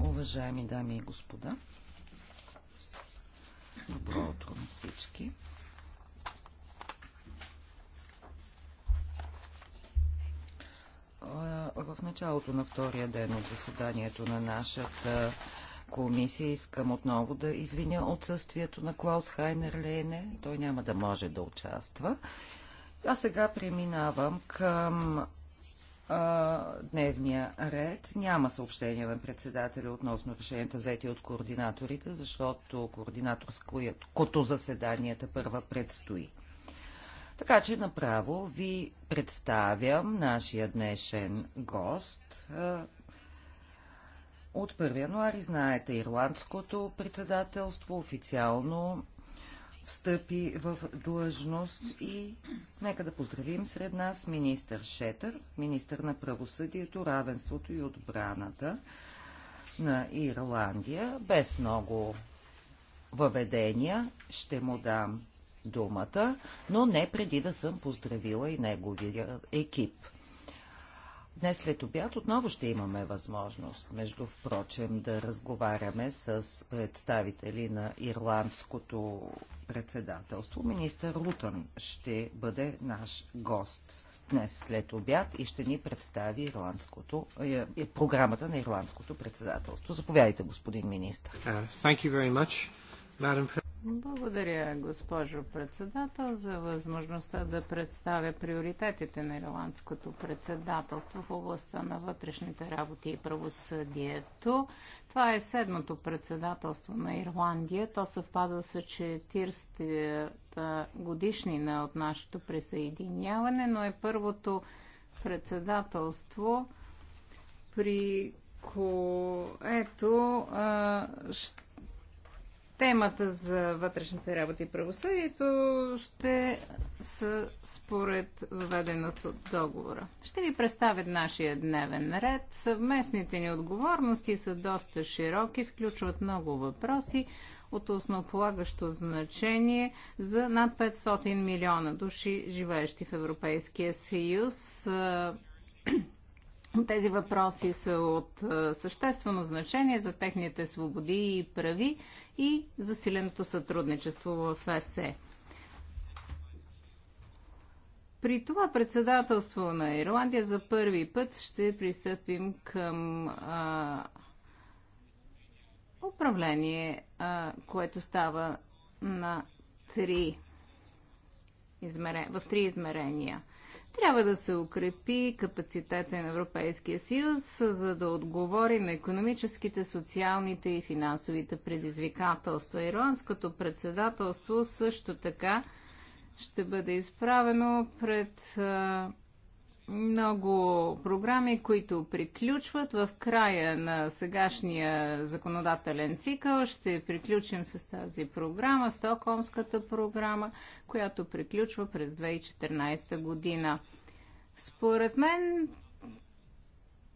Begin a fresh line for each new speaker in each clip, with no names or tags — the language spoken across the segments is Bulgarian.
Уважаеми дами и господа, добро утро на всички. В началото на втория ден от заседанието на нашата комисия искам отново да извиня отсъствието на Клаус Хайнер Лейне. Той няма да може да участва. А сега преминавам към дневния ред. Няма съобщение на председателя относно решенията взети от координаторите, защото координаторското заседанията първа предстои. Така че направо ви представям нашия днешен гост. От 1 януари, знаете, ирландското председателство официално встъпи в длъжност и нека да поздравим сред нас министър Шетър, министър на правосъдието, равенството и отбраната на Ирландия. Без много въведения ще му дам думата, но не преди да съм поздравила и неговия екип. Днес след обяд отново ще имаме възможност, между впрочем, да разговаряме с представители на ирландското председателство. Министър Рутън ще бъде наш гост днес след обяд и ще ни представи ирландското, е, е, програмата на ирландското председателство. Заповядайте, господин министър. Uh,
благодаря, госпожо председател, за възможността да представя приоритетите на ирландското председателство в областта на вътрешните работи и правосъдието. Това е седмото председателство на Ирландия. То съвпада с 40-та годишнина от нашето присъединяване, но е първото председателство, при което а, ще Темата за вътрешните работи и правосъдието ще са според въведеното договора. Ще ви представят нашия дневен ред. Съвместните ни отговорности са доста широки, включват много въпроси от основополагащо значение за над 500 милиона души, живеещи в Европейския съюз тези въпроси са от е, съществено значение за техните свободи и прави и за силеното сътрудничество в ЕСЕ. При това председателство на Ирландия за първи път ще пристъпим към а, управление, а, което става на три измерения, в три измерения – трябва да се укрепи капацитета на Европейския съюз, за да отговори на економическите, социалните и финансовите предизвикателства. Ирландското председателство също така ще бъде изправено пред много програми, които приключват в края на сегашния законодателен цикъл. Ще приключим с тази програма, Стокхолмската програма, която приключва през 2014 година. Според мен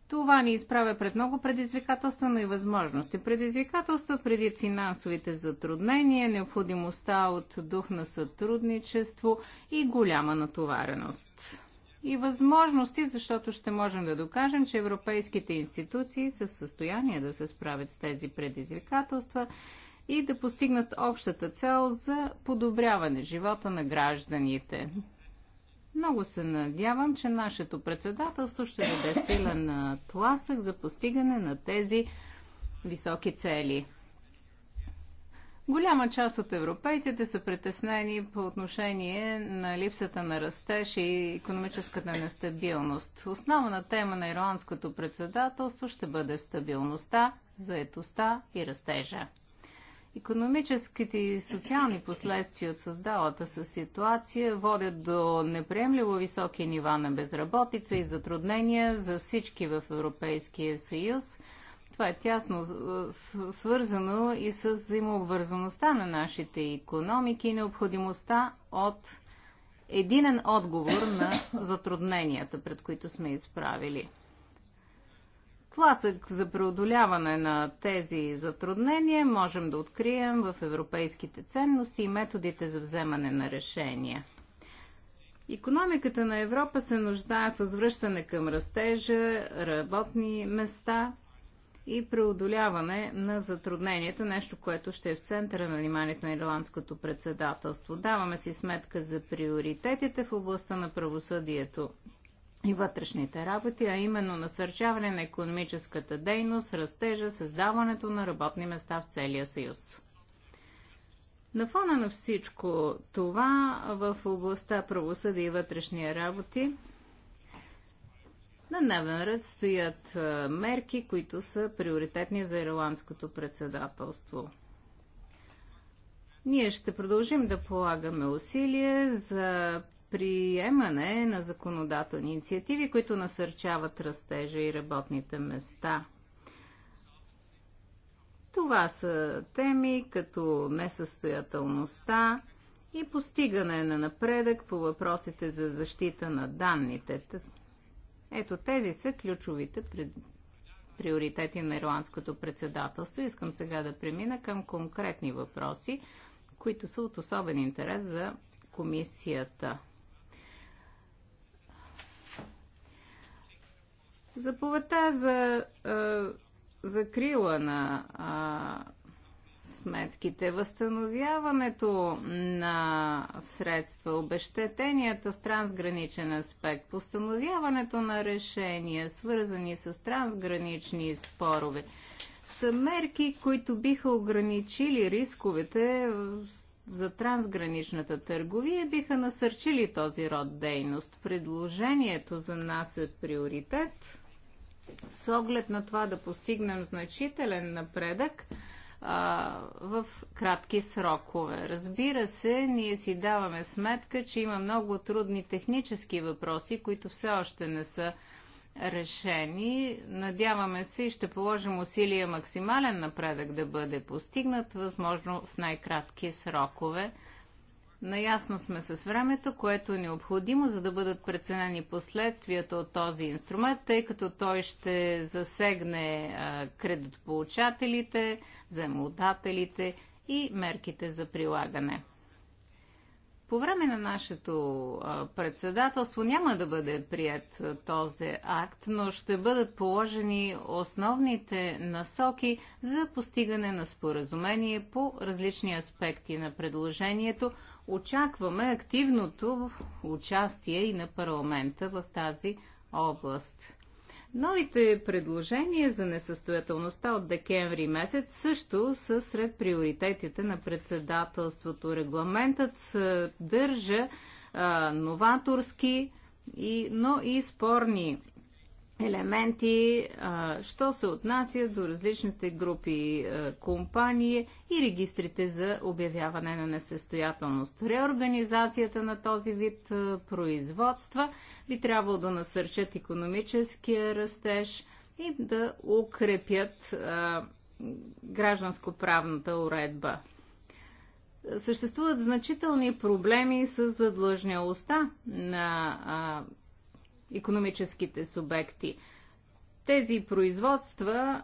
това ни изправя пред много предизвикателства, но и възможности. Предизвикателства преди финансовите затруднения, необходимостта от дух на сътрудничество и голяма натовареност и възможности, защото ще можем да докажем, че европейските институции са в състояние да се справят с тези предизвикателства и да постигнат общата цел за подобряване живота на гражданите. Много се надявам, че нашето председателство ще даде силен тласък за постигане на тези високи цели. Голяма част от европейците са притеснени по отношение на липсата на растеж и економическата нестабилност. Основна тема на ирландското председателство ще бъде стабилността, заетостта и растежа. Економическите и социални последствия от създалата се ситуация водят до неприемливо високи нива на безработица и затруднения за всички в Европейския съюз – това е тясно свързано и с взаимообвързаността на нашите економики и необходимостта от единен отговор на затрудненията, пред които сме изправили. Тласък за преодоляване на тези затруднения можем да открием в европейските ценности и методите за вземане на решения. Економиката на Европа се нуждае в възвръщане към растежа, работни места и преодоляване на затрудненията, нещо, което ще е в центъра на вниманието на ирландското председателство. Даваме си сметка за приоритетите в областта на правосъдието и вътрешните работи, а именно насърчаване на економическата дейност, растежа, създаването на работни места в целия съюз. На фона на всичко това в областта правосъдие и вътрешния работи на дневен ред стоят мерки, които са приоритетни за ирландското председателство. Ние ще продължим да полагаме усилие за приемане на законодателни инициативи, които насърчават растежа и работните места. Това са теми като несъстоятелността и постигане на напредък по въпросите за защита на данните. Ето тези са ключовите пред... приоритети на ирландското председателство. Искам сега да премина към конкретни въпроси, които са от особен интерес за комисията. Заповедта за е, закрила на сметките. Възстановяването на средства, обещетенията в трансграничен аспект, постановяването на решения, свързани с трансгранични спорове, са мерки, които биха ограничили рисковете за трансграничната търговия биха насърчили този род дейност. Предложението за нас е приоритет с оглед на това да постигнем значителен напредък а, в кратки срокове. Разбира се, ние си даваме сметка, че има много трудни технически въпроси, които все още не са решени. Надяваме се и ще положим усилия максимален напредък да бъде постигнат, възможно в най-кратки срокове. Наясно сме с времето, което е необходимо, за да бъдат преценени последствията от този инструмент, тъй като той ще засегне кредитополучателите, заемодателите и мерките за прилагане. По време на нашето председателство няма да бъде прият този акт, но ще бъдат положени основните насоки за постигане на споразумение по различни аспекти на предложението, очакваме активното участие и на парламента в тази област. Новите предложения за несъстоятелността от декември месец също са сред приоритетите на председателството. Регламентът съдържа а, новаторски, и, но и спорни елементи, а, що се отнася до различните групи а, компании и регистрите за обявяване на несъстоятелност. Реорганизацията на този вид а, производства би трябвало да насърчат економическия растеж и да укрепят гражданско-правната уредба. Съществуват значителни проблеми с задлъжнялостта на економическите субекти. Тези производства а,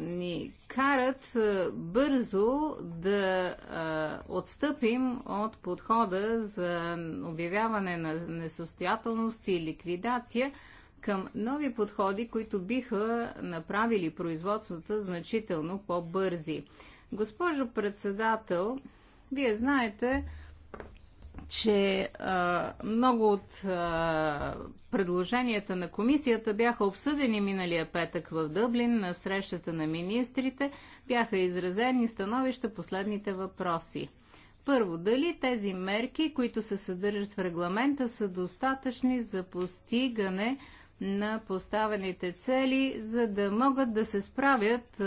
ни карат а, бързо да а, отстъпим от подхода за обявяване на несъстоятелност и ликвидация към нови подходи, които биха направили производствата значително по-бързи. Госпожо председател, вие знаете, че а, много от а, предложенията на комисията бяха обсъдени миналия петък в Дъблин на срещата на министрите, бяха изразени становища последните въпроси. Първо, дали тези мерки, които се съдържат в регламента, са достатъчни за постигане на поставените цели, за да могат да се справят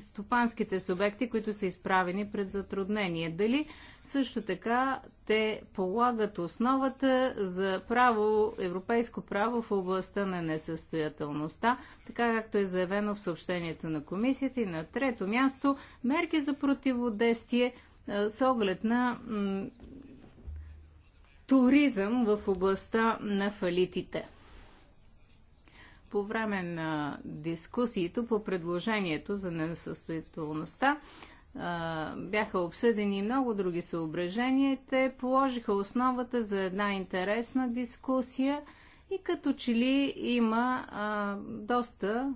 стопанските субекти, които са изправени пред затруднение. Дали също така те полагат основата за право, европейско право в областта на несъстоятелността, така както е заявено в съобщението на комисията и на трето място мерки за противодействие с оглед на туризъм в областта на фалитите по време на дискусиите по предложението за несъстоятелността бяха обсъдени много други съображения. Те положиха основата за една интересна дискусия и като че ли има а, доста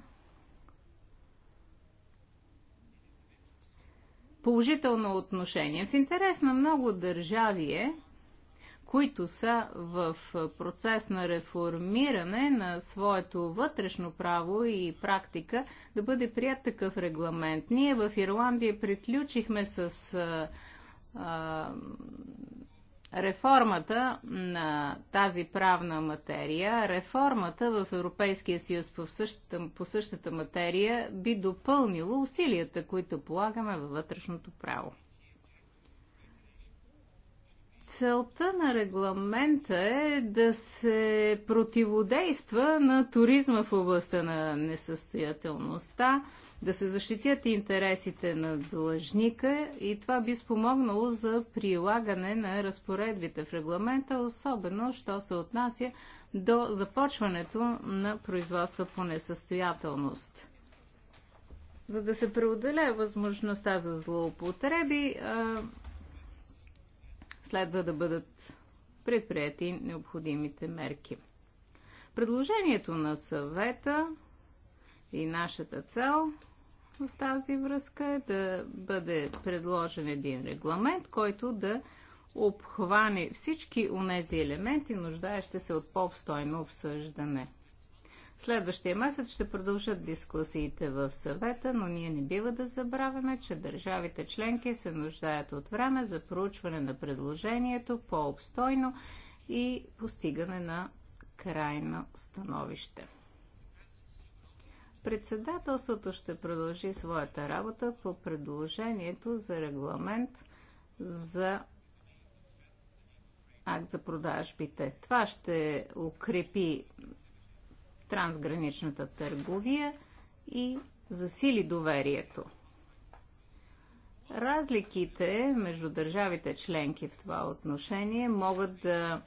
положително отношение. В интерес на много държави е, които са в процес на реформиране на своето вътрешно право и практика, да бъде прият такъв регламент. Ние в Ирландия приключихме с а, а, реформата на тази правна материя, реформата в Европейския съюз по същата, по същата материя би допълнило усилията, които полагаме във вътрешното право. Целта на регламента е да се противодейства на туризма в областта на несъстоятелността, да се защитят интересите на длъжника и това би спомогнало за прилагане на разпоредбите в регламента, особено що се отнася до започването на производства по несъстоятелност. За да се преодолее възможността за злоупотреби, следва да бъдат предприяти необходимите мерки. Предложението на съвета и нашата цел в тази връзка е да бъде предложен един регламент, който да обхване всички онези елементи, нуждаещи се от по-обстойно обсъждане. Следващия месец ще продължат дискусиите в съвета, но ние не бива да забравяме, че държавите членки се нуждаят от време за проучване на предложението по-обстойно и постигане на крайно становище. Председателството ще продължи своята работа по предложението за регламент за акт за продажбите. Това ще укрепи трансграничната търговия и засили доверието. Разликите между държавите членки в това отношение могат да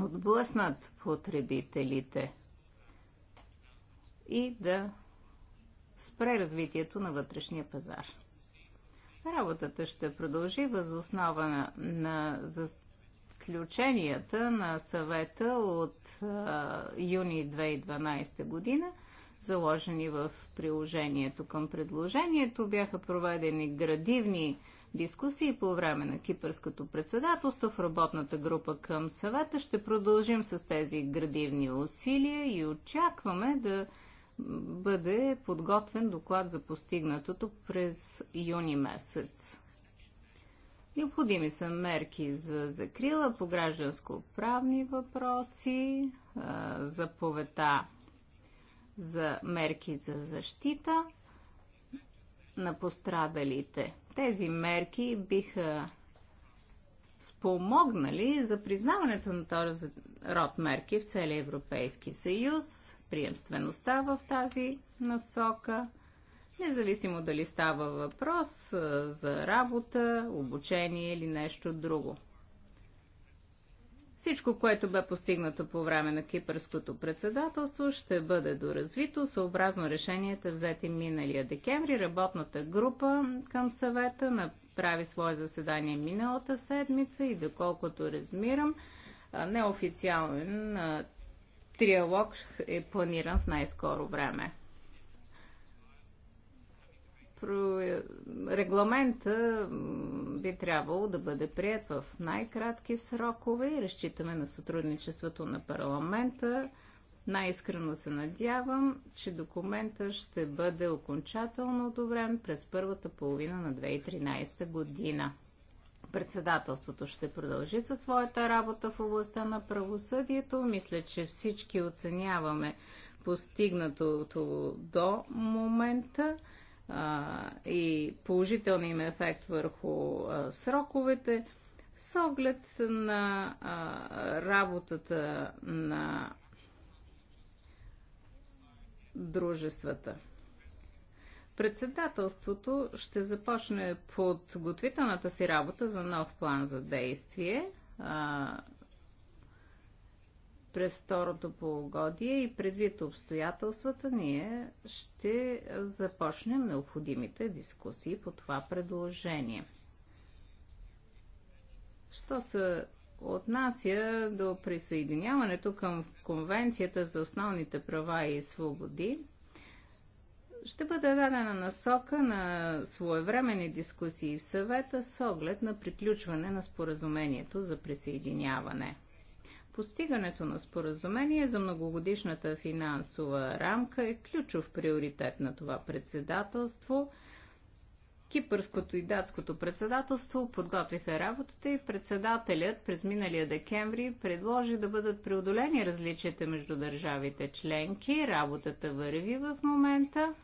отблъснат потребителите и да спре развитието на вътрешния пазар. Работата ще продължи възоснована на, на заключенията на съвета от а, юни 2012 година, заложени в приложението към предложението, бяха проведени градивни дискусии по време на кипърското председателство в работната група към съвета. Ще продължим с тези градивни усилия и очакваме да бъде подготвен доклад за постигнатото през юни месец. Необходими са мерки за закрила по гражданско-правни въпроси, заповета за мерки за защита на пострадалите. Тези мерки биха спомогнали за признаването на този род мерки в целия Европейски съюз, приемствеността в тази насока – независимо дали става въпрос за работа, обучение или нещо друго. Всичко, което бе постигнато по време на кипърското председателство, ще бъде доразвито съобразно решенията взети миналия декември. Работната група към съвета направи свое заседание миналата седмица и доколкото размирам, неофициален триалог е планиран в най-скоро време. Е, регламента би трябвало да бъде прият в най-кратки срокове и разчитаме на сътрудничеството на парламента. Най-искрено се надявам, че документа ще бъде окончателно одобрен през първата половина на 2013 година. Председателството ще продължи със своята работа в областта на правосъдието. Мисля, че всички оценяваме постигнатото до момента и положителния им ефект върху а, сроковете, с оглед на а, работата на дружествата. Председателството ще започне подготвителната си работа за нов план за действие а, през второто полугодие и предвид обстоятелствата ние ще започнем необходимите дискусии по това предложение. Що се отнася до присъединяването към Конвенцията за основните права и свободи, ще бъде дадена насока на своевремени дискусии в съвета с оглед на приключване на споразумението за присъединяване – Постигането на споразумение за многогодишната финансова рамка е ключов приоритет на това председателство. Кипърското и датското председателство подготвиха работата и председателят през миналия декември предложи да бъдат преодолени различията между държавите членки. Работата върви в момента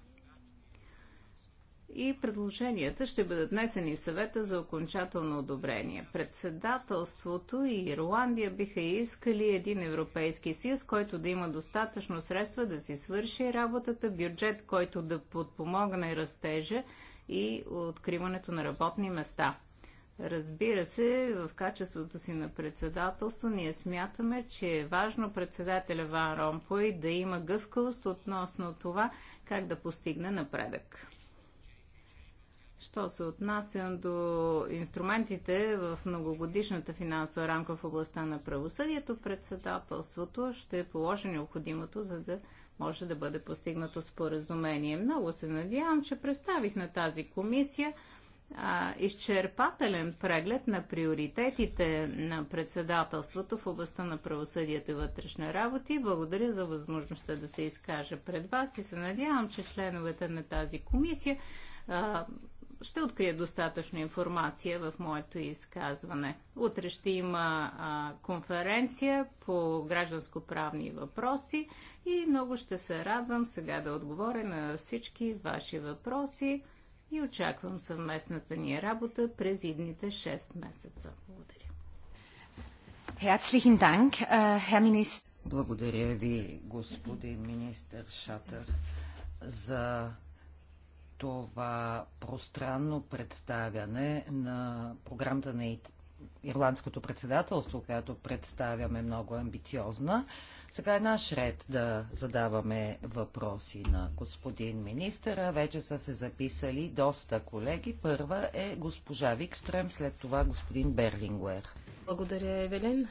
и предложенията ще бъдат внесени в съвета за окончателно одобрение. Председателството и Ирландия биха искали един Европейски съюз, който да има достатъчно средства да си свърши работата, бюджет, който да подпомогне растежа и откриването на работни места. Разбира се, в качеството си на председателство ние смятаме, че е важно председателя Ван Ромпой да има гъвкавост относно това как да постигне напредък. Що се отнася до инструментите в многогодишната финансова рамка в областта на правосъдието, председателството ще положи необходимото, за да може да бъде постигнато споразумение. Много се надявам, че представих на тази комисия а, изчерпателен преглед на приоритетите на председателството в областта на правосъдието и вътрешна работа. Благодаря за възможността да се изкажа пред вас и се надявам, че членовете на тази комисия а, ще открия достатъчно информация в моето изказване. Утре ще има а, конференция по гражданско-правни въпроси и много ще се радвам сега да отговоря на всички ваши въпроси и очаквам съвместната ни работа през идните 6 месеца. Благодаря.
Herzlichen Dank, äh, Herr Minister.
Благодаря ви, господин министър Шатър, за това пространно представяне на програмата на Ирландското председателство, която представяме много амбициозна. Сега е наш ред да задаваме въпроси на господин министъра. Вече са се записали доста колеги. Първа е госпожа Викстрем, след това господин Берлингуер.
Благодаря, Евелин.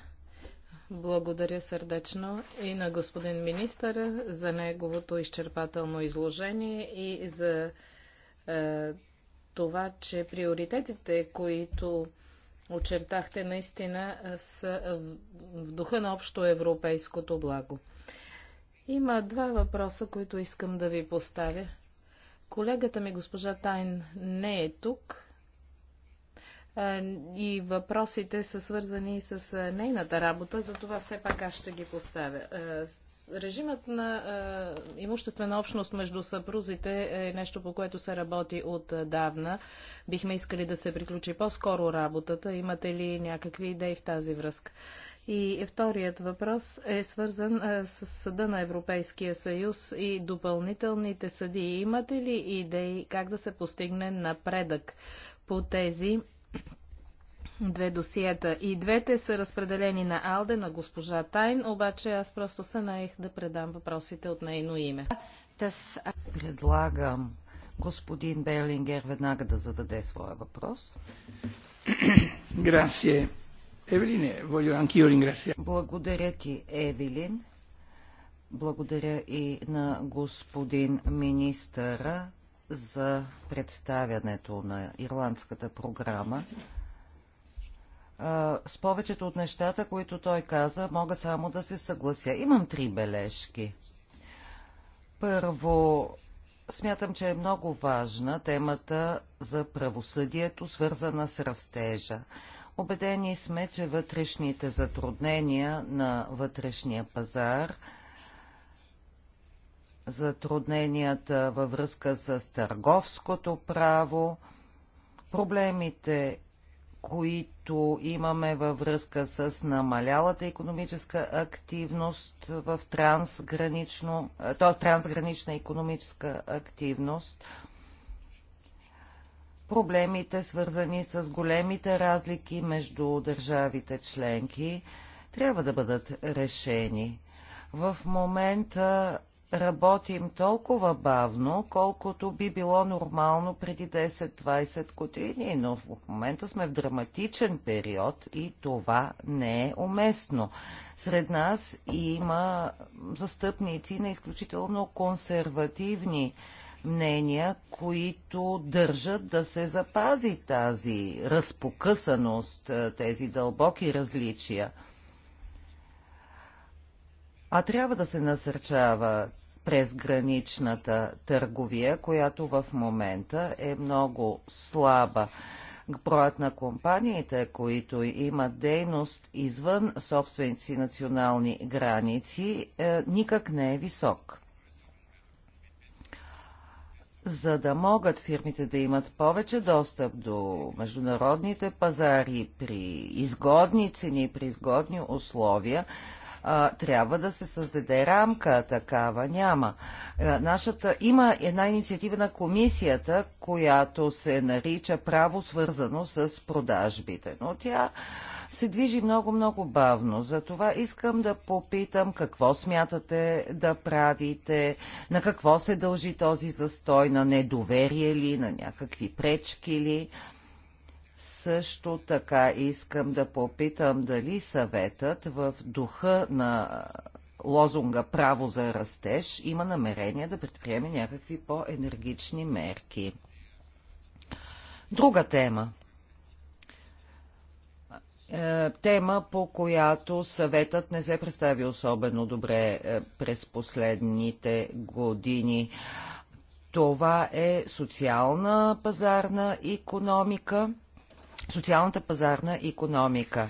Благодаря сърдечно и на господин министър за неговото изчерпателно изложение и за е, това, че приоритетите, които очертахте, наистина са в духа на общо европейското благо. Има два въпроса, които искам да ви поставя. Колегата ми, госпожа Тайн, не е тук и въпросите са свързани с нейната работа, затова все пак аз ще ги поставя. Режимът на имуществена общност между съпрузите е нещо, по което се работи отдавна. Бихме искали да се приключи по-скоро работата. Имате ли някакви идеи в тази връзка? И вторият въпрос е свързан с Съда на Европейския съюз и допълнителните съдии. Имате ли идеи как да се постигне напредък по тези две досиета. И двете са разпределени на Алде, на госпожа Тайн, обаче аз просто се наех да предам въпросите от нейно име.
Предлагам господин Берлингер веднага да зададе своя въпрос.
Грасие.
Евелине, волю анкио ringraziare. Благодаря ти, Евелин. Благодаря и на господин министъра за представянето на ирландската програма. С повечето от нещата, които той каза, мога само да се съглася. Имам три бележки. Първо, смятам, че е много важна темата за правосъдието, свързана с растежа. Обедени сме, че вътрешните затруднения на вътрешния пазар – затрудненията във връзка с търговското право, проблемите, които имаме във връзка с намалялата економическа активност в трансгранично, т.е. трансгранична економическа активност, проблемите свързани с големите разлики между държавите членки, трябва да бъдат решени. В момента работим толкова бавно, колкото би било нормално преди 10-20 години, но в момента сме в драматичен период и това не е уместно. Сред нас има застъпници на изключително консервативни мнения, които държат да се запази тази разпокъсаност, тези дълбоки различия – а трябва да се насърчава през граничната търговия, която в момента е много слаба. Броят на компаниите, които имат дейност извън собственици национални граници, е, никак не е висок. За да могат фирмите да имат повече достъп до международните пазари при изгодни цени, при изгодни условия, а, трябва да се създаде рамка, такава няма. А, нашата, има една инициатива на комисията, която се нарича право свързано с продажбите, но тя се движи много-много бавно. Затова искам да попитам какво смятате да правите, на какво се дължи този застой, на недоверие ли, на някакви пречки ли. Също така искам да попитам дали съветът в духа на лозунга «Право за растеж» има намерение да предприеме някакви по-енергични мерки. Друга тема. Е, тема, по която съветът не се представи особено добре е, през последните години. Това е социална пазарна економика – социалната пазарна економика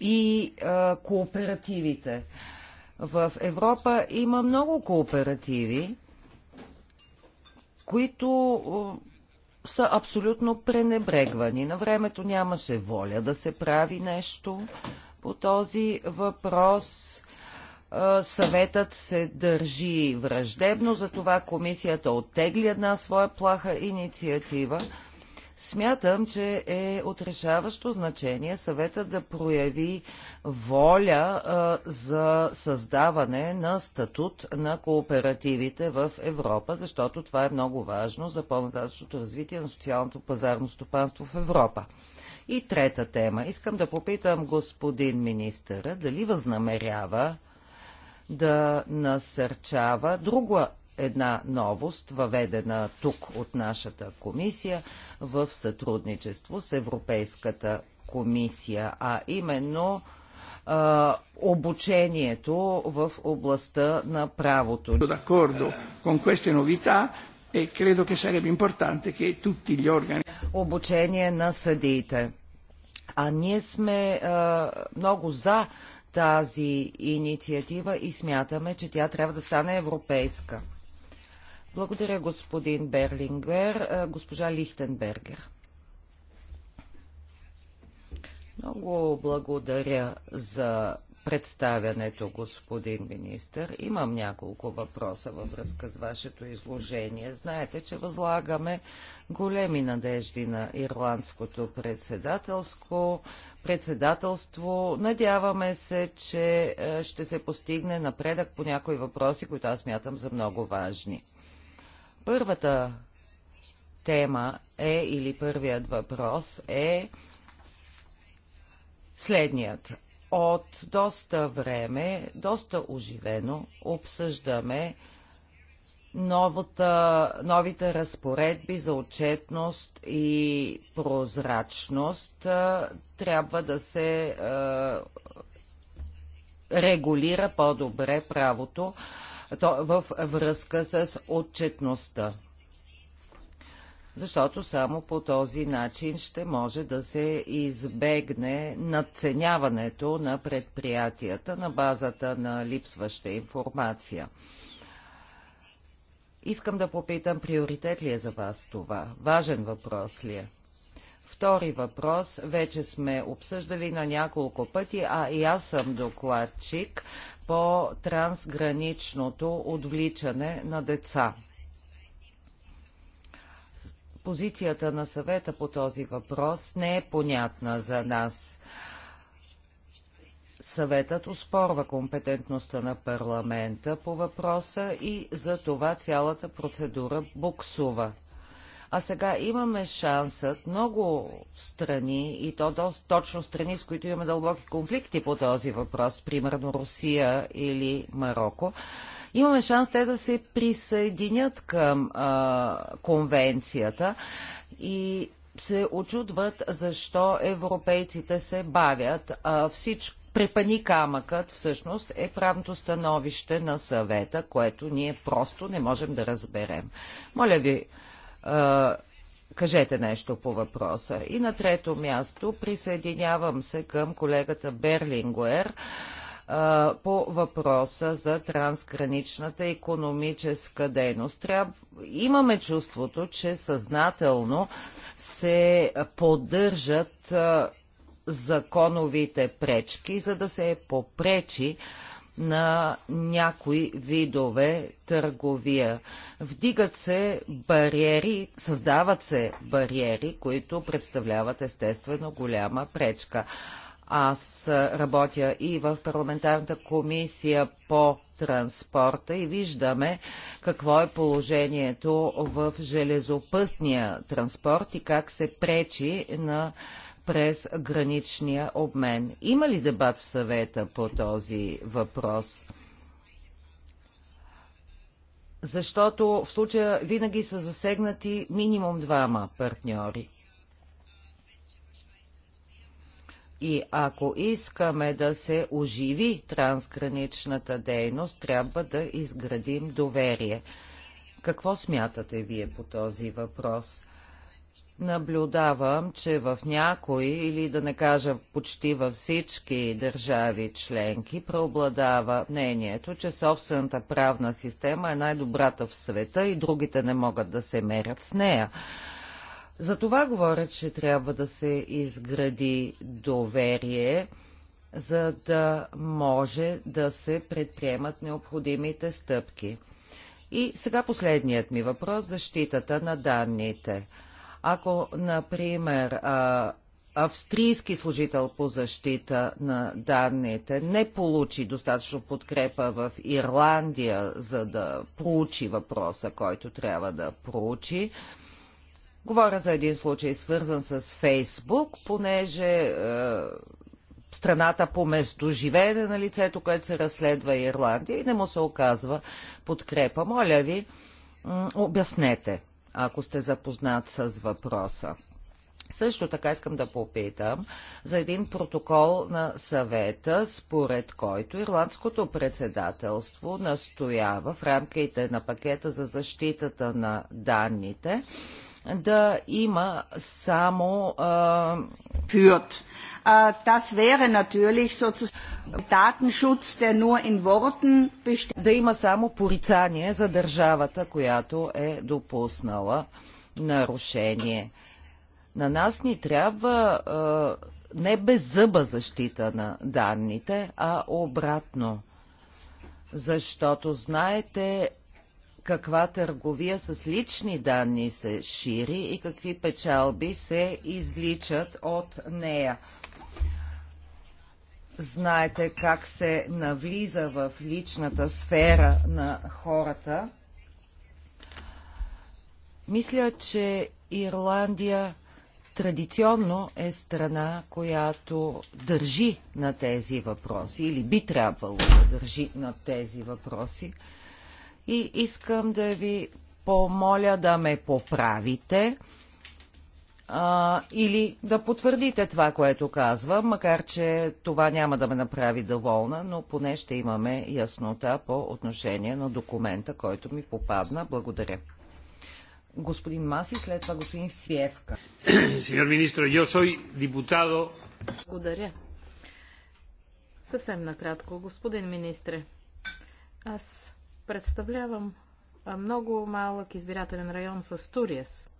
и а, е, кооперативите. В Европа има много кооперативи, които е, са абсолютно пренебрегвани. На времето нямаше воля да се прави нещо по този въпрос. Е, съветът се държи враждебно, затова комисията оттегли една своя плаха инициатива Смятам, че е отрешаващо значение съвета да прояви воля а, за създаване на статут на кооперативите в Европа, защото това е много важно за по-нататъчното развитие на социалното пазарно стопанство в Европа. И трета тема. Искам да попитам господин министъра дали възнамерява да насърчава друга една новост, въведена тук от нашата комисия в сътрудничество с Европейската комисия, а именно а, обучението в областта на правото. E Обучение на съдиите. А ние сме а, много за тази инициатива и смятаме, че тя трябва да стане европейска. Благодаря, господин Берлингер. Госпожа Лихтенбергер. Много благодаря за представянето, господин министр. Имам няколко въпроса във връзка с вашето изложение. Знаете, че възлагаме големи надежди на ирландското председателско председателство. Надяваме се, че ще се постигне напредък по някои въпроси, които аз мятам за много важни. Първата тема е, или първият въпрос е следният. От доста време, доста оживено обсъждаме новата, новите разпоредби за отчетност и прозрачност е, трябва да се е, регулира по-добре правото то в връзка с отчетността. Защото само по този начин ще може да се избегне надценяването на предприятията на базата на липсваща информация. Искам да попитам, приоритет ли е за вас това? Важен въпрос ли е? Втори въпрос вече сме обсъждали на няколко пъти, а и аз съм докладчик по трансграничното отвличане на деца. Позицията на съвета по този въпрос не е понятна за нас. Съветът успорва компетентността на парламента по въпроса и за това цялата процедура буксува. А сега имаме шансът много страни, и то доста, точно страни, с които имаме дълбоки конфликти по този въпрос, примерно Русия или Марокко, имаме шанс те да се присъединят към а, конвенцията и се очудват защо европейците се бавят, а всичко препани камъкът всъщност е правното становище на съвета, което ние просто не можем да разберем. Моля ви, Кажете нещо по въпроса. И на трето място присъединявам се към колегата Берлингуер по въпроса за трансграничната економическа дейност. Тряб... Имаме чувството, че съзнателно се поддържат законовите пречки, за да се попречи а, на някои видове търговия. Вдигат се бариери, създават се бариери, които представляват естествено голяма пречка. Аз работя и в парламентарната комисия по транспорта и виждаме какво е положението в железопътния транспорт и как се пречи на през граничния обмен. Има ли дебат в съвета по този въпрос? Защото в случая винаги са засегнати минимум двама партньори. И ако искаме да се оживи трансграничната дейност, трябва да изградим доверие. Какво смятате вие по този въпрос? наблюдавам, че в някои, или да не кажа почти във всички държави членки, преобладава мнението, че собствената правна система е най-добрата в света и другите не могат да се мерят с нея. За това говоря, че трябва да се изгради доверие, за да може да се предприемат необходимите стъпки. И сега последният ми въпрос – защитата на данните – ако, например, австрийски служител по защита на данните не получи достатъчно подкрепа в Ирландия, за да проучи въпроса, който трябва да проучи, Говоря за един случай, свързан с Фейсбук, понеже е, страната по живеене на лицето, което се разследва е Ирландия и не му се оказва подкрепа. Моля ви, обяснете ако сте запознат с въпроса. Също така искам да попитам за един протокол на съвета, според който Ирландското председателство настоява в рамките на пакета за защитата на данните да има само führt. Äh, das wäre natürlich sozusagen Datenschutz, der nur in Worten besteht. Да има само порицание за държавата, която е допуснала нарушение. На нас ни трябва а, не беззъба защита на данните, а обратно. Защото знаете, каква търговия с лични данни се шири и какви печалби се изличат от нея. Знаете как се навлиза в личната сфера на хората. Мисля, че Ирландия традиционно е страна, която държи на тези въпроси или би трябвало да държи на тези въпроси и искам да ви помоля да ме поправите а, или да потвърдите това, което казвам, макар че това няма да ме направи доволна, но поне ще имаме яснота по отношение на документа, който ми попадна. Благодаря. Господин Маси, след това господин Сиевка. Сеньор министр, я сой депутадо.
Благодаря. Съвсем накратко, господин министре. Аз Представлявам много малък избирателен район в Астуриас.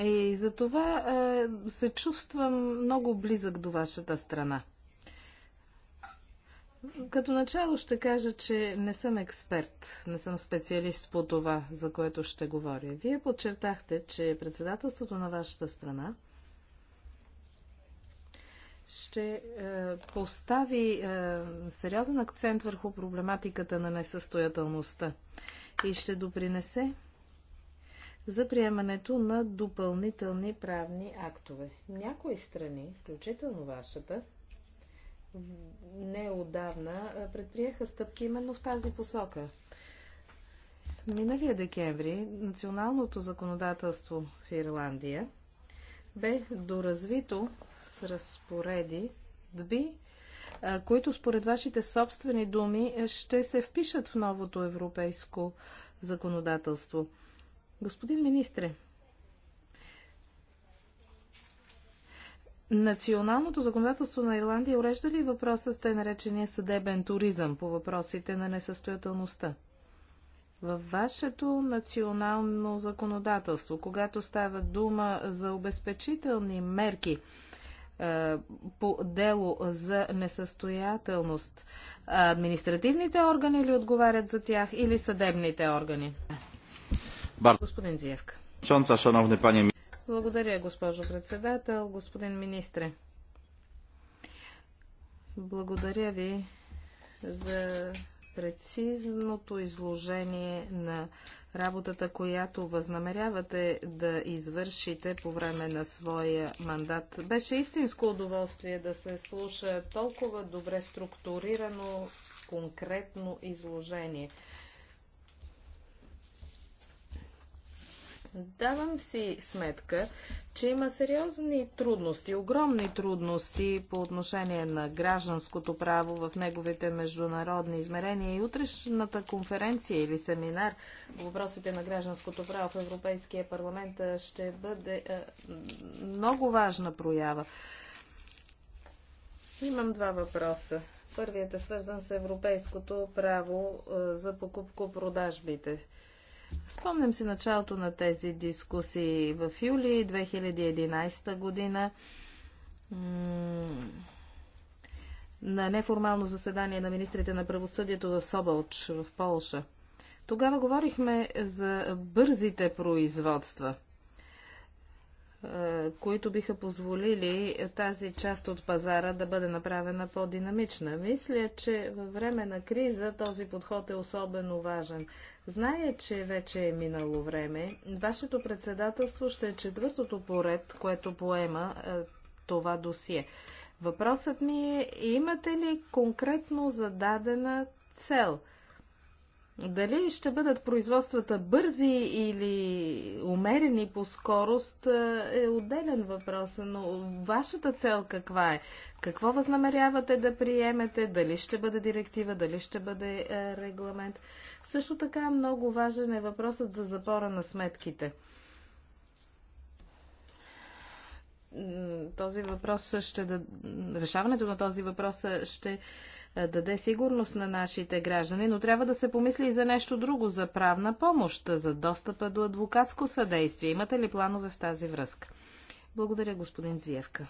И за това се чувствам много близък до вашата страна. Като начало ще кажа, че не съм експерт, не съм специалист по това, за което ще говоря. Вие подчертахте, че председателството на вашата страна ще е, постави е, сериозен акцент върху проблематиката на несъстоятелността и ще допринесе за приемането на допълнителни правни актове. Някои страни, включително вашата, неодавна предприеха стъпки именно в тази посока. Миналия декември националното законодателство в Ирландия бе доразвито с разпореди дби, които според вашите собствени думи ще се впишат в новото европейско законодателство. Господин министре, Националното законодателство на Ирландия урежда ли въпроса с тъй наречения съдебен туризъм по въпросите на несъстоятелността? Във вашето национално законодателство, когато става дума за обезпечителни мерки е, по дело за несъстоятелност, административните органи ли отговарят за тях или съдебните органи? Господин Зиевка. шановни пани. Благодаря, госпожо председател, господин министре. Благодаря ви за прецизното изложение на работата, която възнамерявате да извършите по време на своя мандат. Беше истинско удоволствие да се слуша толкова добре структурирано, конкретно изложение. Давам си сметка, че има сериозни трудности, огромни трудности по отношение на гражданското право в неговите международни измерения и утрешната конференция или семинар по въпросите на гражданското право в Европейския парламент ще бъде е, много важна проява. Имам два въпроса. Първият е свързан с европейското право за покупко-продажбите. Спомням си началото на тези дискусии в юли 2011 година. На неформално заседание на министрите на правосъдието в Собълч в Полша. Тогава говорихме за бързите производства – които биха позволили тази част от пазара да бъде направена по-динамична. Мисля, че във време на криза този подход е особено важен. Зная, че вече е минало време, вашето председателство ще е четвъртото поред, което поема е, това досие. Въпросът ми е, имате ли конкретно зададена цел – дали ще бъдат производствата бързи или умерени по скорост е, е отделен въпрос, но вашата цел каква е? Какво възнамерявате да приемете? Дали ще бъде директива, дали ще бъде е, регламент? Също така много важен е въпросът за запора на сметките. Този въпрос ще да... Решаването на този въпрос ще е, даде сигурност на нашите граждани, но трябва да се помисли и за нещо друго, за правна помощ, за достъпа до адвокатско съдействие. Имате ли планове в тази връзка? Благодаря, господин Звиевка.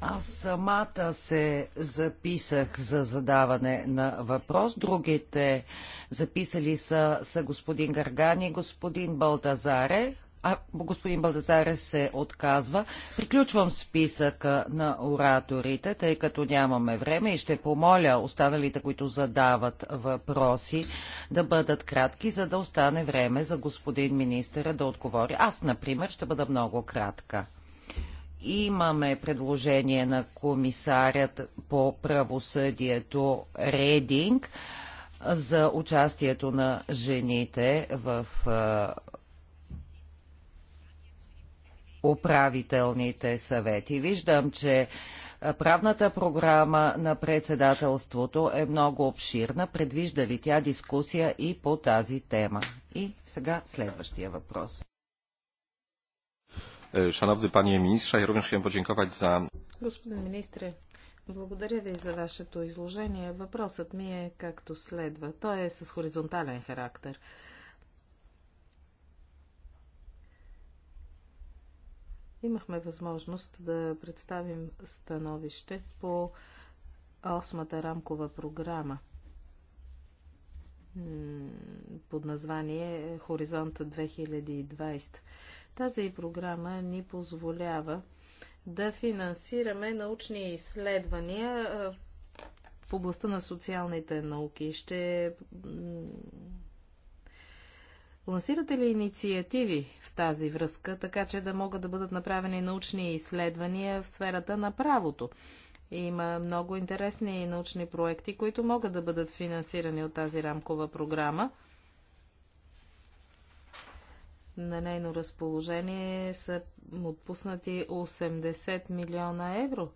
Аз самата се записах за задаване на въпрос. Другите записали са, са господин Гаргани, господин Балтазаре, а господин Балдазаре се отказва. Приключвам списъка на ораторите, тъй като нямаме време и ще помоля останалите, които задават въпроси, да бъдат кратки, за да остане време за господин министъра да отговори. Аз, например, ще бъда много кратка. Имаме предложение на комисарят по правосъдието Рединг за участието на жените в управителните съвети. Виждам, че правната програма на председателството е много обширна. Предвижда ли тя дискусия и по тази тема? И сега следващия въпрос.
Е, шановни пани министра, я ще им podziękować за... Господин министре, благодаря ви за вашето изложение. Въпросът ми е както следва. Той е с хоризонтален характер. имахме възможност да представим становище по осмата рамкова програма под название Хоризонт 2020. Тази програма ни позволява да финансираме научни изследвания в областта на социалните науки. Ще Лансирате ли инициативи в тази връзка, така че да могат да бъдат направени научни изследвания в сферата на правото? Има много интересни научни проекти, които могат да бъдат финансирани от тази рамкова програма. На нейно разположение са отпуснати 80 милиона евро.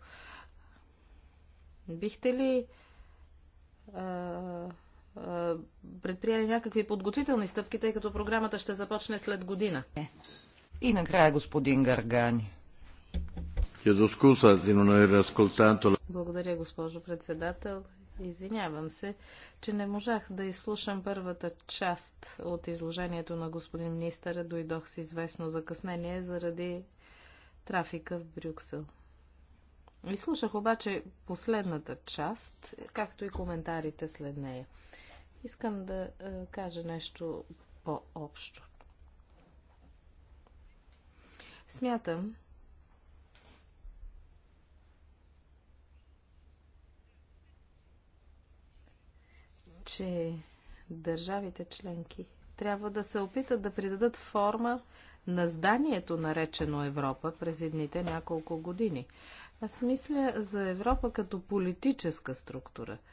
Бихте ли а, предприели някакви подготвителни стъпки, тъй като програмата ще започне след година.
И накрая господин Гаргани.
Благодаря, госпожо председател. Извинявам се, че не можах да изслушам първата част от изложението на господин министъра. Дойдох с известно закъснение заради трафика в Брюксел. Изслушах обаче последната част, както и коментарите след нея. Искам да е, кажа нещо по-общо. Смятам, че държавите членки трябва да се опитат да придадат форма на зданието, наречено Европа, през едните няколко години. Аз мисля за Европа като политическа структура –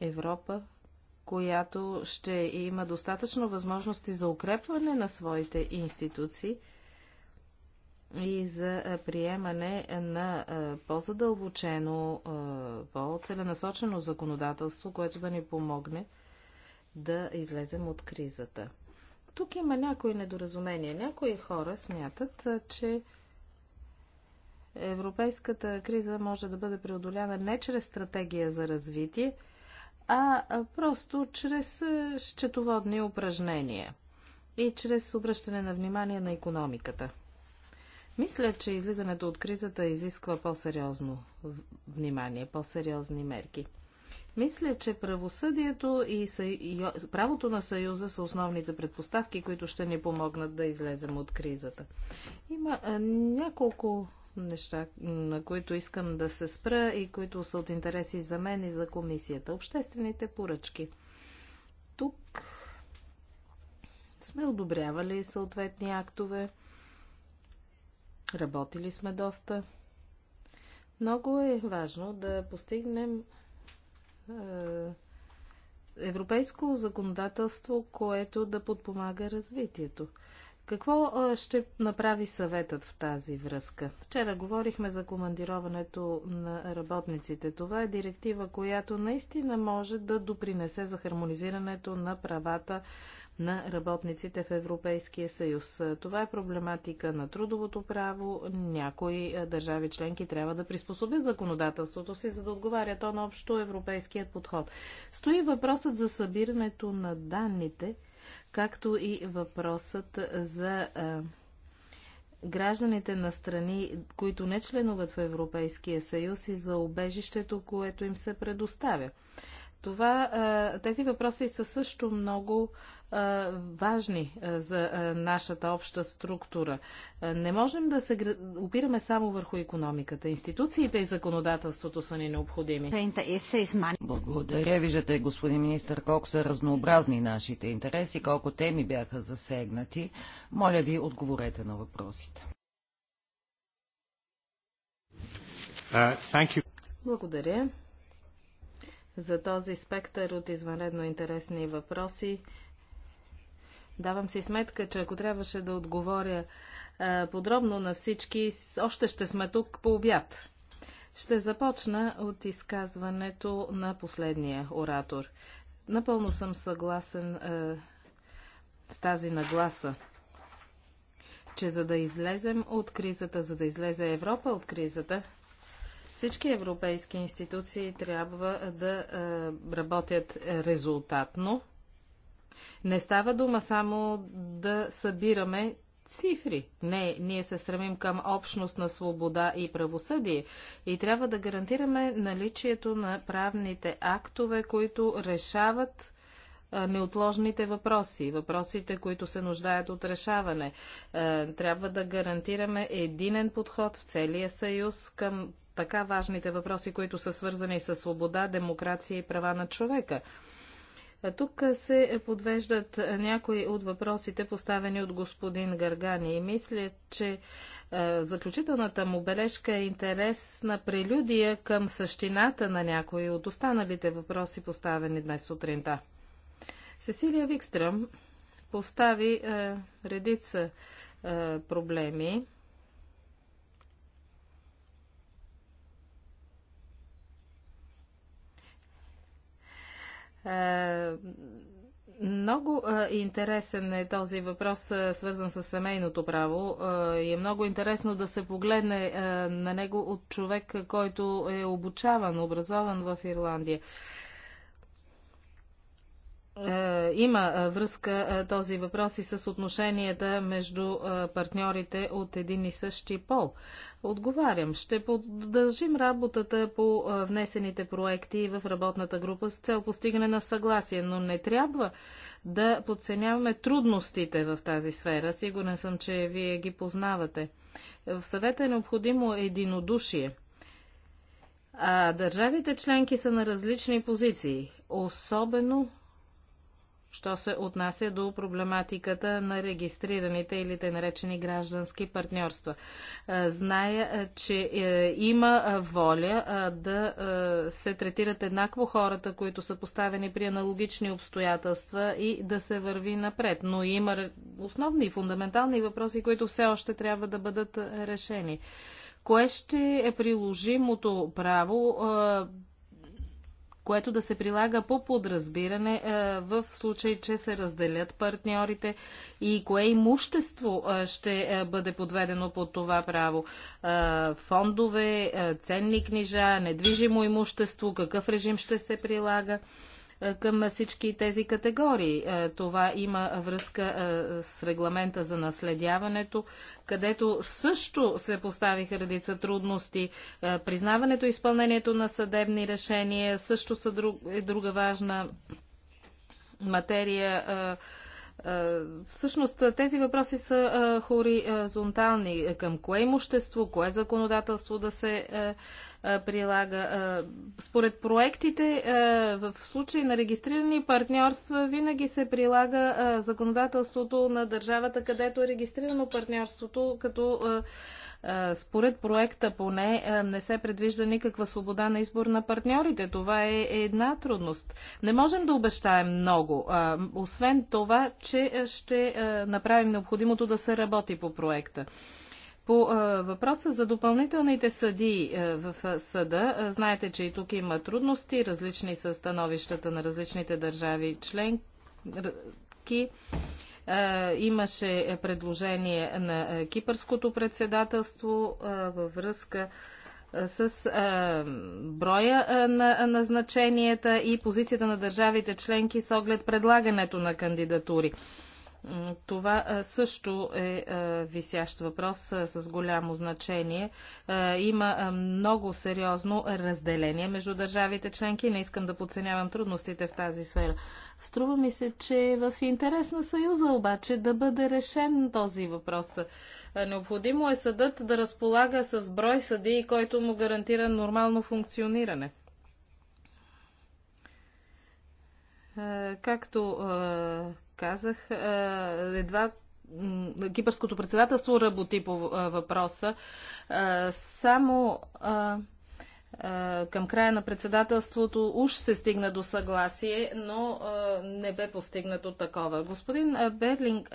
Европа, която ще има достатъчно възможности за укрепване на своите институции и за приемане на по-задълбочено, по-целенасочено законодателство, което да ни помогне да излезем от кризата. Тук има някои недоразумения. Някои хора смятат, че европейската криза може да бъде преодоляна не чрез стратегия за развитие, а просто чрез счетоводни упражнения и чрез обръщане на внимание на економиката. Мисля, че излизането от кризата изисква по-сериозно внимание, по-сериозни мерки. Мисля, че правосъдието и правото на Съюза са основните предпоставки, които ще ни помогнат да излезем от кризата. Има няколко неща, на които искам да се спра и които са от интереси за мен и за комисията. Обществените поръчки. Тук сме одобрявали съответни актове. Работили сме доста. Много е важно да постигнем е, европейско законодателство, което да подпомага развитието. Какво ще направи съветът в тази връзка? Вчера говорихме за командироването на работниците. Това е директива, която наистина може да допринесе за хармонизирането на правата на работниците в Европейския съюз. Това е проблематика на трудовото право. Някои държави членки трябва да приспособят законодателството си, за да отговаря то на общо европейският подход. Стои въпросът за събирането на данните – както и въпросът за гражданите на страни, които не членуват в Европейския съюз и за убежището, което им се предоставя. Това, тези въпроси са също много важни за нашата обща структура. Не можем да се опираме само върху економиката. Институциите и законодателството са ни необходими.
Благодаря. Виждате, господин министр, колко са разнообразни нашите интереси, колко теми бяха засегнати. Моля ви, отговорете на въпросите.
Uh,
Благодаря за този спектър от извънредно интересни въпроси. Давам си сметка, че ако трябваше да отговоря а, подробно на всички, още ще сме тук по обяд. Ще започна от изказването на последния оратор. Напълно съм съгласен а, с тази нагласа, че за да излезем от кризата, за да излезе Европа от кризата, всички европейски институции трябва да а, работят резултатно, не става дума само да събираме цифри. Не, ние се стремим към общност на свобода и правосъдие и трябва да гарантираме наличието на правните актове, които решават неотложните въпроси, въпросите, които се нуждаят от решаване. Трябва да гарантираме единен подход в целия съюз към така важните въпроси, които са свързани с свобода, демокрация и права на човека. Тук се подвеждат някои от въпросите, поставени от господин Гаргани. И мисля, че заключителната му бележка е интересна прелюдия към същината на някои от останалите въпроси, поставени днес сутринта. Сесилия Викстръм постави редица проблеми Е, много е, интересен е този въпрос, е, свързан с семейното право. И е много интересно да се погледне на него от човек, който е обучаван, образован в Ирландия. Е, има е, връзка е, този въпрос и с отношенията между партньорите от един и същи пол. Отговарям, ще поддържим работата по внесените проекти в работната група с цел постигане на съгласие, но не трябва да подценяваме трудностите в тази сфера. Сигурен съм, че вие ги познавате. В съвета е необходимо единодушие. А държавите членки са на различни позиции, особено що се отнася до проблематиката на регистрираните или те наречени граждански партньорства. Е, зная, е, че е, има воля да се третират еднакво хората, които са поставени при аналогични обстоятелства и да се върви напред. Но има основни и фундаментални въпроси, които все още трябва да бъдат решени. Кое ще е приложимото право което да се прилага по подразбиране е, в случай, че се разделят партньорите и кое имущество е, ще е, бъде подведено под това право. Фондове, ценни книжа, недвижимо имущество, какъв режим ще се прилага. Е, към всички тези категории. Е, това има връзка е, с регламента за наследяването, където също се поставиха редица трудности. Признаването и изпълнението на съдебни решения също са друг, е друга важна материя. Всъщност тези въпроси са хоризонтални. Към кое имущество, кое законодателство да се прилага. Според проектите, в случай на регистрирани партньорства, винаги се прилага законодателството на държавата, където е регистрирано партньорството, като според проекта поне не се предвижда никаква свобода на избор на партньорите. Това е една трудност. Не можем да обещаем много, освен това, че ще направим необходимото да се работи по проекта. По въпроса за допълнителните съдии в съда, знаете, че и тук има трудности, различни са становищата на различните държави членки. Имаше предложение на кипърското председателство във връзка с а, броя а, на назначенията и позицията на държавите членки с оглед предлагането на кандидатури. Това също е висящ въпрос с голямо значение. Има много сериозно разделение между държавите членки. Не искам да подценявам трудностите в тази сфера. Струва ми се, че е в интерес на Съюза обаче да бъде решен този въпрос. Необходимо е съдът да разполага с брой съдии, който му гарантира нормално функциониране. Както казах, е, едва кипърското председателство работи по е, въпроса. Е, само към края на председателството уж се стигна до съгласие, но не бе постигнато такова. Господин Берлинг,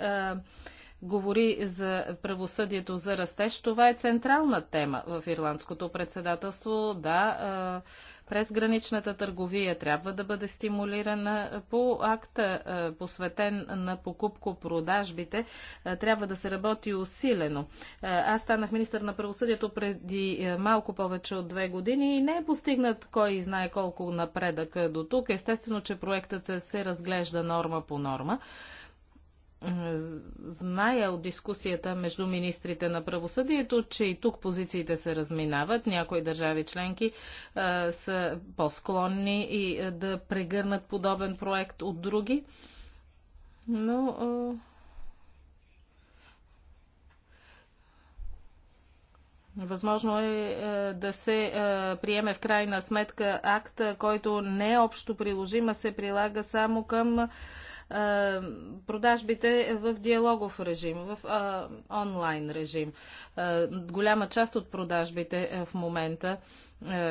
говори за правосъдието за растеж. Това е централна тема в ирландското председателство. Да, през граничната търговия трябва да бъде стимулирана по акта, посветен на покупко-продажбите. Трябва да се работи усилено. Аз станах министър на правосъдието преди малко повече от две години и не е постигнат кой знае колко напредък до тук. Естествено, че проектът се разглежда норма по норма. Зная от дискусията между министрите на правосъдието, че и тук позициите се разминават. Някои държави членки а, са по-склонни и а, да прегърнат подобен проект от други. Но. А... Възможно е да се приеме в крайна сметка акт, който не е общо приложим, а се прилага само към продажбите в диалогов режим, в онлайн режим. Голяма част от продажбите в момента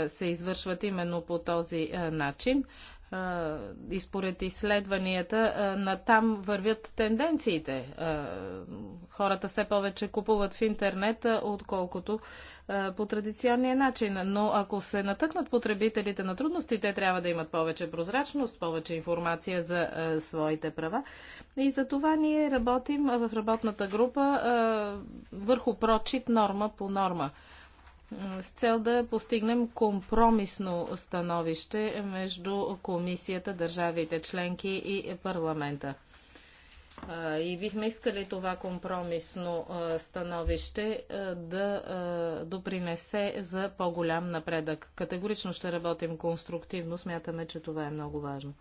се извършват именно по този начин и според изследванията, на там вървят тенденциите. Хората все повече купуват в интернет, отколкото по традиционния начин. Но ако се натъкнат потребителите на трудности, те трябва да имат повече прозрачност, повече информация за своите права. И за това ние работим в работната група върху прочит норма по норма с цел да постигнем компромисно становище между комисията, държавите членки и парламента. И бихме искали това компромисно становище да допринесе за по-голям напредък. Категорично ще работим конструктивно, смятаме, че това е много важно.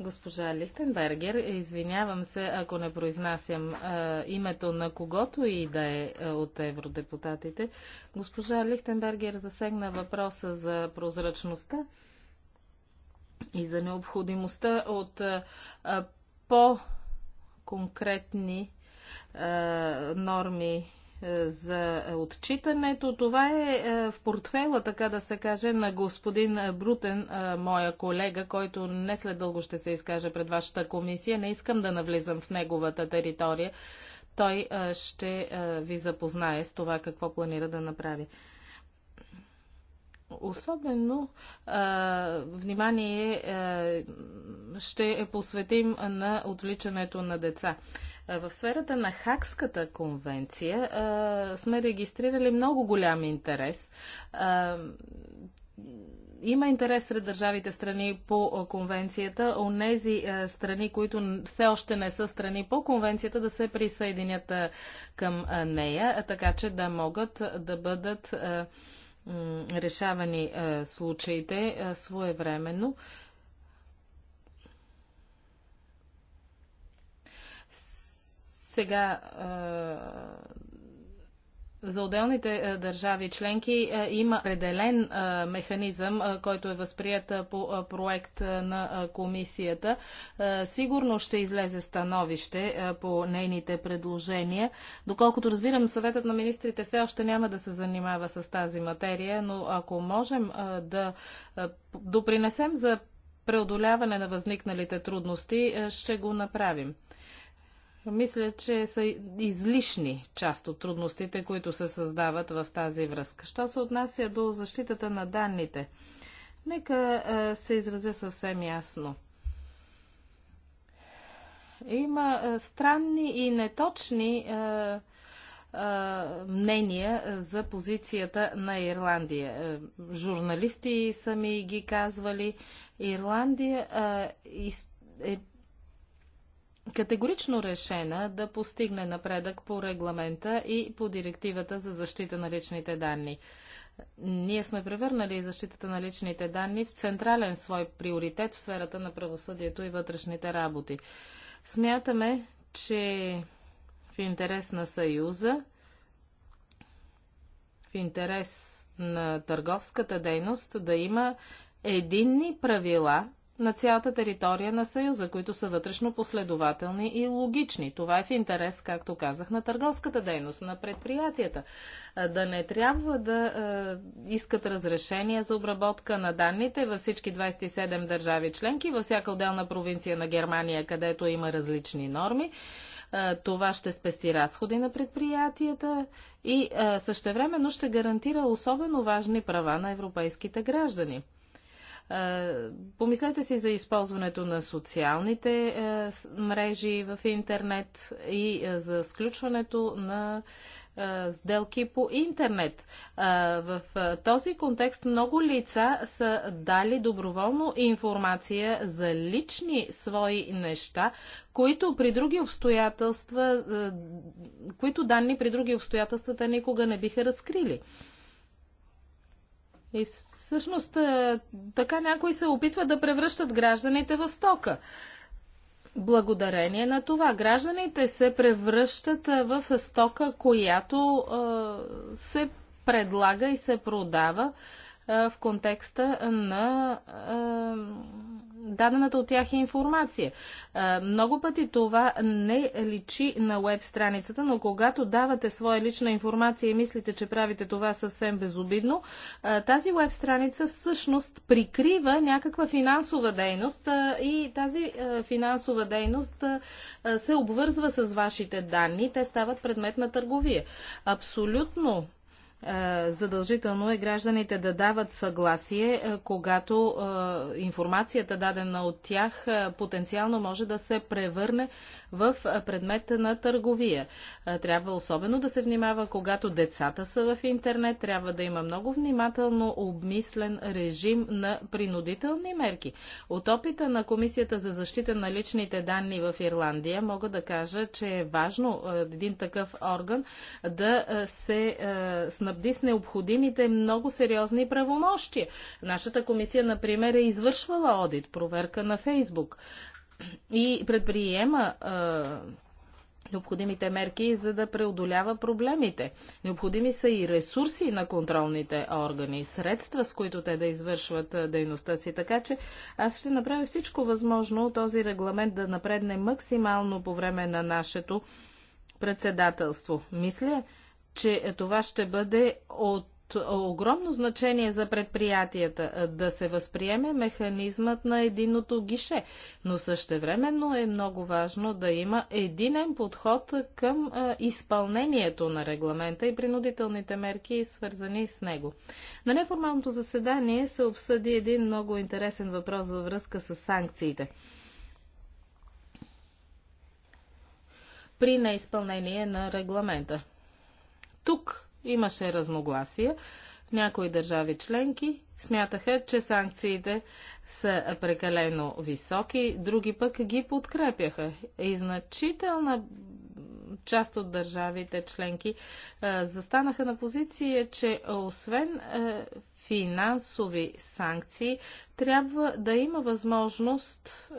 Госпожа Лихтенбергер, извинявам се, ако не произнасям а, името на когото и да е а, от евродепутатите. Госпожа Лихтенбергер засегна въпроса за прозрачността и за необходимостта от а, по-конкретни норми за отчитането. Това е, е в портфела, така да се каже, на господин Брутен, е, моя колега, който не след дълго ще се изкаже пред вашата комисия. Не искам да навлизам в неговата територия. Той е, ще ви запознае с това какво планира да направи. Особено а, внимание а, ще посветим на отвличането на деца. В сферата на Хакската конвенция сме регистрирали много голям интерес има интерес сред държавите страни по конвенцията, онези нези страни, които все още не са страни по конвенцията, да се присъединят към нея, така че да могат да бъдат решавани случаите своевременно. Сега за отделните държави членки има определен механизъм, който е възприят по проект на комисията. Сигурно ще излезе становище по нейните предложения. Доколкото разбирам, съветът на министрите все още няма да се занимава с тази материя, но ако можем да допринесем за преодоляване на възникналите трудности, ще го направим. Мисля, че са излишни част от трудностите, които се създават в тази връзка. Що се отнася до защитата на данните? Нека се изразя съвсем ясно. Има странни и неточни мнения за позицията на Ирландия. Журналисти са ми ги казвали. Ирландия е категорично решена да постигне напредък по регламента и по директивата за защита на личните данни. Ние сме превърнали защитата на личните данни в централен свой приоритет в сферата на правосъдието и вътрешните работи. Смятаме, че в интерес на Съюза, в интерес на търговската дейност да има единни правила на цялата територия на Съюза, които са вътрешно последователни и логични. Това е в интерес, както казах, на търговската дейност, на предприятията. Да не трябва да е, искат разрешение за обработка на данните във всички 27 държави членки, във всяка отделна провинция на Германия, където има различни норми. Това ще спести разходи на предприятията и същевременно ще гарантира особено важни права на европейските граждани. Е, помислете си за използването на социалните е, мрежи в интернет и е, за сключването на сделки по интернет. В този контекст много лица са дали доброволно информация за лични свои неща, които при други обстоятелства, които данни при други обстоятелства те никога не биха разкрили. И всъщност е, така някои се опитват да превръщат гражданите в стока. Благодарение на това гражданите се превръщат е, в стока, която е, се предлага и се продава в контекста на дадената от тях информация. Много пъти това не личи на веб страницата, но когато давате своя лична информация и мислите, че правите това съвсем безобидно, тази веб страница всъщност прикрива някаква финансова дейност и тази финансова дейност се обвързва с вашите данни. Те стават предмет на търговия. Абсолютно е, задължително е гражданите да дават съгласие, е, когато е, информацията дадена от тях потенциално може да се превърне в предмет на търговия. Трябва особено да се внимава, когато децата са в интернет, трябва да има много внимателно обмислен режим на принудителни мерки. От опита на Комисията за защита на личните данни в Ирландия мога да кажа, че е важно един такъв орган да се снабдява снабди с необходимите много сериозни правомощия. Нашата комисия, например, е извършвала одит, проверка на Фейсбук и предприема е, необходимите мерки, за да преодолява проблемите. Необходими са и ресурси на контролните органи, средства, с които те да извършват дейността си. Така че аз ще направя всичко възможно този регламент да напредне максимално по време на нашето председателство. Мисля, че това ще бъде от огромно значение за предприятията да се възприеме механизмът на единното гише, но същевременно е много важно да има единен подход към изпълнението на регламента и принудителните мерки, свързани с него. На неформалното заседание се обсъди един много интересен въпрос във връзка с санкциите. при неизпълнение на регламента. Тук имаше разногласия. Някои държави членки смятаха, че санкциите са прекалено високи, други пък ги подкрепяха. И значителна част от държавите членки застанаха на позиция, че освен финансови санкции, трябва да има възможност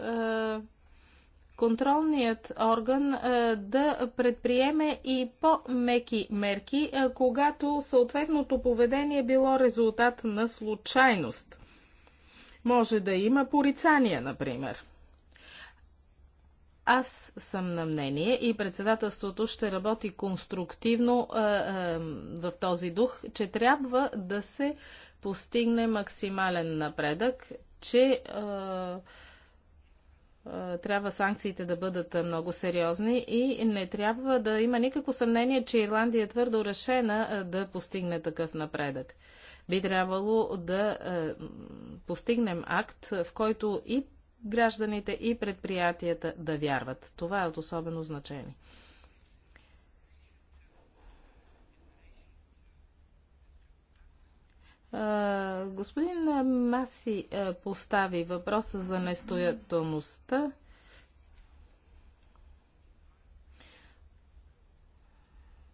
контролният орган е, да предприеме и по-меки мерки, е, когато съответното поведение било резултат на случайност. Може да има порицания, например. Аз съм на мнение и председателството ще работи конструктивно е, е, в този дух, че трябва да се постигне максимален напредък, че е, е, трябва санкциите да бъдат е, много сериозни и не трябва да има никакво съмнение, че Ирландия е твърдо решена е, да постигне такъв напредък. Би трябвало да постигнем акт, в който и гражданите, и предприятията да вярват. Това е от особено значение. Господин Маси постави въпроса за нестоятелността.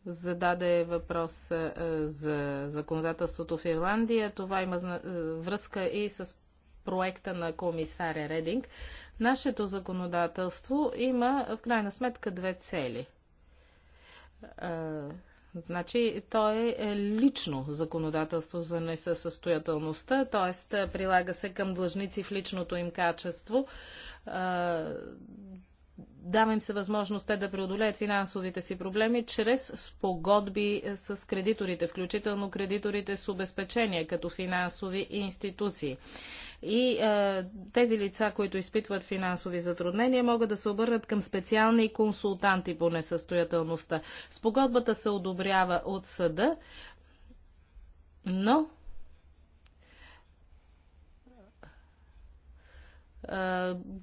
Зададе въпрос за законодателството в Ирландия. Това има връзка и с проекта на комисаря Рединг. Нашето законодателство има в крайна сметка две цели – Значи, то е, е лично законодателство за несъстоятелността, т.е. прилага се към длъжници в личното им качество дава им се възможност те да преодолеят финансовите си проблеми чрез спогодби е, с кредиторите, включително кредиторите с обезпечение като финансови институции. И е, тези лица, които изпитват финансови затруднения, могат да се обърнат към специални консултанти по несъстоятелността. Спогодбата се одобрява от съда, но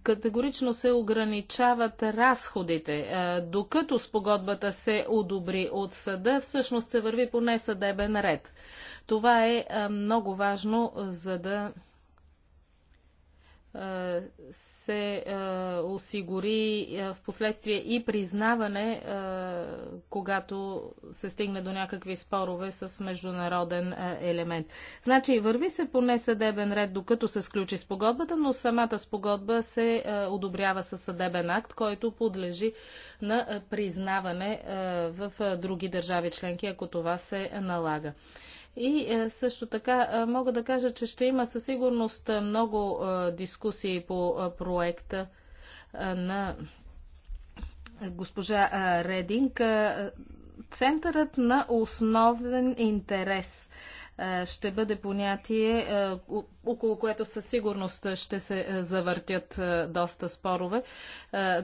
категорично се ограничават разходите. Докато спогодбата се одобри от съда, всъщност се върви по несъдебен ред. Това е много важно, за да се осигури в последствие и признаване, когато се стигне до някакви спорове с международен елемент. Значи, върви се по несъдебен ред, докато се сключи спогодбата, но самата спогодба се одобрява със съдебен акт, който подлежи на признаване в други държави членки, ако това се налага. И е, също така е, мога да кажа, че ще има със сигурност е, много дискусии по проекта на госпожа Рединг. Центърът на основен интерес ще бъде понятие, около което със сигурност ще се завъртят доста спорове,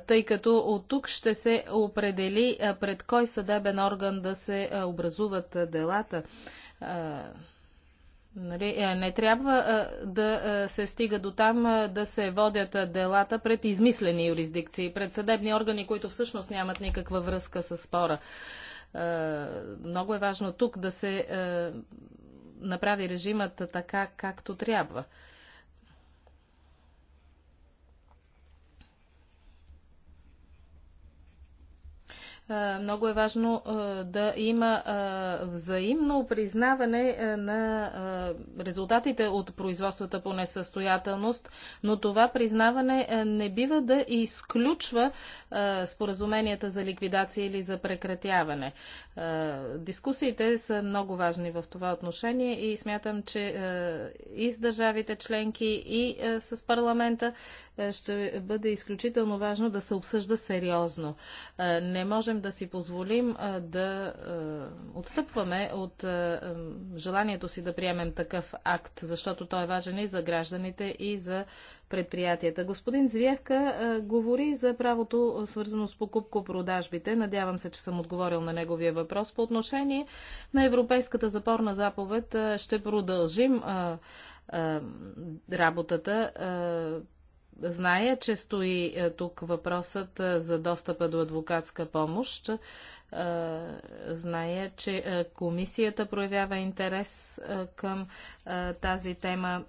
тъй като от тук ще се определи пред кой съдебен орган да се образуват делата. Нали, е, не трябва а, да се стига до там а, да се водят делата пред измислени юрисдикции, пред съдебни органи, които всъщност нямат никаква връзка с спора. Много е важно тук да се направи режимът така, както трябва. много е важно да има взаимно признаване на резултатите от производствата по несъстоятелност, но това признаване не бива да изключва споразуменията за ликвидация или за прекратяване. Дискусиите са много важни в това отношение и смятам, че и с държавите членки, и с парламента ще бъде изключително важно да се обсъжда сериозно. Не можем да си позволим а, да а, отстъпваме от а, желанието си да приемем такъв акт, защото той е важен и за гражданите, и за предприятията. Господин Звиевка говори за правото свързано с покупко-продажбите. Надявам се, че съм отговорил на неговия въпрос. По отношение на Европейската запорна заповед ще продължим работата Зная, че стои е, тук въпросът е, за достъпа до адвокатска помощ. Е, зная, че комисията проявява интерес към тази тема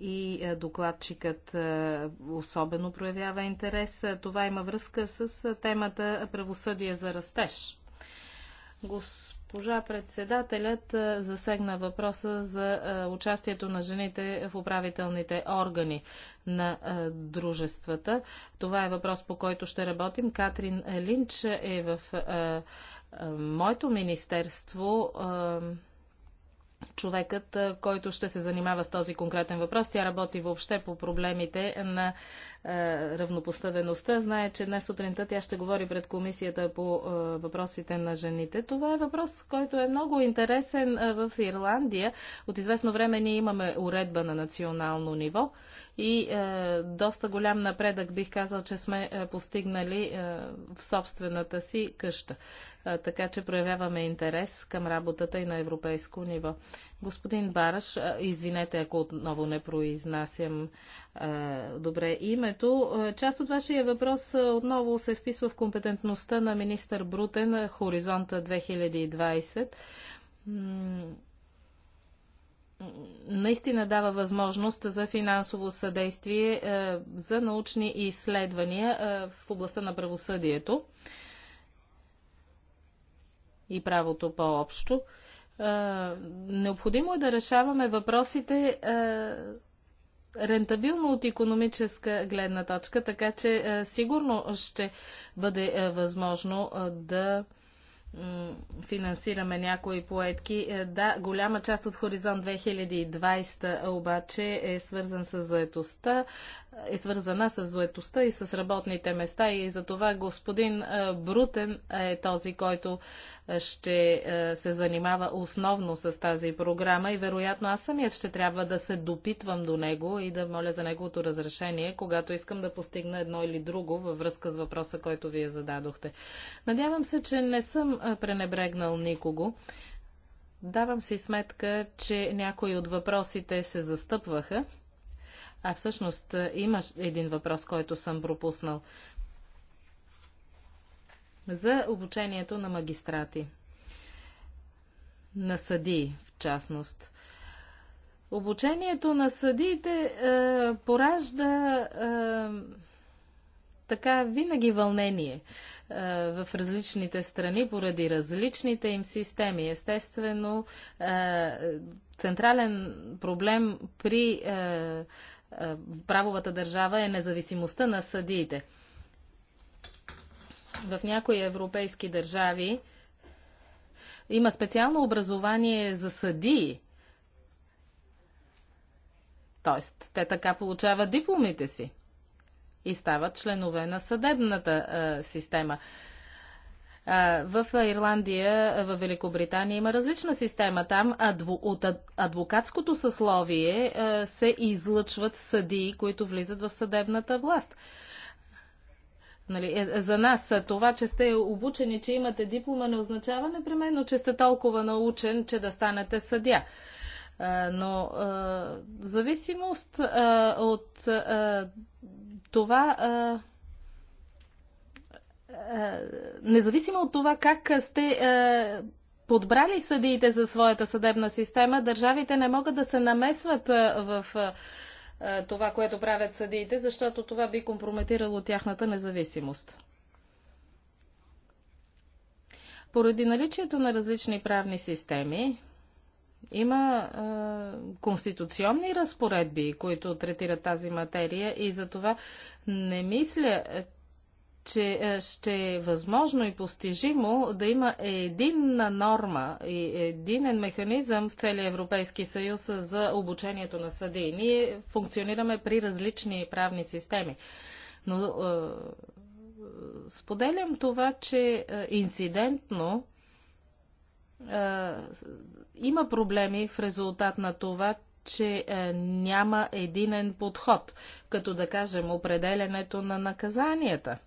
и докладчикът особено проявява интерес. Това има връзка с темата правосъдие за растеж. Господин Пожа председателят засегна въпроса за участието на жените в управителните органи на дружествата. Това е въпрос, по който ще работим. Катрин Линч е в моето министерство човекът, който ще се занимава с този конкретен въпрос. Тя работи въобще по проблемите на е, равнопоставеността. Знае, че днес сутринта тя ще говори пред комисията по е, въпросите на жените. Това е въпрос, който е много интересен е, в Ирландия. От известно време ние имаме уредба на национално ниво и е, доста голям напредък бих казал, че сме е, постигнали е, в собствената си къща. Е, така че проявяваме интерес към работата и на европейско ниво. Господин Бараш, е, извинете ако отново не произнасям е, добре името. Е, част от вашия въпрос е, отново се вписва в компетентността на министър Брутен Хоризонта 2020 наистина дава възможност за финансово съдействие е, за научни изследвания е, в областта на правосъдието и правото по-общо. Е, необходимо е да решаваме въпросите рентабилно от економическа гледна точка, така че сигурно ще бъде възможно да финансираме някои поетки. Е, да, голяма част от Хоризонт 2020 обаче е свързан с заетостта, е свързана с заетостта и с работните места и за това господин е, Брутен е този, който е, ще е, се занимава основно с тази програма и вероятно аз самият ще трябва да се допитвам до него и да моля за неговото разрешение, когато искам да постигна едно или друго във връзка с въпроса, който вие зададохте. Надявам се, че не съм пренебрегнал никого. Давам си сметка, че някои от въпросите се застъпваха а всъщност е, има един въпрос, който съм пропуснал. За обучението на магистрати, на съдии в частност. Обучението на съдиите е, поражда е, така винаги вълнение е, в различните страни поради различните им системи. Естествено, е, централен проблем при е, е, правовата държава е независимостта на съдиите. В някои европейски държави има специално образование за съдии. Тоест, те така получават дипломите си и стават членове на съдебната е, система. В Ирландия, в Великобритания има различна система. Там от адвокатското съсловие се излъчват съдии, които влизат в съдебната власт. Нали, е, за нас това, че сте обучени, че имате диплома, не означава непременно, че сте толкова научен, че да станете съдя. Но в зависимост от това е, е, независимо от това как сте е, подбрали съдиите за своята съдебна система, държавите не могат да се намесват в това, което правят съдиите, защото това би компрометирало тяхната независимост. Поради наличието на различни правни системи, има е, конституционни разпоредби, които третират тази материя и затова не мисля, че е, ще е възможно и постижимо да има единна норма и единен механизъм в целия Европейски съюз за обучението на съдии. Ние функционираме при различни правни системи. Но е, споделям това, че е, инцидентно е, има проблеми в резултат на това, че е, няма единен подход, като да кажем определенето на наказанията.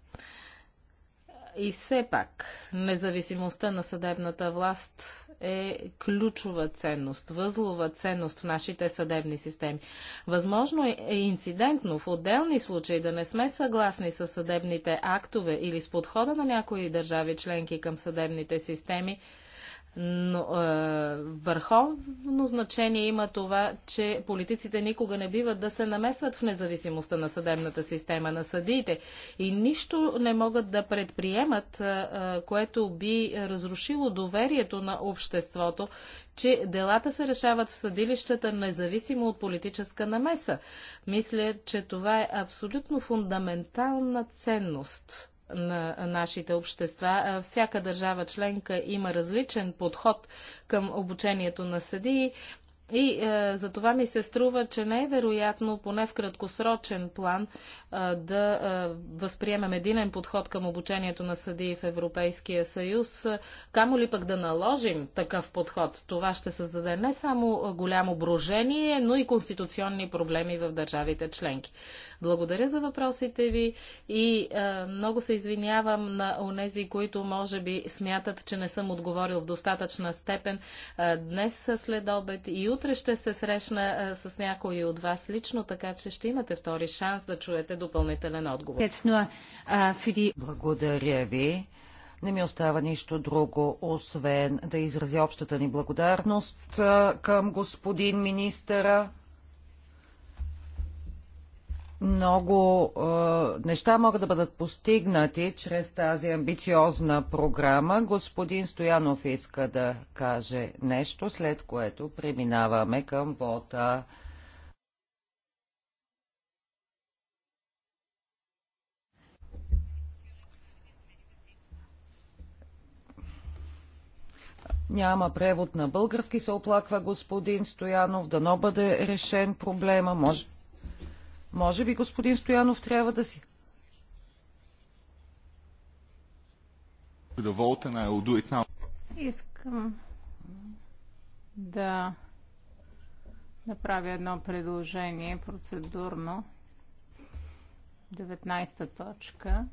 И все пак, независимостта на съдебната власт е ключова ценност, възлова ценност в нашите съдебни системи. Възможно е, е инцидентно в отделни случаи да не сме съгласни с съдебните актове или с подхода на някои държави членки към съдебните системи, но, е, върховно значение има това, че политиците никога не биват да се намесват в независимостта на съдебната система на съдиите и нищо не могат да предприемат, е, е, което би разрушило доверието на обществото, че делата се решават в съдилищата независимо от политическа намеса. Мисля, че това е абсолютно фундаментална ценност на нашите общества. Всяка държава членка има различен подход към обучението на съдии. И е, за това ми се струва, че не е вероятно, поне в краткосрочен план, е, да е, възприемем единен подход към обучението на съдии в Европейския съюз. Камо ли пък да наложим такъв подход? Това ще създаде не само голямо брожение, но и конституционни проблеми в държавите членки. Благодаря за въпросите ви и а, е, много се извинявам на онези, които може би смятат, че не съм отговорил в достатъчна степен. А, е, днес след обед и утре ще се срещна а, е, с някои от вас лично, така че ще имате втори шанс да чуете допълнителен отговор.
Благодаря ви. Не ми остава нищо друго, освен да изразя общата ни благодарност към господин министъра. Много е, неща могат да бъдат постигнати чрез тази амбициозна програма. Господин Стоянов иска да каже нещо, след което преминаваме към вота. Няма превод на български, се оплаква господин Стоянов. Да но бъде решен проблема. Може може би господин Стоянов трябва да си. Искам да
направя едно предложение процедурно. 19 точка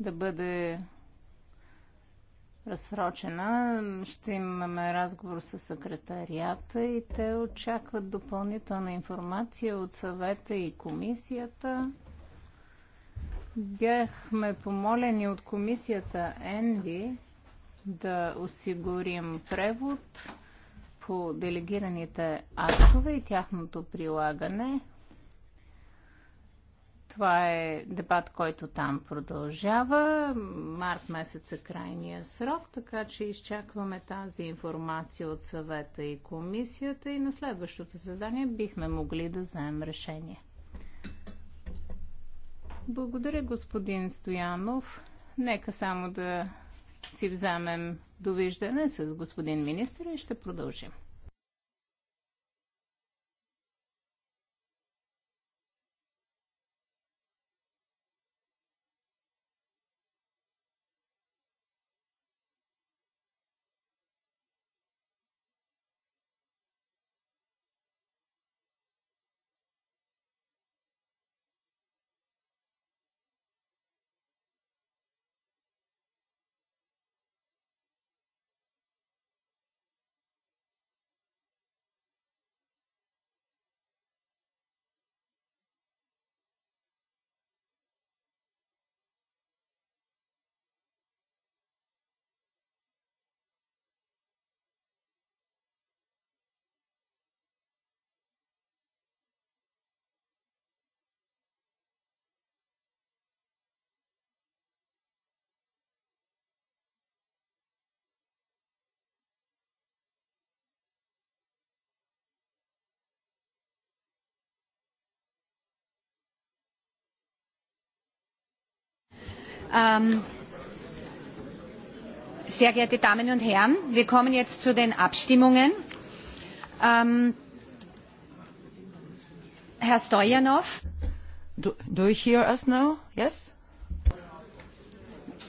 да бъде разсрочена. Ще имаме разговор с секретарията и те очакват допълнителна информация от съвета и комисията. Бяхме помолени от комисията Енди да осигурим превод по делегираните актове и тяхното прилагане това е дебат, който там продължава. Март месец е крайния срок, така че изчакваме тази информация от съвета и комисията и на следващото задание бихме могли да вземем решение. Благодаря, господин Стоянов. Нека само да си вземем довиждане с господин министър и ще продължим.
Sehr geehrte Damen und Herren, wir kommen jetzt zu den Abstimmungen. Herr Stojanov. Do, do you hear us now? Yes?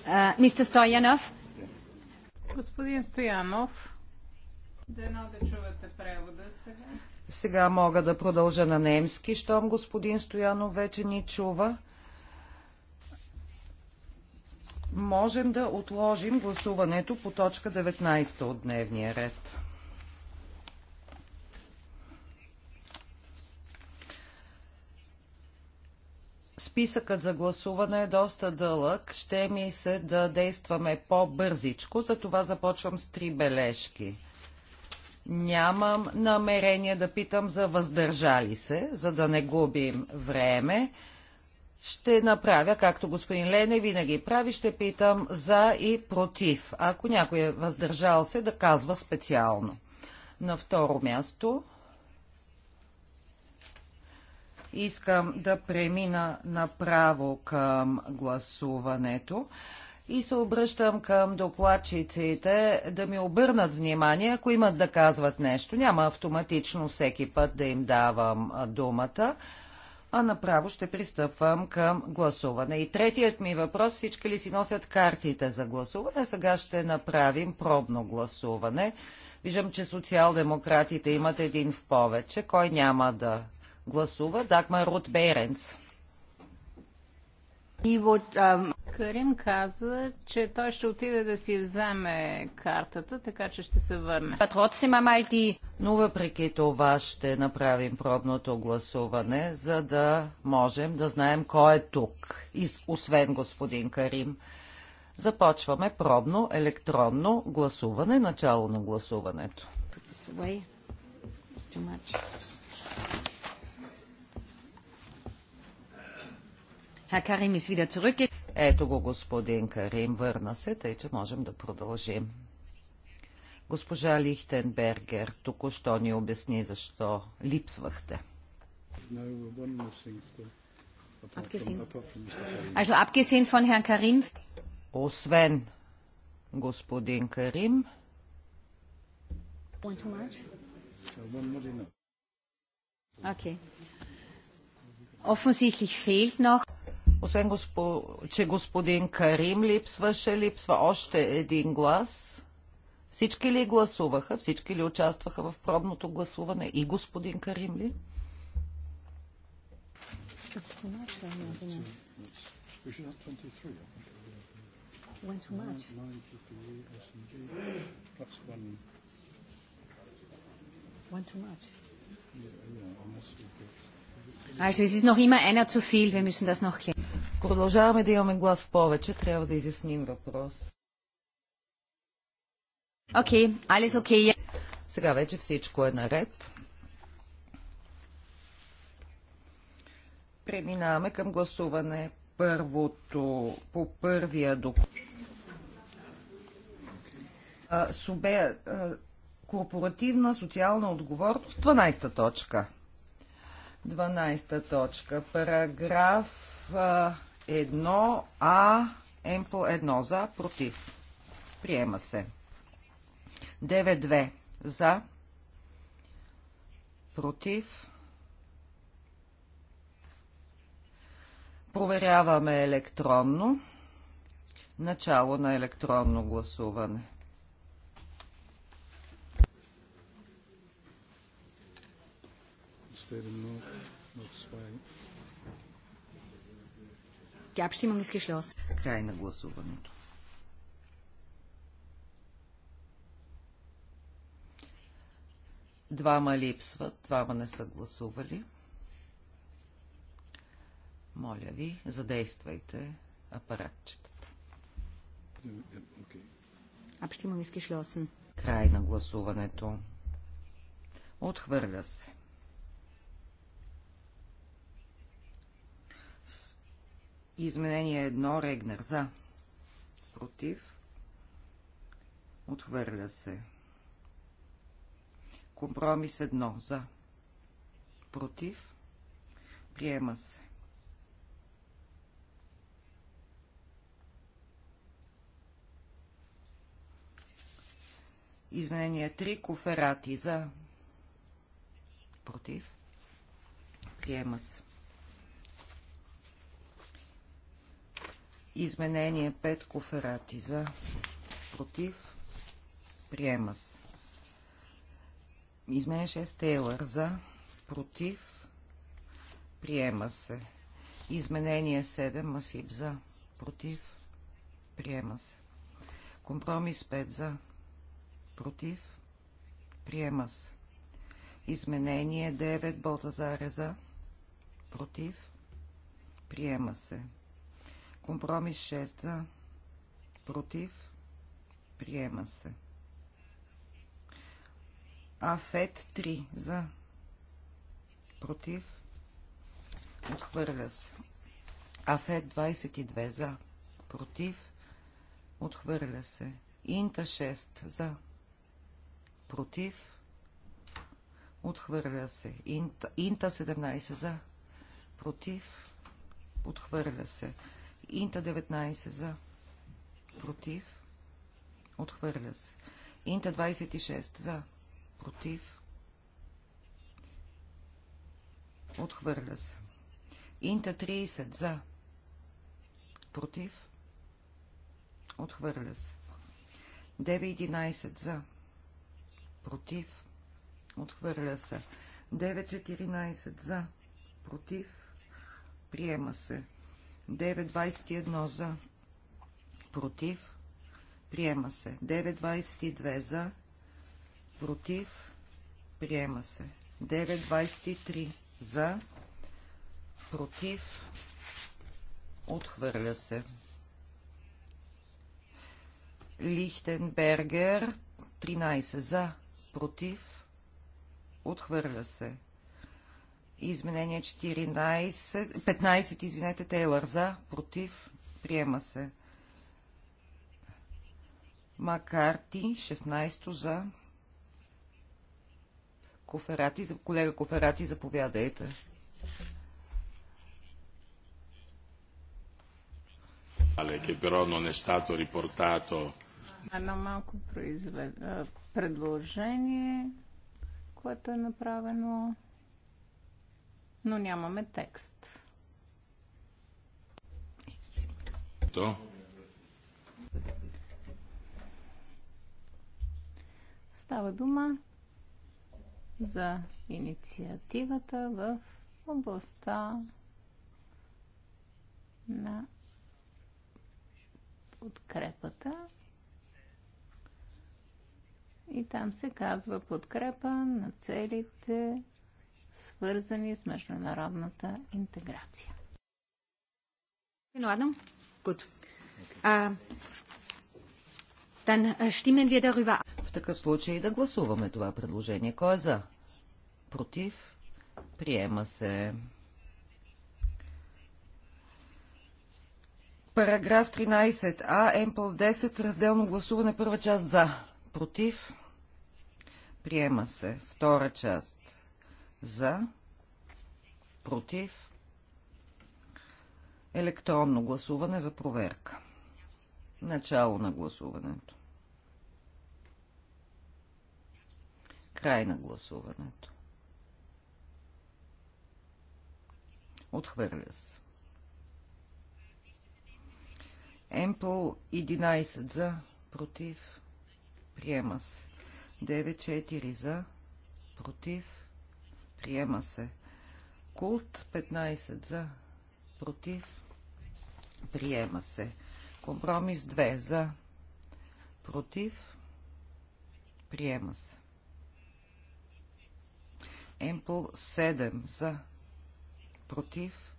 Uh, Mr. Stoyanov.
Господин Стоянов,
дано да чувате превода сега.
Сега мога да продължа на немски, щом господин Стоянов вече ни чува можем да отложим гласуването по точка 19 от дневния ред. Списъкът за гласуване е доста дълъг. Ще ми се да действаме по-бързичко, затова започвам с три бележки. Нямам намерение да питам за въздържали се, за да не губим време ще направя, както господин Лене винаги прави, ще питам за и против, ако някой е въздържал се да казва специално. На второ място искам да премина направо към гласуването и се обръщам към докладчиците да ми обърнат внимание, ако имат да казват нещо. Няма автоматично всеки път да им давам думата а направо ще пристъпвам към гласуване. И третият ми въпрос, всички ли си носят картите за гласуване? Сега ще направим пробно гласуване. Виждам, че социал-демократите имат един в повече. Кой няма да гласува? Дагмар Рут Беренц. Карим каза, че той ще
отиде да си вземе картата, така че ще се върне.
Но въпреки това ще направим пробното гласуване, за да можем да знаем кой е тук, освен господин Карим. Започваме пробно електронно гласуване, начало на гласуването. Е Ето го господин Карим, върна се, тъй че можем да продължим. Госпожа Лихтенбергер току-що ни обясни защо липсвахте. Освен господин Карим. Okay. Offensichtlich fehlt noch. Освен, госпо... че господин Карим липсваше, липсва още един глас. Всички ли гласуваха? Всички ли участваха в пробното гласуване? И господин Карим ли?
One too much.
One too much. Yeah, yeah, unless you get... Also es ist noch immer einer zu
viel, wir müssen das noch klären. Продължаваме да имаме глас в повече, трябва да изясним въпрос. Окей, okay, alles Сега вече всичко е наред. Преминаваме към гласуване първото, по първия доклад. Субе, корпоративна социална отговорност, 12 точка. 12 точка. Параграф 1А, М по 1 за, против. Приема се. 9-2 за, против. Проверяваме електронно. Начало на електронно гласуване. много.
Die Abstimmung ist geschlossen.
Край на гласуването. Двама липсват, двама не са гласували. Моля ви, задействайте апаратчетата. Abstimmung ниски geschlossen. Край на гласуването. Отхвърля се. Изменение едно Регнер за. Против. Отхвърля се. Компромис едно за. Против. Приема се. Изменение 3. Коферати за. Против. Приема се. Изменение 5 коферати за против. Приема се. Изменение 6 Тейлър за против. Приема се. Изменение 7 Масип за против. Приема се. Компромис 5 за против. Приема се. Изменение 9 Балтазаре за против. Приема се. Компромис 6 за. Против. Приема се. Афет 3 за. Против. Отхвърля се. Афет 22 за. Против. Отхвърля се. Инта 6 за. Против. Отхвърля се. Инта, инта 17 за. Против. Отхвърля се. Инта 19 за. Против. Отхвърля се. Инта 26 за. Против. Отхвърля се. Инта 30 за. Против. Отхвърля се. 11 за. Против. Отхвърля се. 9.14 за. Против. Приема се. 9.21 за. Против. Приема се. 9.22 за. Против. Приема се. 9.23 за. Против. Отхвърля се. Лихтенбергер 13 за. Против. Отхвърля се. Изменение 14, 15, извинете, Тейлър за, против, приема се. Макарти, 16 за. Коферати, колега Коферати, заповядайте. che però non è stato riportato.
Едно малко предложение, което е направено но нямаме текст. То. Става дума за инициативата в областта на подкрепата. И там се казва подкрепа на
целите
свързани с международната интеграция.
рива?
В такъв случай да гласуваме това предложение. Кой е за? Против? Приема се. Параграф 13. А. М 10. Разделно гласуване. Първа част за. Против. Приема се. Втора част за, против, електронно гласуване за проверка. Начало на гласуването. Край на гласуването. Отхвърля се. Емпл 11 за, против, приема се. 9-4 за, против, Приема се. Култ 15 за. Против. Приема се. Компромис 2 за. Против. Приема се. Емпл 7 за. Против.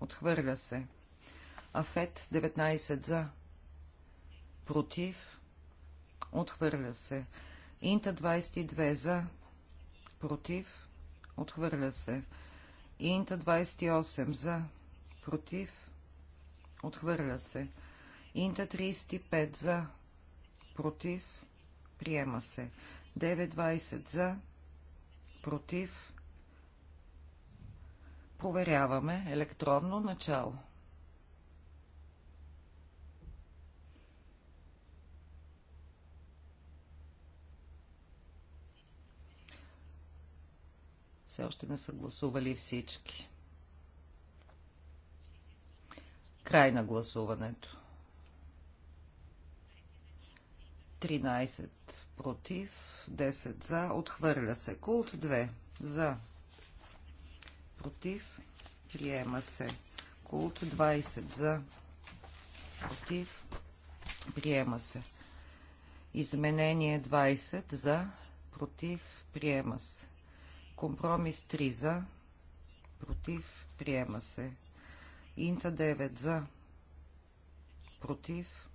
Отхвърля се. Афет 19 за. Против. Отхвърля се. Инта 22 за против, отхвърля се. Инта 28 за, против, отхвърля се. Инта 35 за, против, приема се. 9.20 за, против, проверяваме електронно начало. Все още не са гласували всички. Край на гласуването. 13 против, 10 за, отхвърля се. Култ 2 за, против, приема се. Култ 20 за, против, приема се. Изменение 20 за, против, приема се. Компромис 3 за. Против. Приема се. Инта 9 за. Против.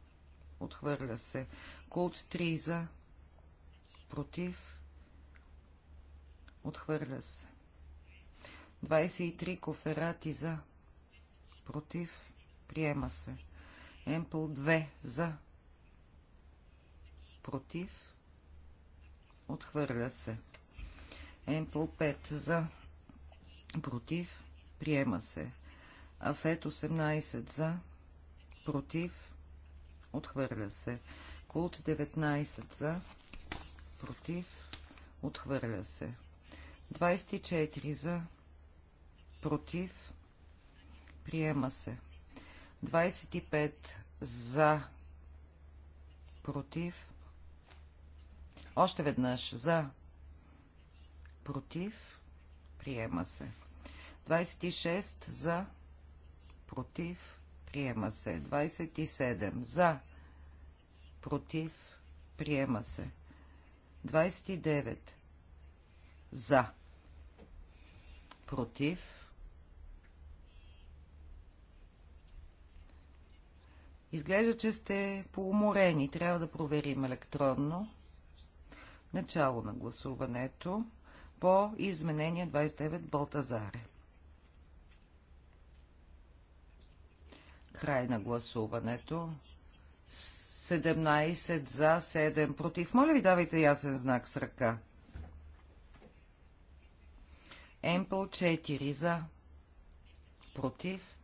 Отхвърля се. Култ 3 за. Против. Отхвърля се. 23 коферати за. Против. Приема се. Емпл 2 за. Против. Отхвърля се. Емпл 5 за. Против. Приема се. Афет 18 за. Против. Отхвърля се. Култ 19 за. Против. Отхвърля се. 24 за. Против. Приема се. 25 за. Против. Още веднъж за против, приема се. 26 за, против, приема се. 27 за, против, приема се. 29 за, против, Изглежда, че сте поуморени. Трябва да проверим електронно. Начало на гласуването по изменение 29 Балтазаре. Край на гласуването. 17 за, 7 против. Моля ви, давайте ясен знак с ръка. Емпл 4 за, против.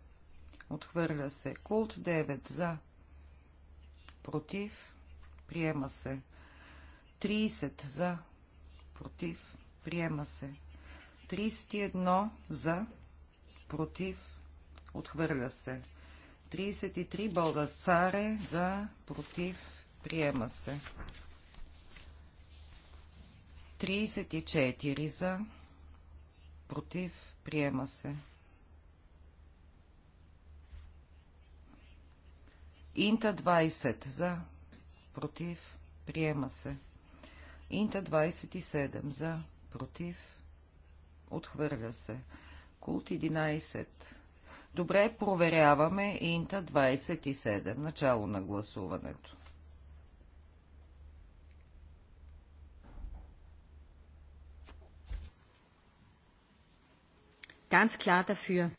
Отхвърля се. Култ 9 за, против. Приема се. 30 за, против приема се. 31 за, против, отхвърля се. 33 Балдасаре за, против, приема се. 34 за, против, приема се. Инта 20 за, против, приема се. Инта 27 за, против, отхвърля се. Култ 11. Добре, проверяваме Инта 27. Начало на гласуването. Ганс klar dafür.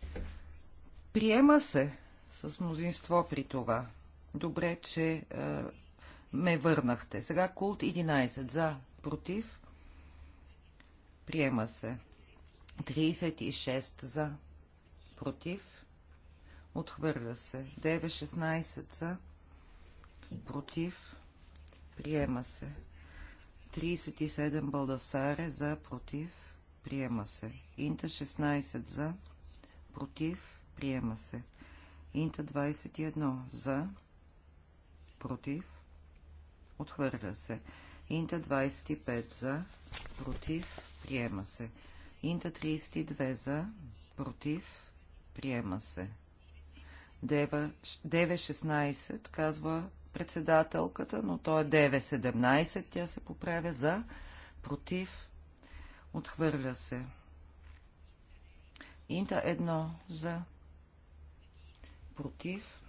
Приема се с мнозинство при това. Добре, че е, ме върнахте. Сега култ 11 за, против, Приема се. 36 за. Против. Отхвърля се. 9-16 за. Против. Приема се. 37 Балдасаре за. Против. Приема се. Инта 16 за. Против. Приема се. Инта 21 за. Против. Отхвърля се. Инта 25 за, против, приема се. Инта 32 за, против, приема се. Дева 9.16, казва председателката, но то е 9.17, тя се поправя за, против, отхвърля се. Инта 1 за, против,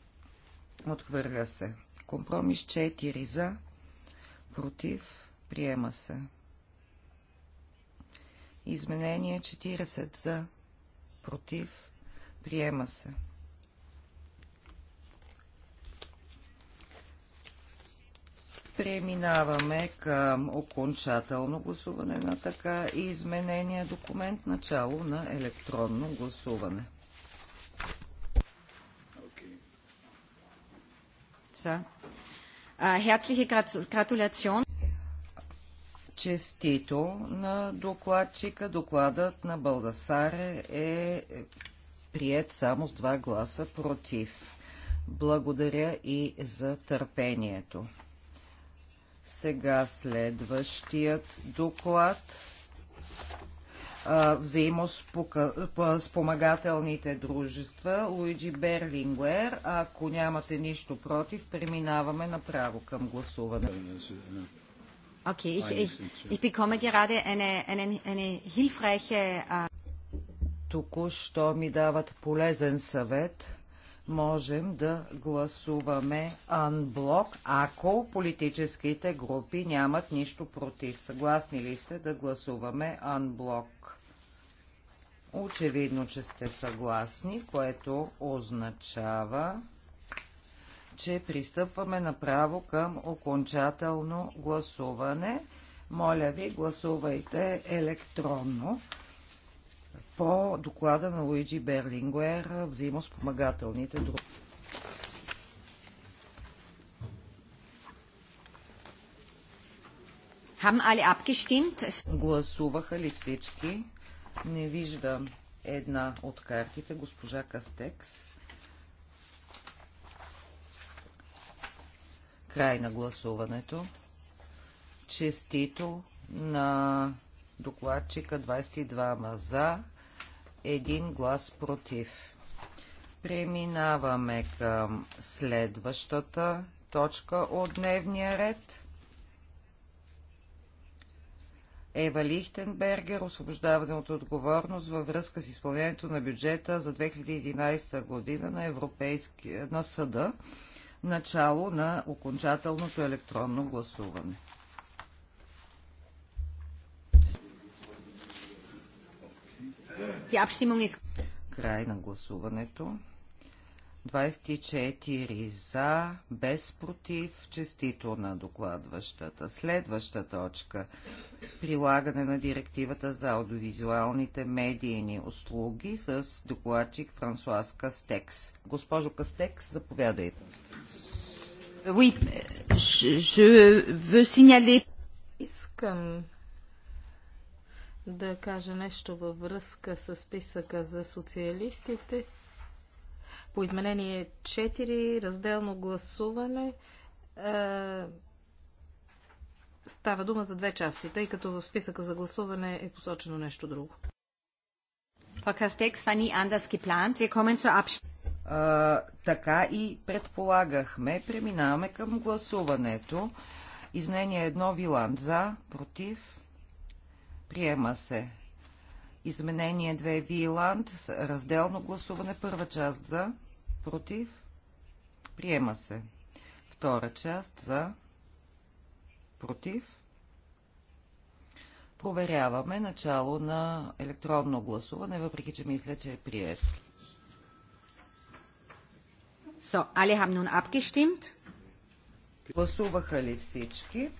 отхвърля се. Компромис 4 за, против, приема се. Изменение 40 за, против, приема се. Преминаваме към окончателно гласуване на така и изменения документ, начало на електронно гласуване. Okay.
Herzliche Gratulation.
Честито на докладчика. Докладът на Балдасаре е прият само с два гласа против. Благодаря и за търпението. Сега следващият доклад взаимоспомагателните дружества Луиджи Берлингуер. Ако нямате нищо против, преминаваме направо към гласуване. Okay, ich, ich, ich
bekomme gerade eine, eine, eine hilfreiche... Äh
Току-що ми дават полезен съвет можем да гласуваме анблок, ако политическите групи нямат нищо против. Съгласни ли сте да гласуваме анблок? Очевидно, че сте съгласни, което означава, че пристъпваме направо към окончателно гласуване. Моля ви, гласувайте електронно по доклада на Луиджи Берлингуер взаимоспомагателните други. Гласуваха ли всички? Не виждам една от картите, госпожа Кастекс. Край на гласуването. Честито на докладчика 22 за, един глас против. Преминаваме към следващата точка от дневния ред. Ева Лихтенбергер, освобождаване от отговорност във връзка с изпълнението на бюджета за 2011 година на, Европейски... на съда, начало на окончателното електронно гласуване. Край на гласуването. 24 за, без против, честито на докладващата. Следваща точка. Прилагане на директивата за аудиовизуалните медийни услуги с докладчик Франсуаз Кастекс. Госпожо Кастекс, заповядайте. Oui, je, je veux
signaler...
Искам да кажа нещо във връзка с списъка за социалистите. По изменение 4, разделно гласуване, е, става дума за две части, тъй като в списъка за гласуване е посочено нещо друго.
Uh, така и предполагахме. Преминаваме към гласуването. Изменение едно Виланд за, против, Приема се. Изменение 2 Виланд. Разделно гласуване. Първа част за. Против. Приема се. Втора част за. Против. Проверяваме начало на електронно гласуване, въпреки че мисля, че е прието. So, alle haben nun abgestimmt.
Гласуваха
ли всички?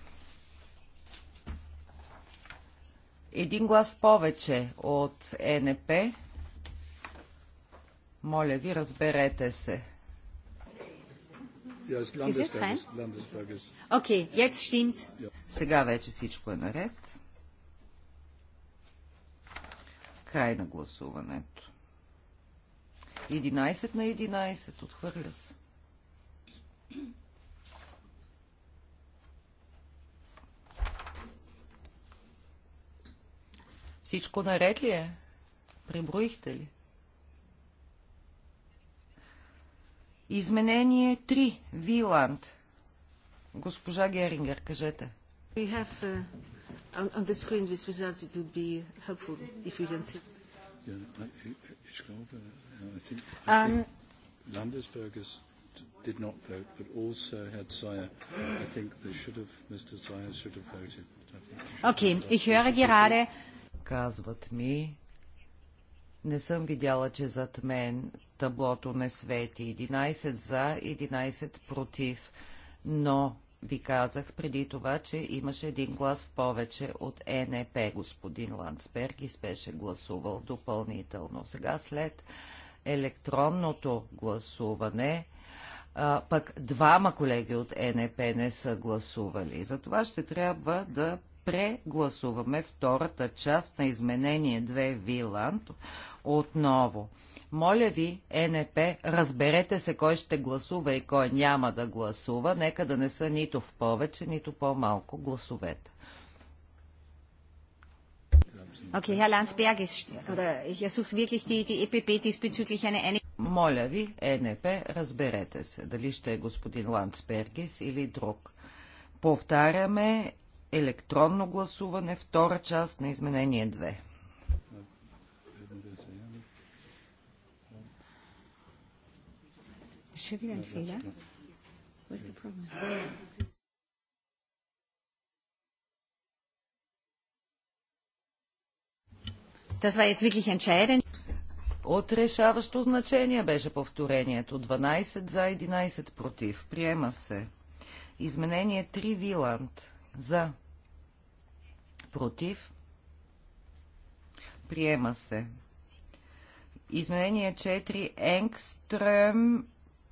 Един глас повече от ЕНП. Моля ви, разберете се. Сега вече всичко е наред. Край на гласуването. 11 на 11. Отхвърля се. Всичко наред ли е? Преброихте ли? Изменение 3. Виланд. Госпожа Герингер, кажете. We have uh, on, on the screen this result. It would be helpful if you can see.
Um, Landesbergers did not vote, but also had Sayer. I think they should have, Mr. Sayer should have voted. Okay, ich höre gerade,
Казват ми, не съм видяла, че зад мен таблото не свети. 11 за, 11 против. Но ви казах преди това, че имаше един глас в повече от НЕП Господин Ландсбергис Спеше гласувал допълнително. Сега след електронното гласуване, а, пък двама колеги от НЕП не са гласували. Затова ще трябва да прегласуваме втората част на изменение 2 Виланд отново. Моля ви, НП, разберете се кой ще гласува и кой няма да гласува. Нека да не са нито в повече, нито по-малко гласовете.
Okay, Herr Landsberg, ich ersuche wirklich die, die EPP diesbezüglich eine Einigung.
Моля ви, ЕНП, разберете се, дали ще е господин Ландсбергис или друг. Повтаряме електронно гласуване, втора част на изменение 2. Е. От решаващо значение беше повторението. 12 за 11 против. Приема се. Изменение 3 Виланд. За. Против. Приема се. Изменение 4. Енгстрем.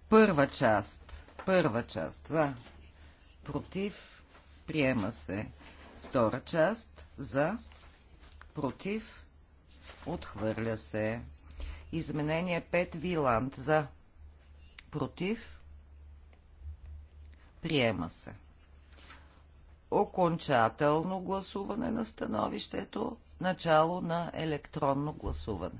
Първа част. Първа част. За. Против. Приема се. Втора част. За. Против. Отхвърля се. Изменение 5. Виланд. За. Против. Приема се окончателно гласуване на становището, начало на електронно гласуване.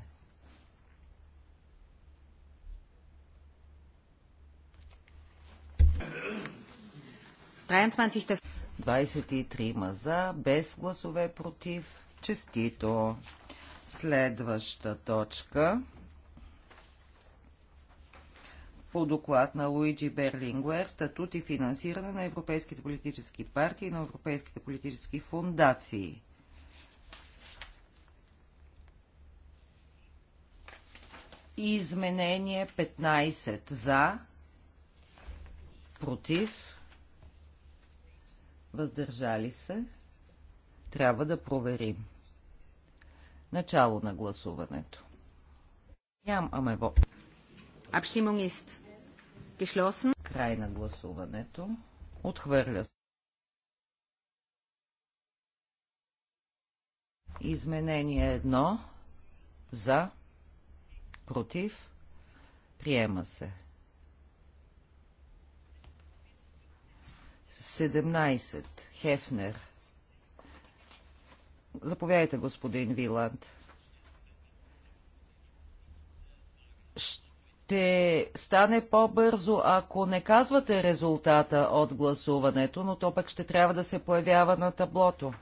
Трайнцмансихте 23 за, без гласове против. Честито. Следваща точка по доклад на Луиджи Берлингуер «Статут и финансиране на европейските политически партии и на европейските политически фундации». Изменение 15 за, против, въздържали се. Трябва да проверим. Начало на гласуването. Нямаме вопрос. Abstimmung ist geschlossen. Край на гласуването. Отхвърля се. Изменение едно. За. Против. Приема се. 17. Хефнер. Заповядайте, господин Виланд. Ще ще стане по-бързо, ако не казвате резултата от гласуването, но то пък ще трябва да се появява на таблото.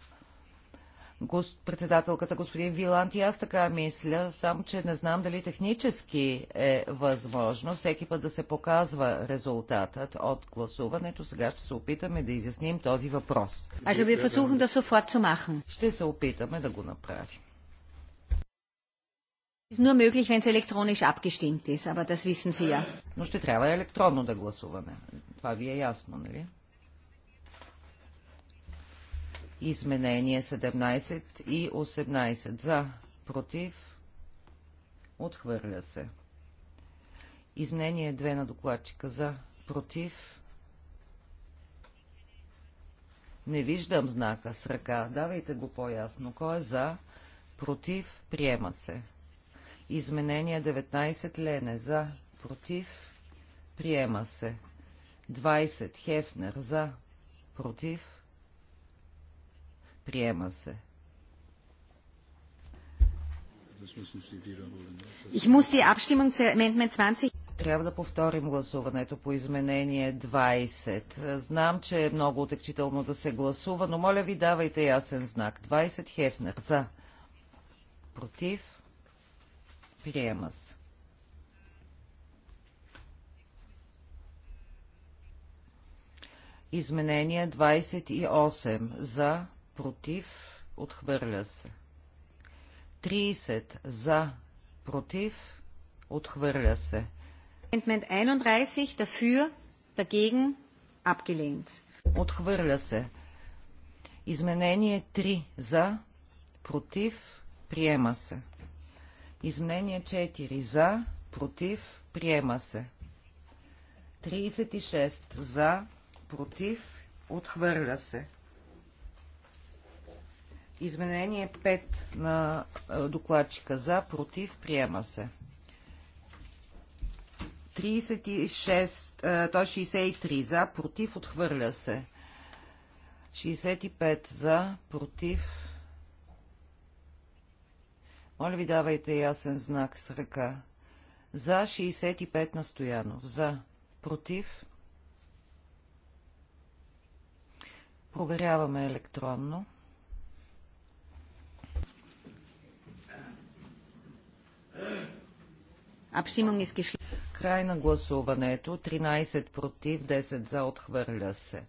Гос... Председателката господин Виланд и аз така мисля, само че не знам дали технически е възможно всеки път да се показва резултатът от гласуването. Сега ще се опитаме да изясним този въпрос. Ще се опитаме да го направим. Ist nur möglich, wenn es
elektronisch abgestimmt ist, aber das wissen
Sie ja. Но ще трябва електронно да гласуваме. Това ви е ясно, нали? Изменение 17 и 18. За, против, отхвърля се. Изменение 2 на докладчика. За, против. Не виждам знака с ръка. Давайте го по-ясно. Кой е за, против, приема се. Изменение 19 Лене за, против, приема се. 20 Хефнер за, против, приема се. Трябва да повторим гласуването по изменение 20. Знам, че е много отекчително да се гласува, но моля ви давайте ясен знак. 20 Хефнер за. Против. Приема се. Изменение 28 за, против, отхвърля се. 30 за, против, отхвърля се.
Amendment 31 dafür, dagegen, abgelehnt.
Отхвърля се. Изменение 3 за, против, приема се. Изменение 4 за, против, приема се. 36 за, против, отхвърля се. Изменение 5 на докладчика за, против, приема се. 36, то 63 за, против, отхвърля се. 65 за, против, моля ви, давайте ясен знак с ръка. За 65 на Стоянов. За. Против. Проверяваме електронно. Край на гласуването. 13 против, 10 за отхвърля се.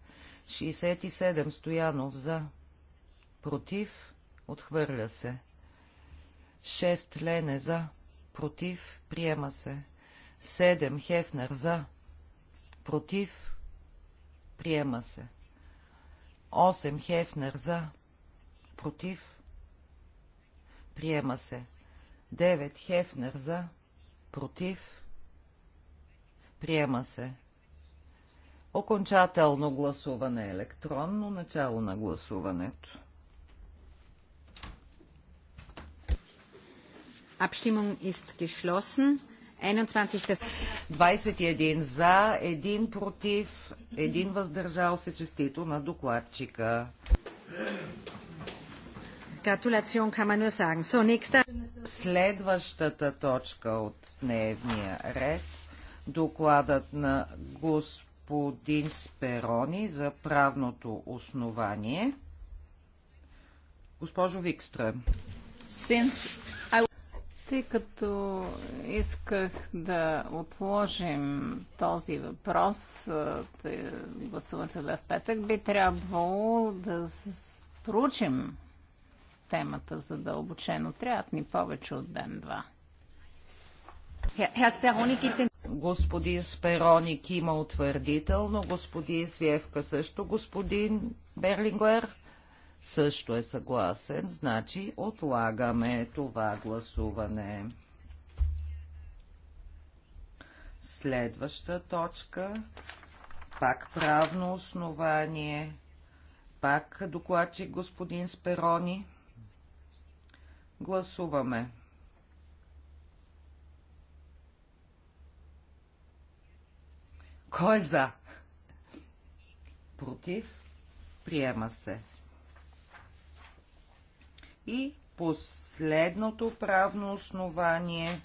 67 Стоянов за. Против. Отхвърля се. 6 Лене за, против, приема се. 7 Хефнер за, против, приема се. 8 Хефнер за, против, приема се. 9 Хефнер за, против, приема се. Окончателно гласуване електронно, начало на гласуването. Abstimmung ist geschlossen. 21 за, 1 против, 1 въздържал се честито на докладчика. Gratulation kann man nur sagen. So, nächster... Следващата точка от дневния ред докладът на господин Сперони за правното основание. Госпожо Викстрем.
Since I... Тъй като исках да отложим този въпрос, гласувате да е в петък, би трябвало да проучим темата задълбочено.
Трябват ни повече от ден-два. Господин Спероник има утвърдително, господин Свиевка също, господин Берлингуер също е съгласен, значи отлагаме това гласуване. Следваща точка, пак правно основание, пак докладчик господин Сперони. Гласуваме. Кой е за? Против? Приема се. И последното правно основание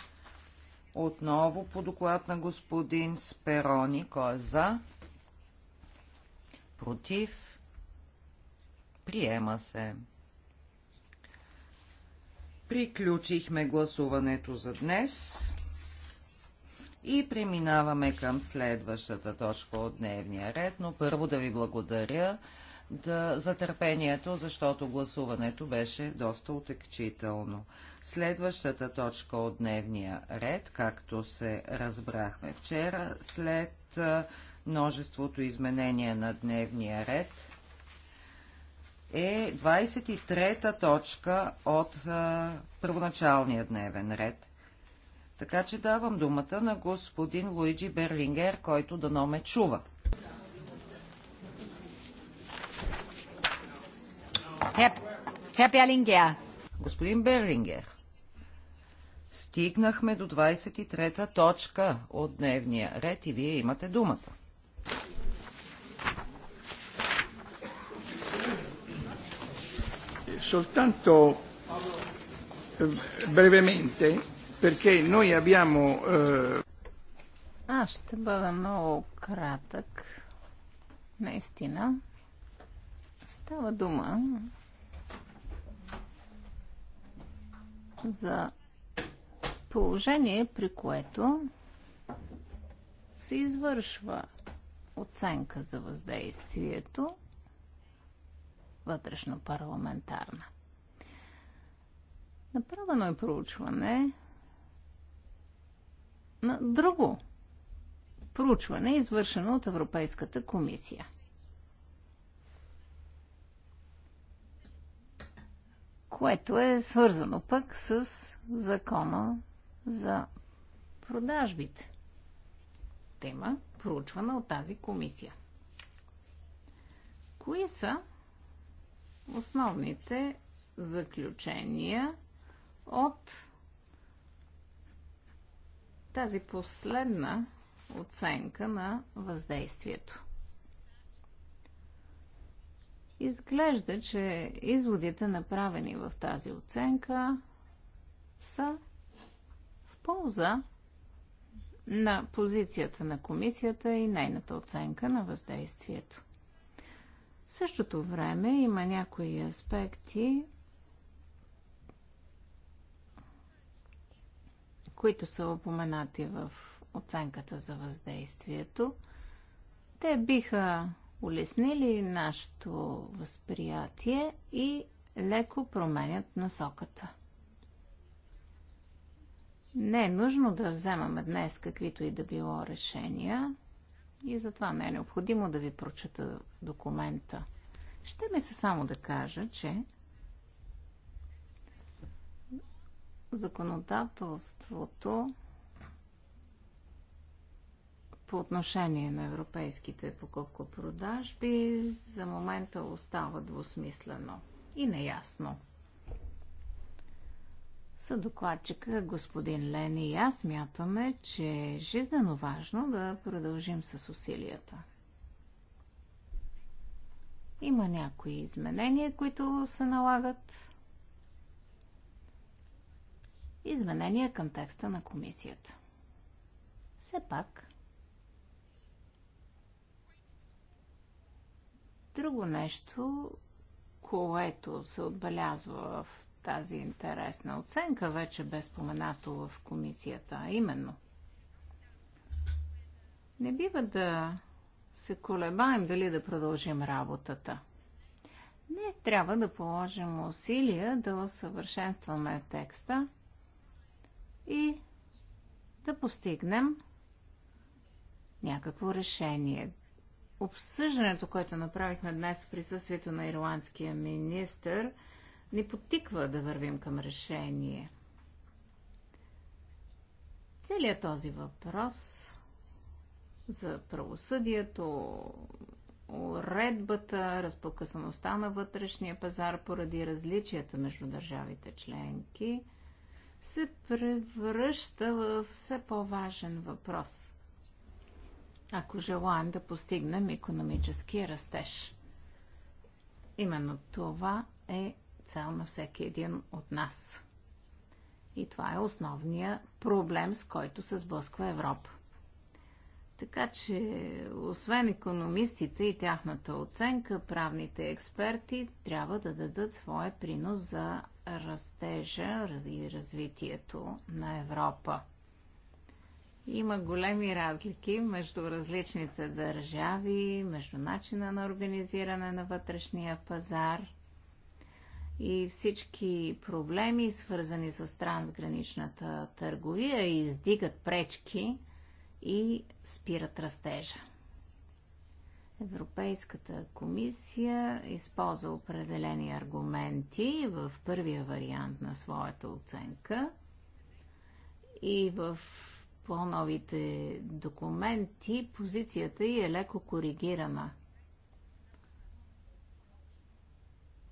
отново по доклад на господин Сперони, кой е за, против, приема се. Приключихме гласуването за днес и преминаваме към следващата точка от дневния ред, но първо да ви благодаря да, за търпението, защото гласуването беше доста отекчително. Следващата точка от дневния ред, както се разбрахме вчера, след множеството изменения на дневния ред, е 23-та точка от а, първоначалния дневен ред. Така че давам думата на господин Луиджи Берлингер, който дано ме чува. Господин Берлингер, стигнахме до 23-та точка от дневния ред и вие имате думата. Soltanto
eh, brevemente, perché noi abbiamo... Eh, Аз ще бъда много кратък. Наистина. Става дума за положение, при което се извършва оценка за въздействието вътрешно парламентарна. Направено е проучване на друго проучване, извършено от Европейската комисия. което е свързано пък с закона за продажбите. Тема, проучвана от тази комисия. Кои са основните заключения от тази последна оценка на въздействието? Изглежда, че изводите, направени в тази оценка, са в полза на позицията на комисията и нейната оценка на въздействието. В същото време има някои аспекти, които са упоменати в оценката за въздействието. Те биха улеснили нашето възприятие и леко променят насоката. Не е нужно да вземаме днес каквито и да било решения и затова не е необходимо да ви прочета документа. Ще ми се само да кажа, че законодателството по отношение на европейските покупко-продажби, за момента остава двусмислено и неясно. Съдокладчика господин Лени и аз мятаме, че е жизнено важно да продължим с усилията. Има някои изменения, които се налагат. Изменения към текста на комисията. Все пак, Друго нещо, което се отбелязва в тази интересна оценка, вече бе споменато в комисията, а именно не бива да се колебаем дали да продължим работата. Не трябва да положим усилия да усъвършенстваме текста и да постигнем някакво решение, обсъждането, което направихме днес в присъствието на ирландския министр, ни потиква да вървим към решение. Целият този въпрос за правосъдието, уредбата, разпокъсаността на вътрешния пазар поради различията между държавите членки, се превръща в все по-важен въпрос – ако желаем да постигнем економически растеж. Именно това е цел на всеки един от нас. И това е основният проблем, с който се сблъсква Европа. Така че, освен економистите и тяхната оценка, правните експерти трябва да дадат своя принос за растежа и развитието на Европа. Има големи разлики между различните държави, между начина на организиране на вътрешния пазар и всички проблеми, свързани с трансграничната търговия, издигат пречки и спират растежа. Европейската комисия използва определени аргументи в първия вариант на своята оценка и в по новите документи, позицията й е леко коригирана.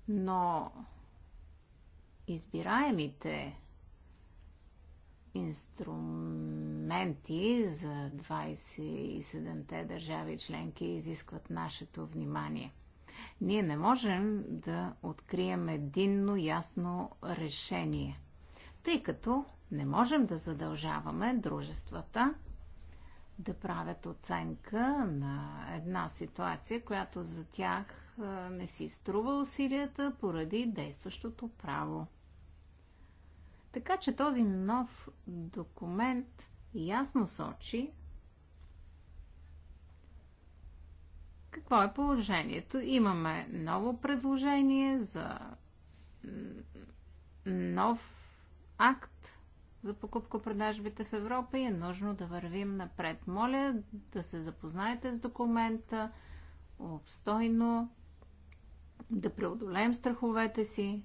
Но избираемите инструменти за 27-те държави членки изискват нашето внимание. Ние не можем да открием единно ясно решение, тъй като не можем да задължаваме дружествата да правят оценка на една ситуация, която за тях не си струва усилията поради действащото право. Така че този нов документ ясно сочи какво е положението. Имаме ново предложение за нов акт, за покупко-продажбите в Европа и е нужно да вървим напред. Моля да се запознаете с документа обстойно, да преодолеем страховете си.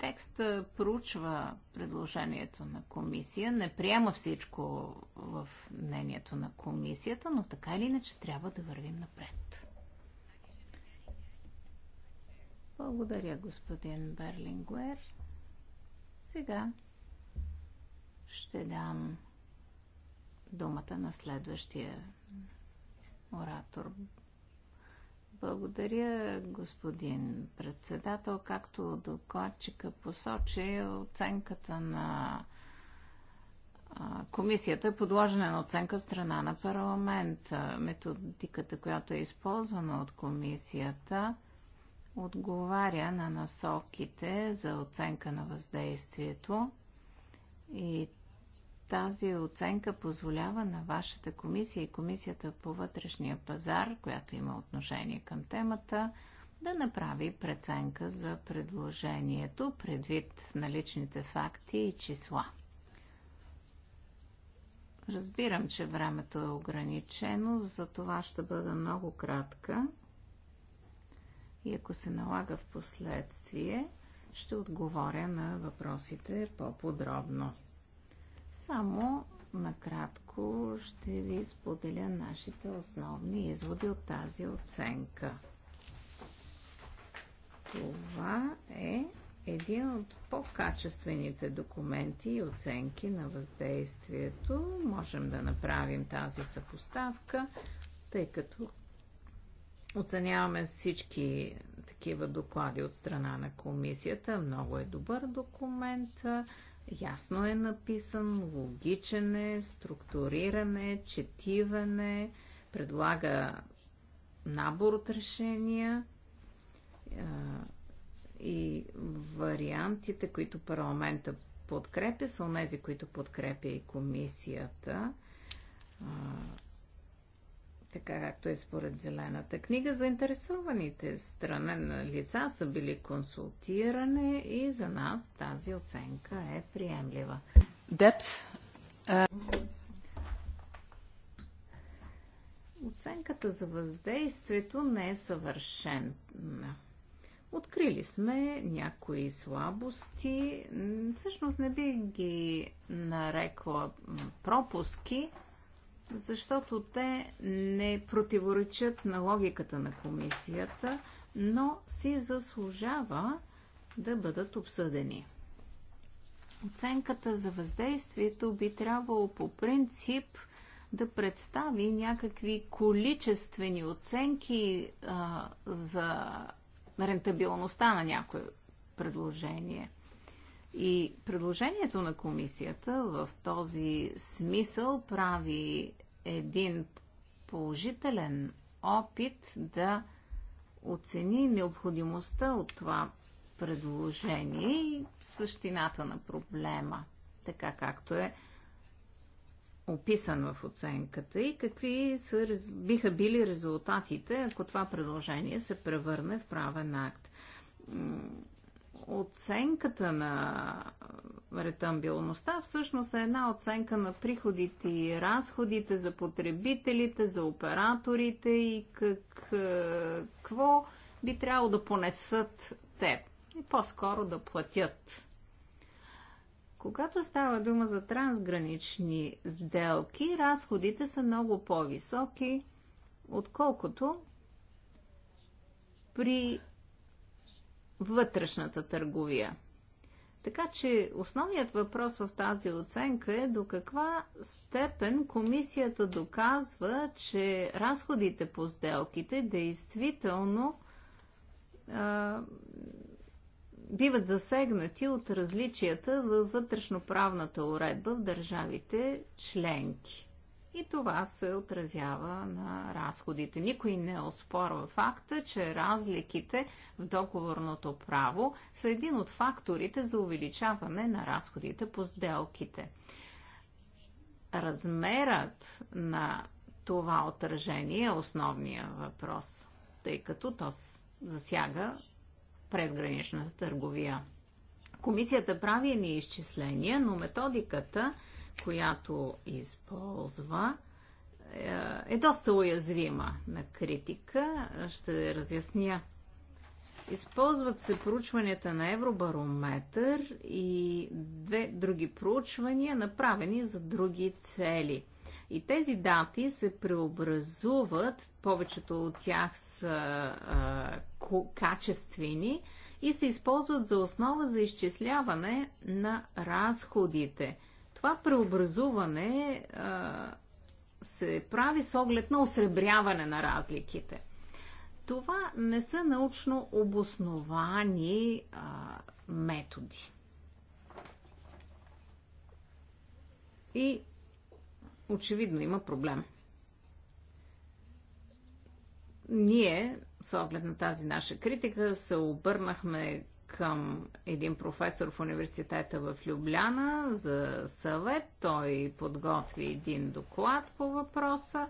Текстът проучва предложението на комисия, не приема всичко в мнението на комисията, но така или иначе трябва да вървим напред. Благодаря, господин Берлингуер. Сега ще дам думата на следващия оратор. Благодаря, господин председател. Както докладчика посочи, оценката на комисията е подложена на оценка от страна на парламента. Методиката, която е използвана от комисията, отговаря на насоките за оценка на въздействието и тази оценка позволява на вашата комисия и комисията по вътрешния пазар, която има отношение към темата, да направи преценка за предложението предвид наличните факти и числа. Разбирам, че времето е ограничено, за това ще бъда много кратка и ако се налага в последствие, ще отговоря на въпросите по-подробно. Само накратко ще ви споделя нашите основни изводи от тази оценка. Това е един от по-качествените документи и оценки на въздействието. Можем да направим тази съпоставка, тъй като Оценяваме всички такива доклади от страна на комисията. Много е добър документ. Ясно е написан, логичен е, структуриране, четиване, предлага набор от решения и вариантите, които парламента подкрепя, са онези, които подкрепя и комисията така както е според Зелената книга. Заинтересованите страна лица са били консултиране и за нас тази оценка е приемлива. Депс. Оценката за въздействието не е съвършена. Открили сме някои слабости, всъщност не би ги нарекла пропуски, защото те не противоречат на логиката на комисията, но си заслужава да бъдат обсъдени. Оценката за въздействието би трябвало по принцип да представи някакви количествени оценки а, за рентабилността на някое предложение. И предложението на комисията в този смисъл прави един положителен опит да оцени необходимостта от това предложение и същината на проблема, така както е описан в оценката и какви са, биха били резултатите, ако това предложение се превърне в правен акт оценката на ретамбилността всъщност е една оценка на приходите и разходите за потребителите, за операторите и е, какво би трябвало да понесат те и по-скоро да платят. Когато става дума за трансгранични сделки, разходите са много по-високи, отколкото при вътрешната търговия. Така че основният въпрос в тази оценка е до каква степен комисията доказва, че разходите по сделките действително а, биват засегнати от различията във вътрешноправната уредба в държавите членки и това се отразява на разходите. Никой не оспорва факта, че разликите в договорното право са един от факторите за увеличаване на разходите по сделките. Размерът на това отражение е основния въпрос, тъй като то засяга презграничната търговия. Комисията прави ни изчисления, но методиката – която използва, е, е доста уязвима на критика. Ще разясня. Използват се проучванията на Евробарометър и две други проучвания, направени за други цели. И тези дати се преобразуват, повечето от тях са а, качествени и се използват за основа за изчисляване на разходите – това преобразуване а, се прави с оглед на осребряване на разликите. Това не са научно обосновани а, методи. И очевидно има проблем. Ние, с оглед на тази наша критика, се обърнахме към един професор в университета в Любляна за съвет. Той подготви един доклад по въпроса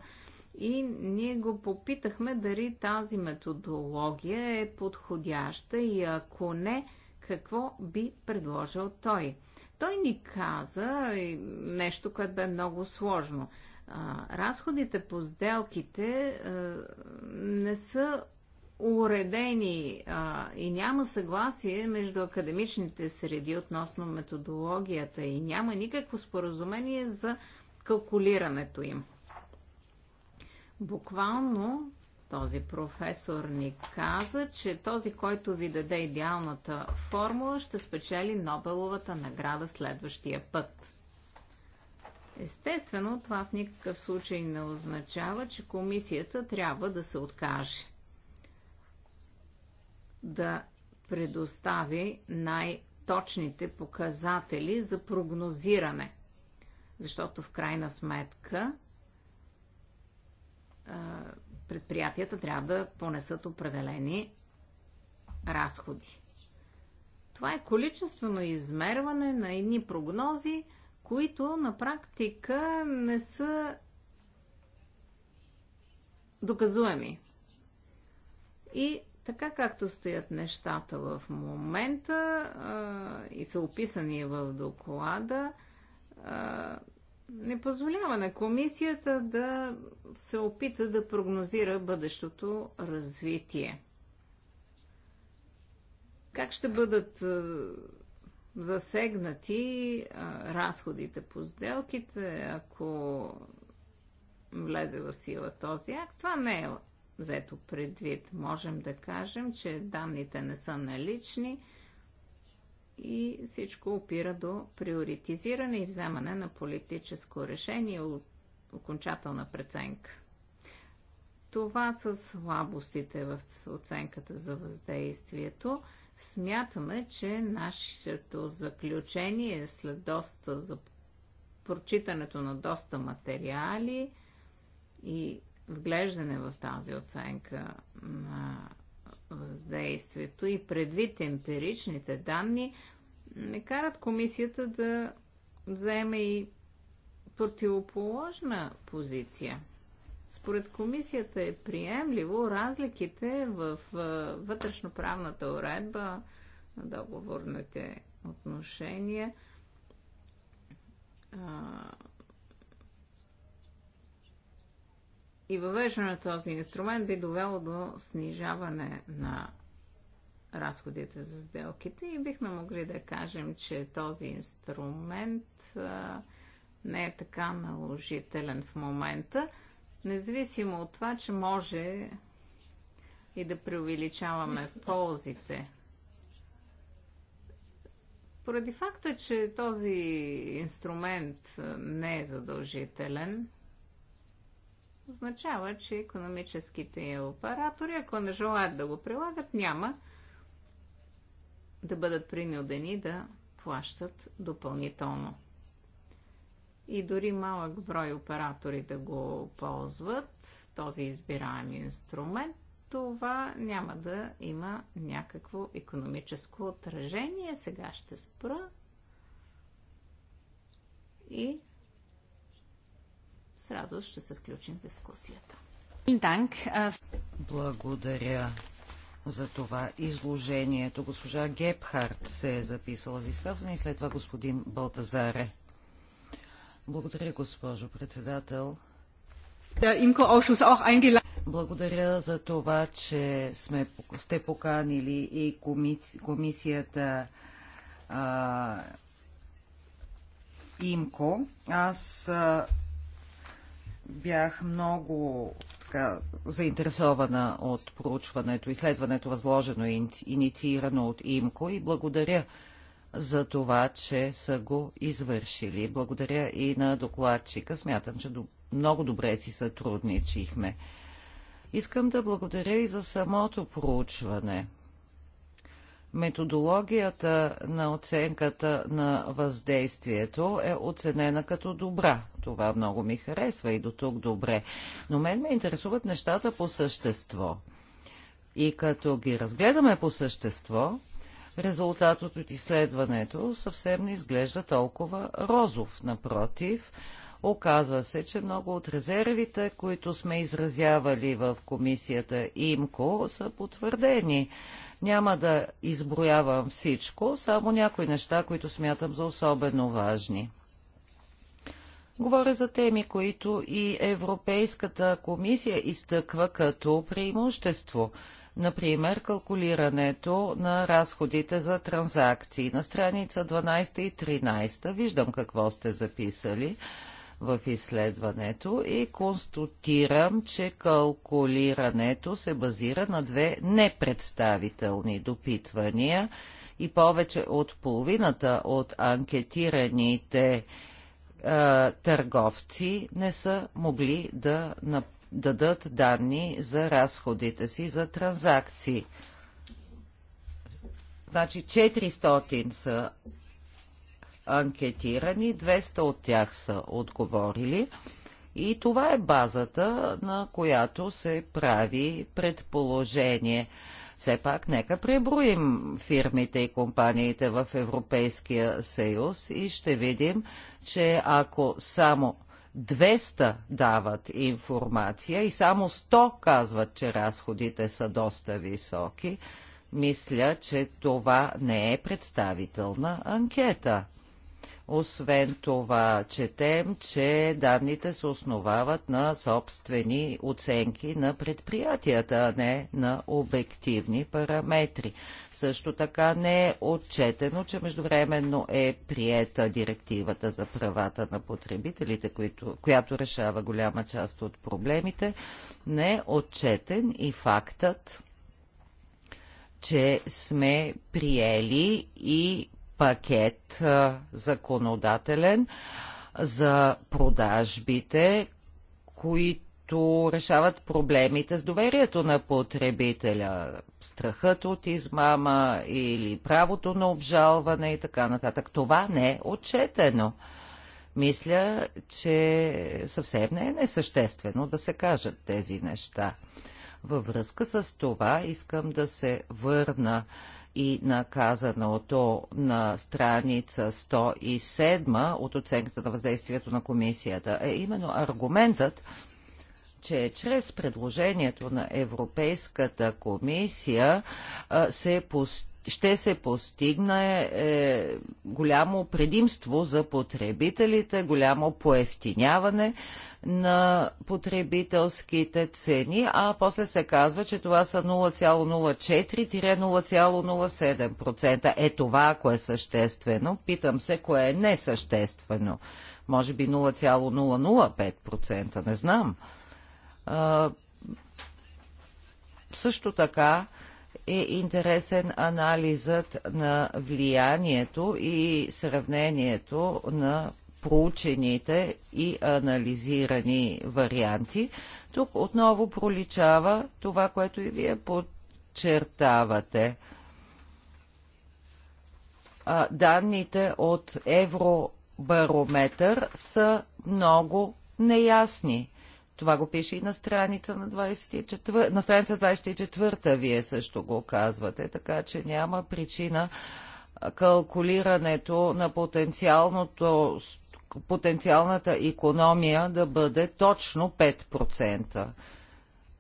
и ние го попитахме дали тази методология е подходяща и ако не, какво би предложил той. Той ни каза нещо, което бе много сложно. Разходите по сделките не са уредени а, и няма съгласие между академичните среди относно методологията и няма никакво споразумение за калкулирането им. Буквално този професор ни каза, че този, който ви даде идеалната формула, ще спечели Нобеловата награда следващия път. Естествено, това в никакъв случай не означава, че комисията трябва да се откаже да предостави най-точните показатели за прогнозиране. Защото в крайна сметка предприятията трябва да понесат определени разходи. Това е количествено измерване на едни прогнози, които на практика не са доказуеми. И така както стоят нещата в момента а, и са описани в доклада, а, не позволява на комисията да се опита да прогнозира бъдещото развитие. Как ще бъдат засегнати а, разходите по сделките, ако влезе в сила този акт? Това не е взето предвид. Можем да кажем, че данните не са налични и всичко опира до приоритизиране и вземане на политическо решение, окончателна преценка. Това са слабостите в оценката за въздействието. Смятаме, че нашето заключение е след доста за прочитането на доста материали и вглеждане в тази оценка на въздействието и предвид емпиричните данни, не карат комисията да вземе и противоположна позиция. Според комисията е приемливо разликите в вътрешноправната уредба на договорните отношения И въвеждане на този инструмент би довело до снижаване на разходите за сделките и бихме могли да кажем, че този инструмент а, не е така наложителен в момента, независимо от това, че може и да преувеличаваме ползите. Поради факта, че този инструмент не е задължителен, означава, че економическите оператори, ако не желаят да го прилагат, няма да бъдат принудени да плащат допълнително. И дори малък брой оператори да го ползват, този избираем инструмент, това няма да има някакво економическо отражение. Сега ще спра и с радост ще се включим в дискусията.
Благодаря за това изложението. Госпожа Гепхарт се е записала за изказване и след това господин Балтазаре. Благодаря, госпожо председател. Благодаря за това, че сме, сте поканили и комисията а, ИМКО. Аз а, бях много така, заинтересована от проучването, изследването възложено и инициирано от ИМКО и благодаря за това, че са го извършили. Благодаря и на докладчика. Смятам, че много добре си сътрудничихме. Искам да благодаря и за самото проучване. Методологията на оценката на въздействието е оценена като добра. Това много ми харесва и до тук добре. Но мен ме интересуват нещата по същество. И като ги разгледаме по същество, резултатът от изследването съвсем не изглежда толкова розов. Напротив, оказва се, че много от резервите, които сме изразявали в комисията ИМКО, са потвърдени. Няма да изброявам всичко, само някои неща, които смятам за особено важни. Говоря за теми, които и Европейската комисия изтъква като преимущество. Например, калкулирането на разходите за транзакции. На страница 12 и 13 виждам какво сте записали в изследването и констатирам, че калкулирането се базира на две непредставителни допитвания и повече от половината от анкетираните е, търговци не са могли да дадат данни за разходите си за транзакции. Значи 400 са анкетирани, 200 от тях са отговорили. И това е базата, на която се прави предположение. Все пак нека преброим фирмите и компаниите в Европейския съюз и ще видим, че ако само 200 дават информация и само 100 казват, че разходите са доста високи, мисля, че това не е представителна анкета. Освен това, четем, че данните се основават на собствени оценки на предприятията, а не на обективни параметри. Също така не е отчетено, че междувременно е приета директивата за правата на потребителите, които, която решава голяма част от проблемите. Не е отчетен и фактът, че сме приели и пакет законодателен за продажбите, които решават проблемите с доверието на потребителя, страхът от измама или правото на обжалване и така нататък. Това не е отчетено. Мисля, че съвсем не е несъществено да се кажат тези неща. Във връзка с това искам да се върна и наказаното на страница 107 от оценката на въздействието на комисията, е именно аргументът, че чрез предложението на Европейската комисия се постига ще се постигне е, голямо предимство за потребителите, голямо поевтиняване на потребителските цени, а после се казва, че това са 0,04-0,07%. Е това, ако е съществено, питам се, кое е несъществено. Може би 0,005%, не знам. А, също така, е интересен анализът на влиянието и сравнението на проучените и анализирани варианти. Тук отново проличава това, което и вие подчертавате. Данните от Евробарометър са много неясни. Това го пише и на страница на 24, на страница 24 вие също го казвате, така че няма причина калкулирането на потенциалното потенциалната економия да бъде точно 5%.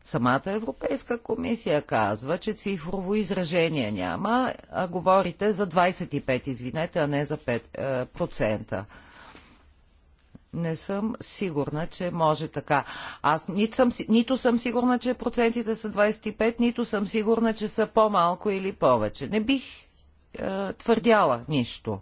Самата Европейска комисия казва, че цифрово изражение няма, а говорите за 25, извинете, а не за 5% не съм сигурна, че може така. Аз нито съм, нито съм сигурна, че процентите са 25, нито съм сигурна, че са по-малко или повече. Не бих е, твърдяла нищо.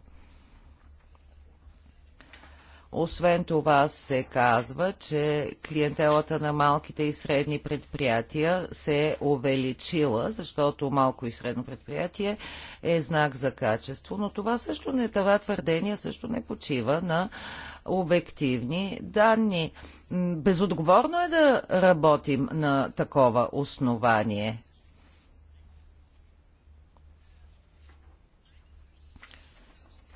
Освен това се казва, че клиентелата на малките и средни предприятия се е увеличила, защото малко и средно предприятие е знак за качество, но това също не това твърдение, също не почива на обективни данни. Безотговорно е да работим на такова основание.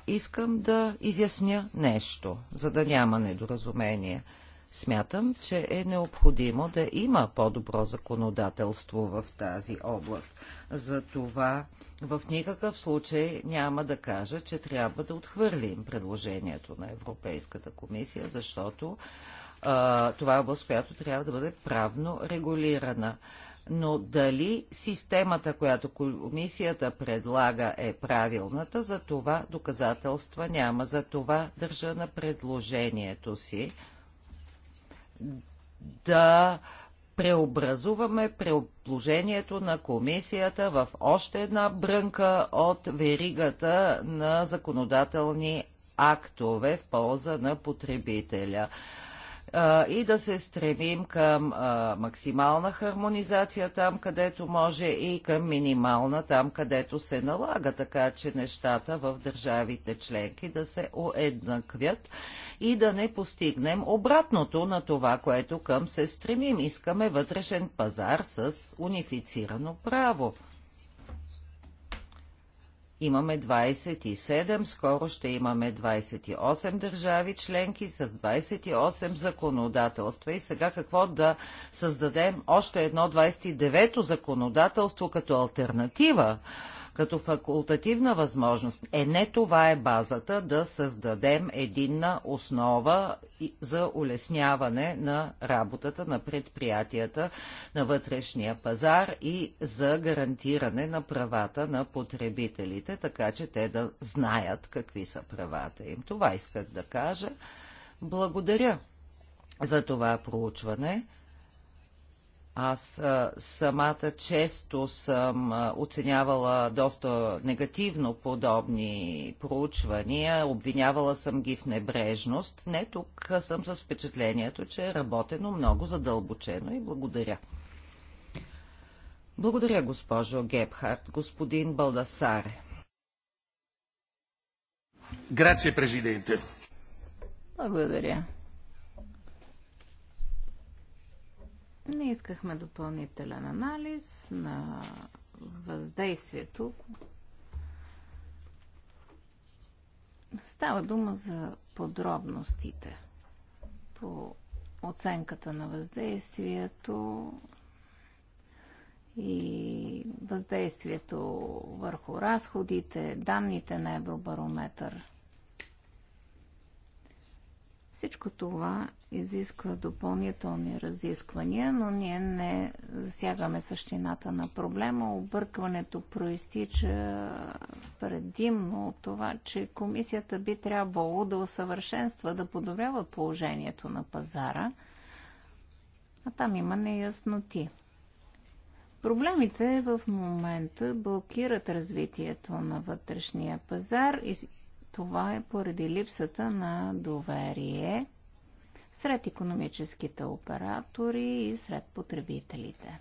искам да изясня нещо, за да няма недоразумение. Смятам, че е необходимо да има по-добро законодателство в тази област. Затова в никакъв случай няма да кажа, че трябва да отхвърлим предложението на Европейската комисия, защото а, това е област, която трябва да бъде правно регулирана но дали системата, която комисията предлага е правилната, за това доказателства няма. За това държа на предложението си да преобразуваме предложението на комисията в още една брънка от веригата на законодателни актове в полза на потребителя и да се стремим към максимална хармонизация там, където може и към минимална там, където се налага, така че нещата в държавите членки да се уеднаквят и да не постигнем обратното на това, което към се стремим. Искаме вътрешен пазар с унифицирано право. Имаме 27, скоро ще имаме 28 държави членки с 28 законодателства. И сега какво да създадем още едно 29-то законодателство като альтернатива като факултативна възможност. Е, не това е базата да създадем единна основа за улесняване на работата на предприятията на вътрешния пазар и за гарантиране на правата на потребителите, така че те да знаят какви са правата им. Това исках да кажа. Благодаря за това проучване. Аз а, самата често съм а, оценявала доста негативно подобни проучвания, обвинявала съм ги в небрежност. Не, тук съм с впечатлението, че е работено много задълбочено и благодаря. Благодаря, госпожо Гебхарт. Господин Балдасаре.
Грация, президенте.
Благодаря.
Не искахме допълнителен анализ на въздействието. Става дума за подробностите по оценката на въздействието и въздействието върху разходите, данните на Евробарометър. Всичко това изисква допълнителни разисквания, но ние не засягаме същината на проблема. Объркването проистича предимно от това, че комисията би трябвало да усъвършенства, да подобрява положението на пазара, а там има неясноти. Проблемите в момента блокират развитието на вътрешния пазар и това е поради липсата на доверие сред економическите оператори и сред потребителите.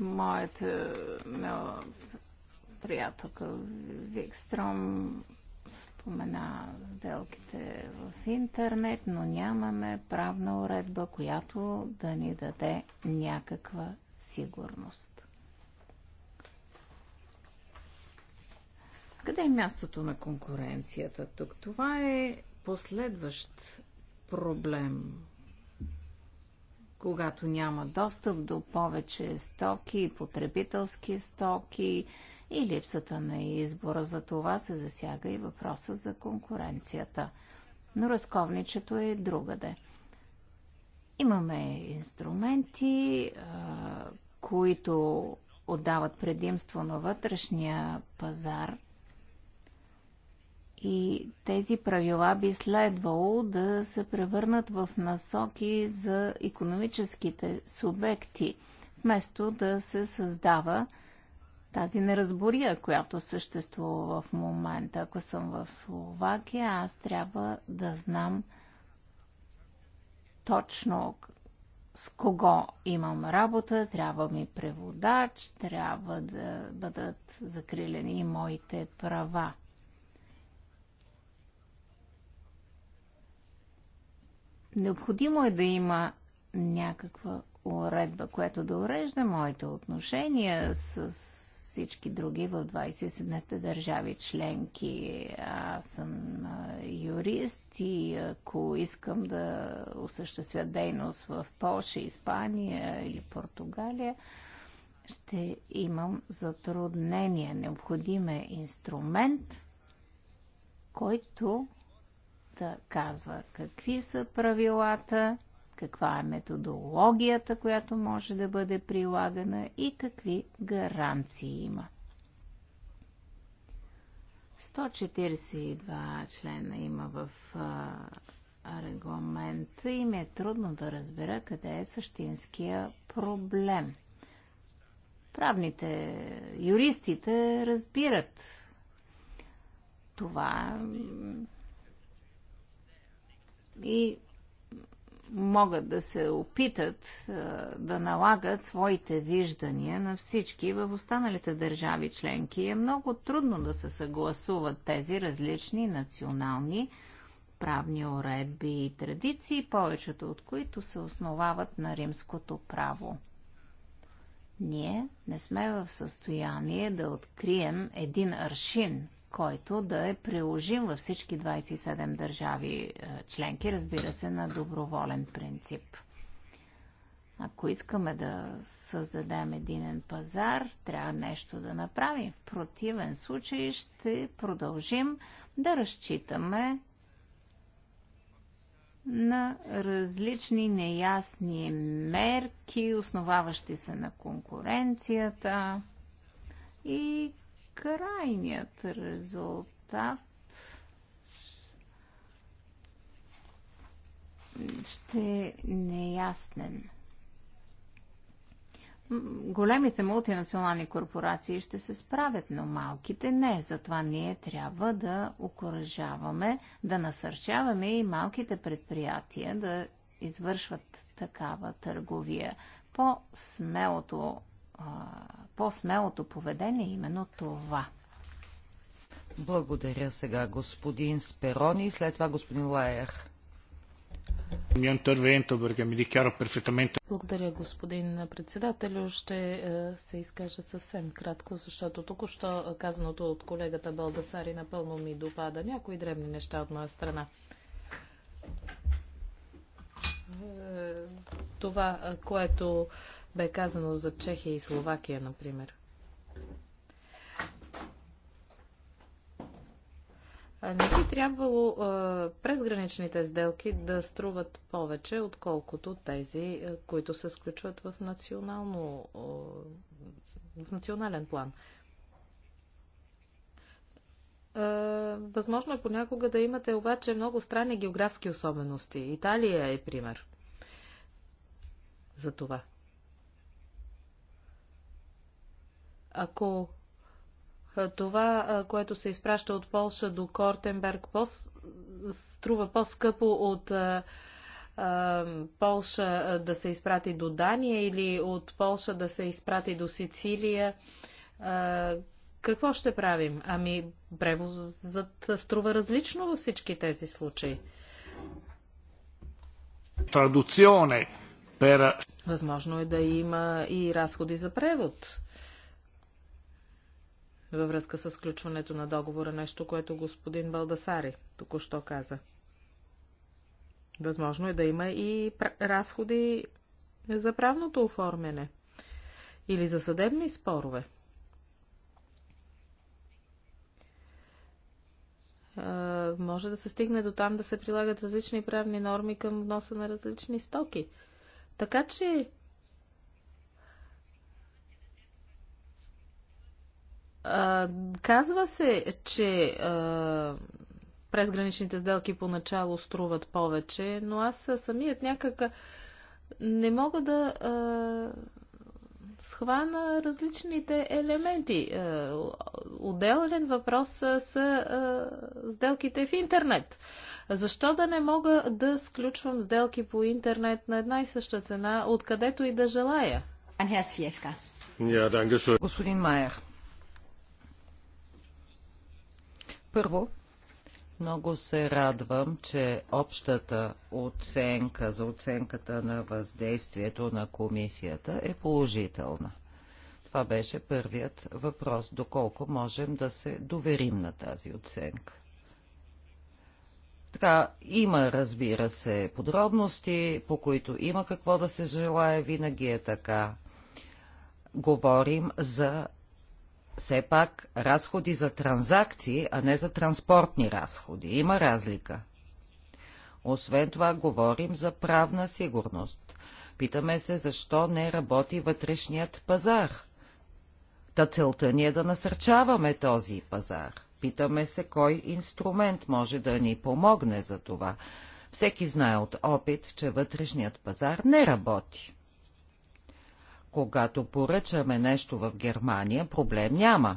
моята е, мила приятелка Викстром спомена сделките в интернет, но нямаме правна уредба, която да ни даде някаква сигурност. Къде е мястото на конкуренцията тук? Това е последващ проблем. Когато няма достъп до повече стоки, потребителски стоки и липсата на избора, за това се засяга и въпроса за конкуренцията. Но разковничето е другаде. Имаме инструменти, които отдават предимство на вътрешния пазар. И тези правила би следвало да се превърнат в насоки за економическите субекти, вместо да се създава тази неразбория, която съществува в момента. Ако съм в Словакия, аз трябва да знам – точно с кого имам работа, трябва ми преводач, трябва да бъдат закрилени и моите права. Необходимо е да има някаква уредба, която да урежда моите отношения с всички други в 27-те държави членки. Аз съм юрист и ако искам да осъществя дейност в Польша, Испания или Португалия, ще имам затруднение. Необходим е инструмент, който да казва какви са правилата, каква е методологията, която може да бъде прилагана и какви гаранции има. 142 члена има в а, регламента и ми е трудно да разбера къде е същинския проблем. Правните юристите разбират това и могат да се опитат да налагат своите виждания на всички в останалите държави членки. Е много трудно да се съгласуват тези различни национални правни уредби и традиции, повечето от които се основават на римското право. Ние не сме в състояние да открием един аршин който да е приложим във всички 27 държави е, членки, разбира се, на доброволен принцип. Ако искаме да създадем единен пазар, трябва нещо да направим. В противен случай ще продължим да разчитаме на различни неясни мерки, основаващи се на конкуренцията и крайният резултат ще е неяснен. Големите мултинационални корпорации ще се справят, но малките не. Затова ние трябва да окоръжаваме, да насърчаваме и малките предприятия да извършват такава търговия. По-смелото по-смелото поведение е именно това.
Благодаря сега господин Сперони и след това господин Лаер. Благодаря, господин председател.
Ще е, се изкажа съвсем кратко, защото току-що казаното от колегата Балдасари напълно ми допада. Някои древни неща от моя страна. Е, това, което бе казано за Чехия и Словакия, например. не би трябвало а, презграничните сделки да струват повече, отколкото тези, а, които се сключват в, национално, а, в национален план. Възможно е понякога да имате обаче много странни географски особености. Италия е пример за това. Ако това, което се изпраща от Полша до Кортенберг, по струва по-скъпо от Полша да се изпрати до Дания или от Полша да се изпрати до Сицилия. Какво ще правим? Ами, превозът струва различно във всички тези случаи. Традуционе. Пера. Възможно е да има и разходи за превод във връзка с включването на договора, нещо, което господин Балдасари току-що каза. Възможно е да има и разходи за правното оформяне или за съдебни спорове. може да се стигне до там да се прилагат различни правни норми към вноса на различни стоки. Така че казва се, че а, презграничните сделки поначало струват повече, но аз самият някак не мога да а, схвана различните елементи. Отделен въпрос са сделките в интернет. Защо да не мога да сключвам сделки по интернет на една и съща цена, откъдето и да желая?
Господин Майер. Първо, много се радвам, че общата оценка за оценката на въздействието на комисията е положителна. Това беше първият въпрос, доколко можем да се доверим на тази оценка. Така, има, разбира се, подробности, по които има какво да се желая, винаги е така. Говорим за все пак разходи за транзакции, а не за транспортни разходи. Има разлика. Освен това, говорим за правна сигурност. Питаме се, защо не работи вътрешният пазар. Та целта ни е да насърчаваме този пазар. Питаме се, кой инструмент може да ни помогне за това. Всеки знае от опит, че вътрешният пазар не работи. Когато поръчаме нещо в Германия, проблем няма.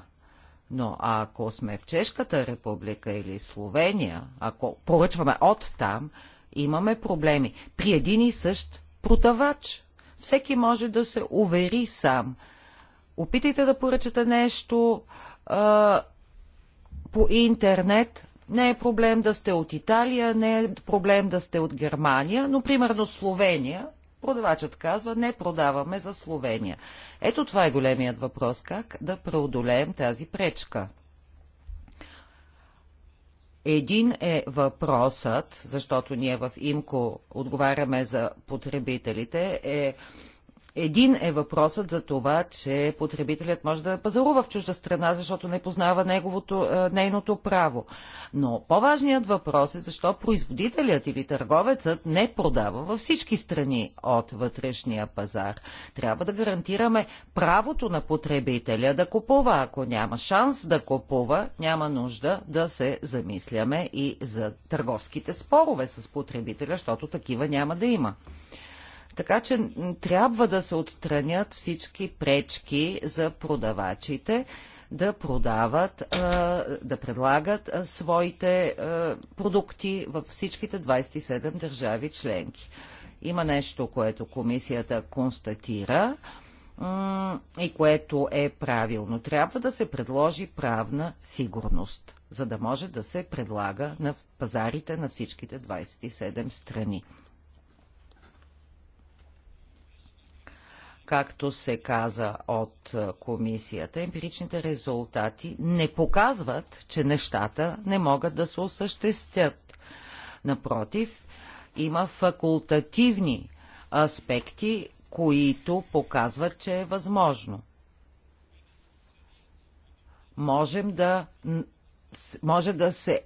Но ако сме в Чешката република или Словения, ако поръчваме от там, имаме проблеми. При един и същ продавач. Всеки може да се увери сам. Опитайте да поръчате нещо а, по интернет. Не е проблем да сте от Италия, не е проблем да сте от Германия, но примерно Словения Продавачът казва, не продаваме за Словения. Ето това е големият въпрос, как да преодолеем тази пречка. Един е въпросът, защото ние в ИМКО отговаряме за потребителите, е един е въпросът за това, че потребителят може да пазарува в чужда страна, защото не познава неговото, е, нейното право. Но по-важният въпрос е защо производителят или търговецът не продава във всички страни от вътрешния пазар. Трябва да гарантираме правото на потребителя да купува. Ако няма шанс да купува, няма нужда да се замисляме и за търговските спорове с потребителя, защото такива няма да има. Така че трябва да се отстранят всички пречки за продавачите да продават, да предлагат своите продукти във всичките 27 държави членки. Има нещо, което комисията констатира и което е правилно. Трябва да се предложи правна сигурност, за да може да се предлага на пазарите на всичките 27 страни. Както се каза от е, комисията, емпиричните резултати не показват, че нещата не могат да се осъществят. Напротив, има факултативни аспекти, които показват, че е възможно. Можем да, може да се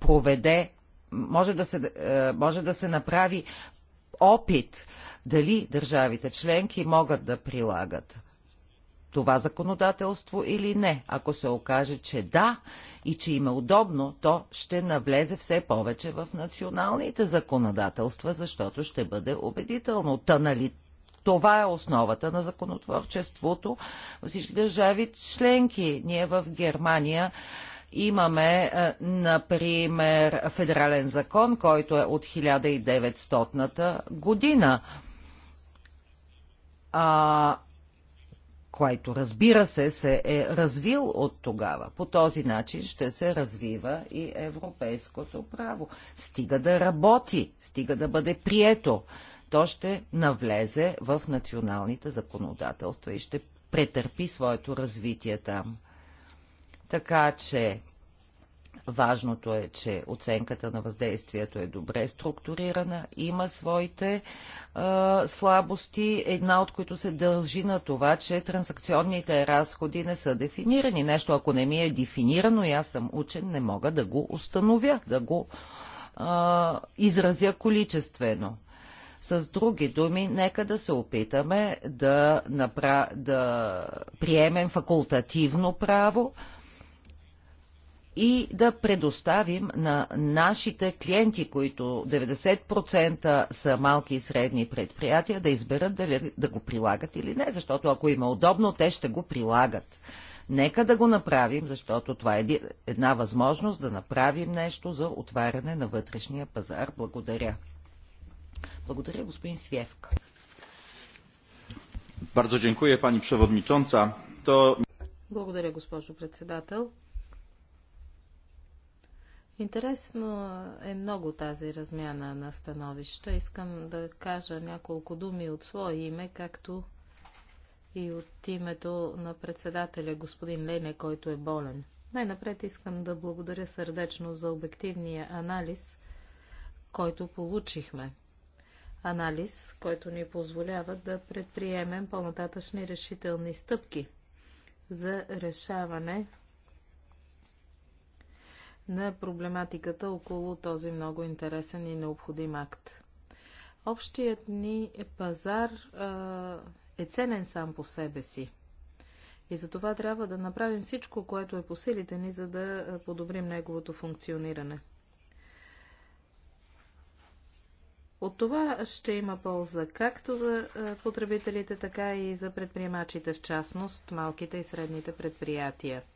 проведе, може да се, е, може да се направи опит дали държавите членки могат да прилагат това законодателство или не. Ако се окаже, че да и че им е удобно, то ще навлезе все повече в националните законодателства, защото ще бъде убедително. Та нали това е основата на законотворчеството във всички държави членки. Ние в Германия Имаме, е, например, федерален закон, който е от 1900 година а, който разбира се се е развил от тогава. По този начин ще се развива и европейското право. Стига да работи, стига да бъде прието. То ще навлезе в националните законодателства и ще претърпи своето развитие там. Така че Важното е, че оценката на въздействието е добре структурирана, има своите а, слабости, една от които се дължи на това, че транзакционните разходи не са дефинирани. Нещо, ако не ми е дефинирано и аз съм учен, не мога да го установя, да го а, изразя количествено. С други думи, нека да се опитаме да, напра... да приемем факултативно право, и да предоставим на нашите клиенти, които 90% са малки и средни предприятия, да изберат дали да го прилагат или не, защото ако им е удобно, те ще го прилагат. Нека да го направим, защото това е една възможност да направим нещо за отваряне на вътрешния пазар. Благодаря. Благодаря, господин Свевка.
Благодаря, госпожо председател. Интересно е много тази размяна на становища. Искам да кажа няколко думи от свое име, както и от името на председателя господин Лене, който е болен. Най-напред искам да благодаря сърдечно за обективния анализ, който
получихме.
Анализ, който ни позволява да предприемем по-нататъчни решителни стъпки за решаване на проблематиката около този много интересен и необходим акт. Общият ни пазар е ценен сам по себе си. И за това трябва да направим всичко, което е по силите ни, за да подобрим неговото функциониране. От това ще има полза както за потребителите, така и за предприемачите, в частност малките и средните предприятия –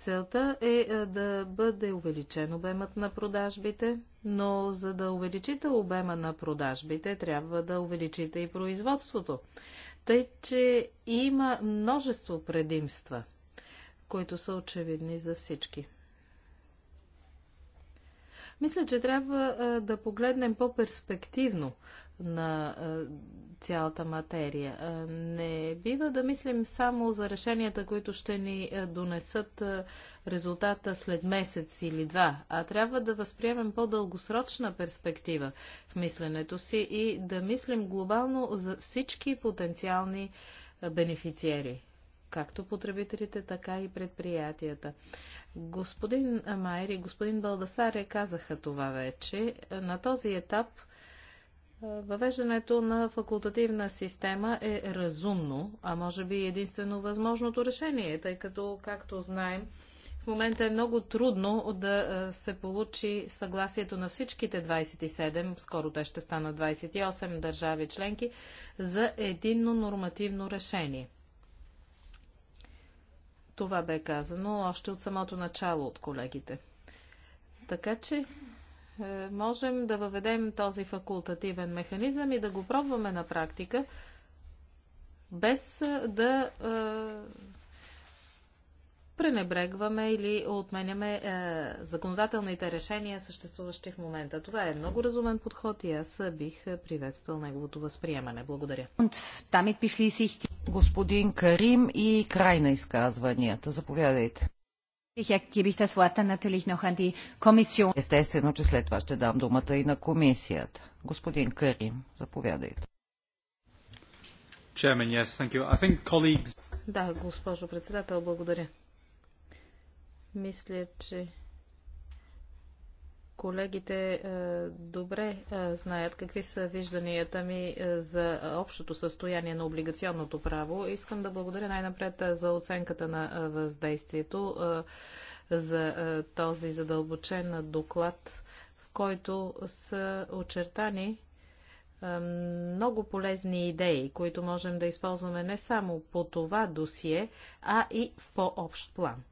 Целта е, е да бъде увеличен обемът на продажбите, но за да увеличите обема на продажбите, трябва да увеличите и производството. Тъй, че има множество предимства, които са очевидни за всички. Мисля, че трябва е, да погледнем по-перспективно на цялата материя. Не бива да мислим само за решенията, които ще ни донесат резултата след месец или два, а трябва да възприемем по-дългосрочна перспектива в мисленето си и да мислим глобално за всички потенциални бенефициери както потребителите, така и предприятията. Господин Майер и господин Балдасаре казаха това вече. На този етап е, въвеждането на факултативна система е разумно, а може би единствено възможното решение, тъй като, както знаем, в момента е много трудно да е, се получи съгласието на всичките 27, скоро те ще станат 28 държави членки, за единно нормативно решение. Това бе казано още от самото начало от колегите. Така че е, можем да въведем този факултативен механизъм и да го пробваме на практика, без е, да е, пренебрегваме или отменяме е, законодателните решения, съществуващи в момента. Това е много разумен подход и аз бих приветствал неговото възприемане. Благодаря.
Господин Карим и край на изказванията. Заповядайте. Естествено, че след това ще дам думата и на комисията. Господин Карим, заповядайте.
Да, госпожо председател, благодаря. Мисля, че Колегите е, добре е, знаят какви са вижданията ми е, за общото състояние на облигационното право. Искам да благодаря най-напред за оценката на въздействието за този задълбочен доклад, в който са очертани много полезни идеи, които можем да използваме не само по това досие, а и в по-общ план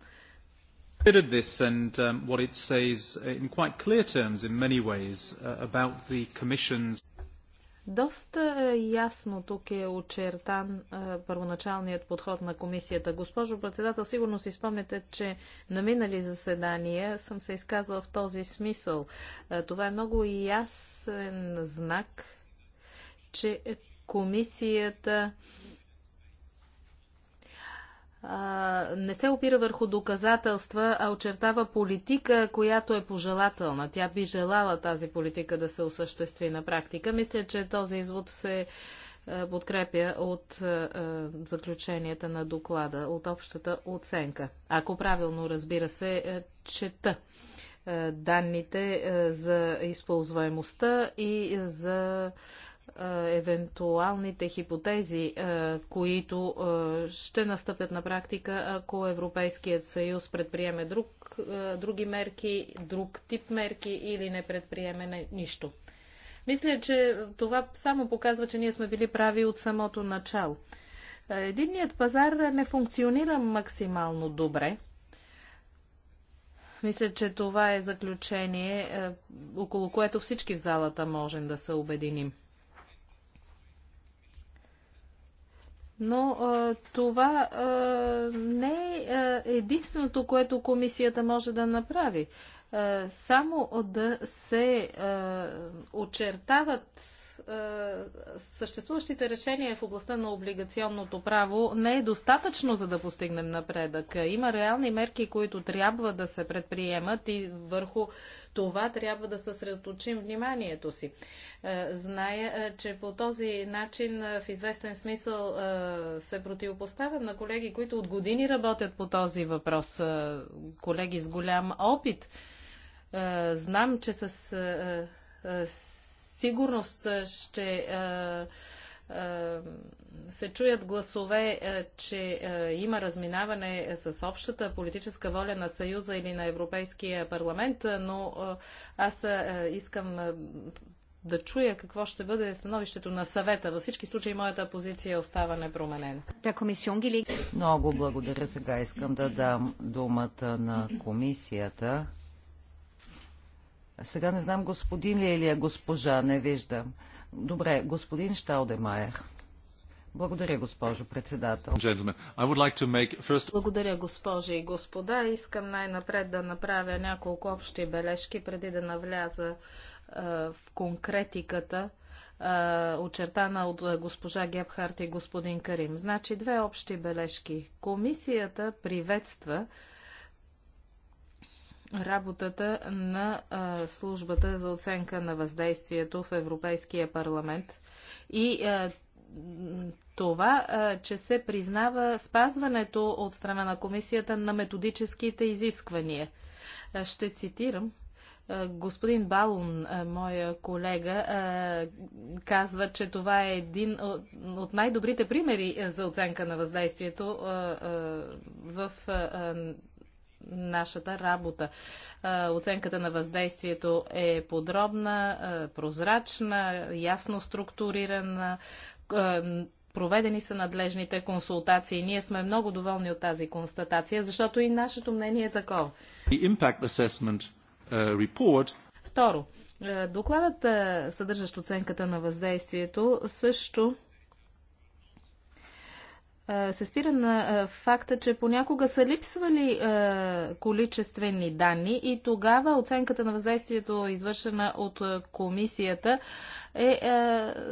considered this and um, what it says in quite clear terms in many ways uh, about the Commission's доста ясно тук е очертан а, е, първоначалният подход на комисията. Госпожо председател, сигурно си спомняте, че на минали заседания съм се изказвал в този смисъл. А, е, това е много ясен знак, че комисията не се опира върху доказателства, а очертава политика, която е пожелателна. Тя би желала тази политика да се осъществи на практика. Мисля, че този извод се е, подкрепя от е, е, заключенията на доклада, от общата оценка. Ако правилно, разбира се, чета данните за използваемостта и за е, евентуалните хипотези, е, които е, ще настъпят на практика, ако Европейският съюз предприеме друг, други мерки, друг тип мерки или не предприеме нищо. Мисля, че това само показва, че ние сме били прави от самото начало. Единният пазар не функционира максимално добре. Мисля, че това е заключение, около което всички в залата можем да се обединим. Но а, това а, не е единственото, което комисията може да направи. А, само да се очертават е, съществуващите решения в областта на облигационното право не е достатъчно, за да постигнем напредък. Има реални мерки, които трябва да се предприемат и върху това трябва да съсредоточим вниманието си. Е, зная, е, че по този начин в известен смисъл се противопоставям на колеги, които от години работят по този въпрос, колеги с голям опит. Знам, че с сигурност ще се чуят гласове, че има разминаване с общата политическа воля на Съюза или на Европейския парламент, но аз искам да чуя какво ще бъде становището на съвета. Във всички случаи моята позиция остава непроменена.
Много благодаря. Сега искам да дам думата на комисията. Сега не знам господин ли е или е госпожа, не виждам. Добре, господин Шталдемайер. Благодаря, госпожо председател.
Благодаря, госпожи и господа. Искам най-напред да направя няколко общи бележки, преди да навляза а, в конкретиката, а, очертана от госпожа Гебхарт и господин Карим. Значи, две общи бележки. Комисията приветства работата на а, службата за оценка на въздействието в Европейския парламент и а, това, а, че се признава спазването от страна на комисията на методическите изисквания. Ще цитирам. Господин Балун, моя колега, казва, че това е един от най-добрите примери за оценка на въздействието в нашата работа. Оценката на въздействието е подробна, прозрачна, ясно структурирана. Проведени са надлежните консултации. Ние сме много доволни от тази констатация, защото и нашето мнение е такова. Uh, report... Второ, е, докладът, е, съдържащ оценката на въздействието, също се спира на факта, че понякога са липсвали количествени данни и тогава оценката на въздействието, извършена от комисията, е,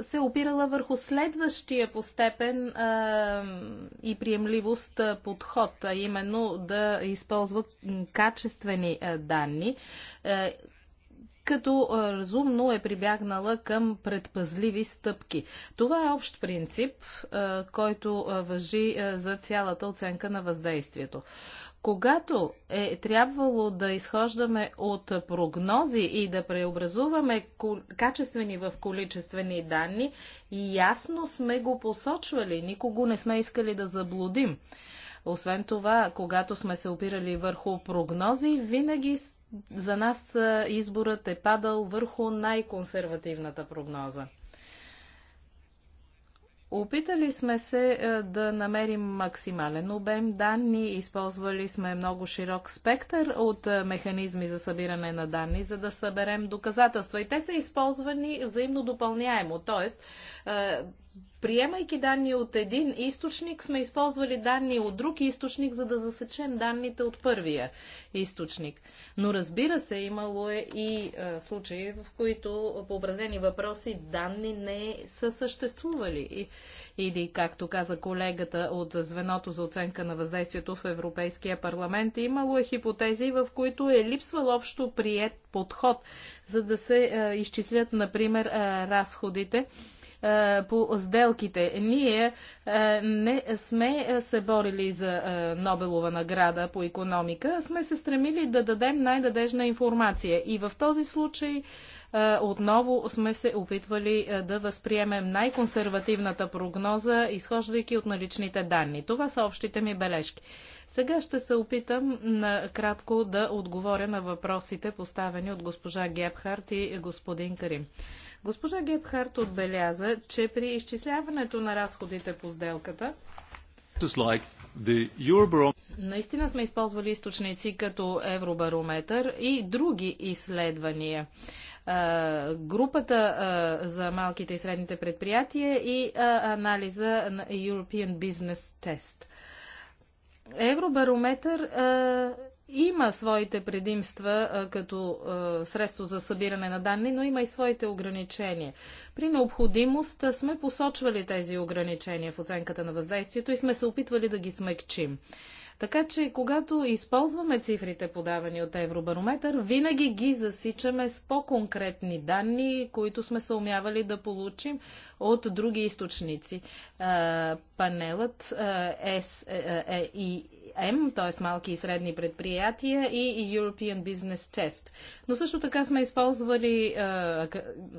се опирала върху следващия по степен и приемливост подход, а именно да използва качествени данни като разумно е прибягнала към предпазливи стъпки. Това е общ принцип, който въжи за цялата оценка на въздействието. Когато е трябвало да изхождаме от прогнози и да преобразуваме качествени в количествени данни, ясно сме го посочвали, никого не сме искали да заблудим. Освен това, когато сме се опирали върху прогнози, винаги за нас е, изборът е падал върху най-консервативната прогноза. Опитали сме се е, да намерим максимален обем данни, използвали сме много широк спектър от е, механизми за събиране на данни, за да съберем доказателства. И те са използвани взаимно допълняемо, т.е приемайки данни от един източник, сме използвали данни от друг източник, за да засечем данните от първия източник. Но разбира се, имало е и е, случаи, в които по определени въпроси данни не са съществували. Или, както каза колегата от Звеното за оценка на въздействието в Европейския парламент, имало е хипотези, в които е липсвал общо прият подход, за да се е, изчислят, например, е, разходите по сделките. Ние не сме се борили за Нобелова награда по економика, сме се стремили да дадем най-надежна информация. И в този случай отново сме се опитвали да възприемем най-консервативната прогноза, изхождайки от наличните данни. Това са общите ми бележки. Сега ще се опитам кратко да отговоря на въпросите, поставени от госпожа Гебхарт и господин Карим. Госпожа Гебхарт отбеляза, че при изчисляването на разходите по сделката Наистина сме използвали източници като Евробарометър и други изследвания. групата за малките и средните предприятия и анализа на European Business Test. Евробарометър има своите предимства като средство за събиране на данни, но има и своите ограничения. При необходимост сме посочвали тези ограничения в оценката на въздействието и сме се опитвали да ги смекчим. Така че, когато използваме цифрите, подавани от Евробарометър, винаги ги засичаме с по-конкретни данни, които сме съумявали да получим от други източници. Панелът е, е, е, и м, т.е. малки и средни предприятия и European Business Test. Но също така сме използвали е,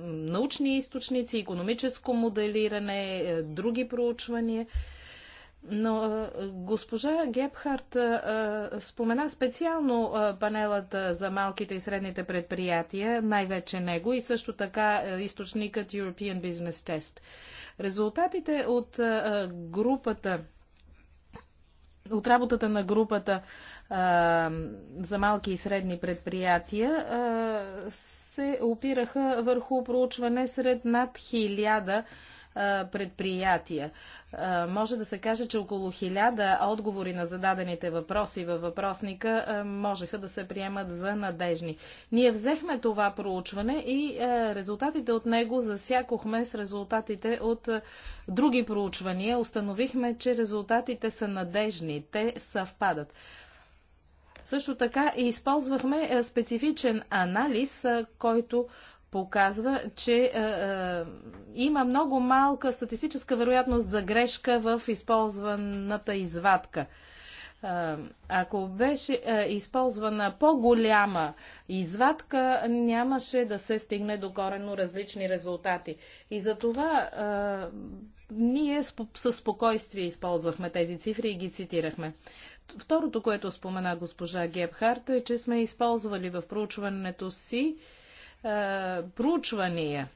научни източници, економическо моделиране, е, други проучвания. Но госпожа Гепхарт спомена специално панелът за малките и средните предприятия, най-вече него и също така източникът European Business Test. Резултатите от групата от работата на групата а, за малки и средни предприятия а, се опираха върху проучване сред над хиляда 1000 предприятия. Може да се каже, че около хиляда отговори на зададените въпроси във въпросника можеха да се приемат за надежни. Ние взехме това проучване и резултатите от него засякохме с резултатите от други проучвания. Установихме, че резултатите са надежни. Те съвпадат. Също така използвахме специфичен анализ, който показва, че е, е, има много малка статистическа вероятност за грешка в използваната извадка. Е, ако беше е, използвана по-голяма извадка, нямаше да се стигне до корено различни резултати. И за това е, ние със спокойствие използвахме тези цифри и ги цитирахме. Второто, което спомена госпожа Гебхарт, е, че сме използвали в проучването си е, проучвания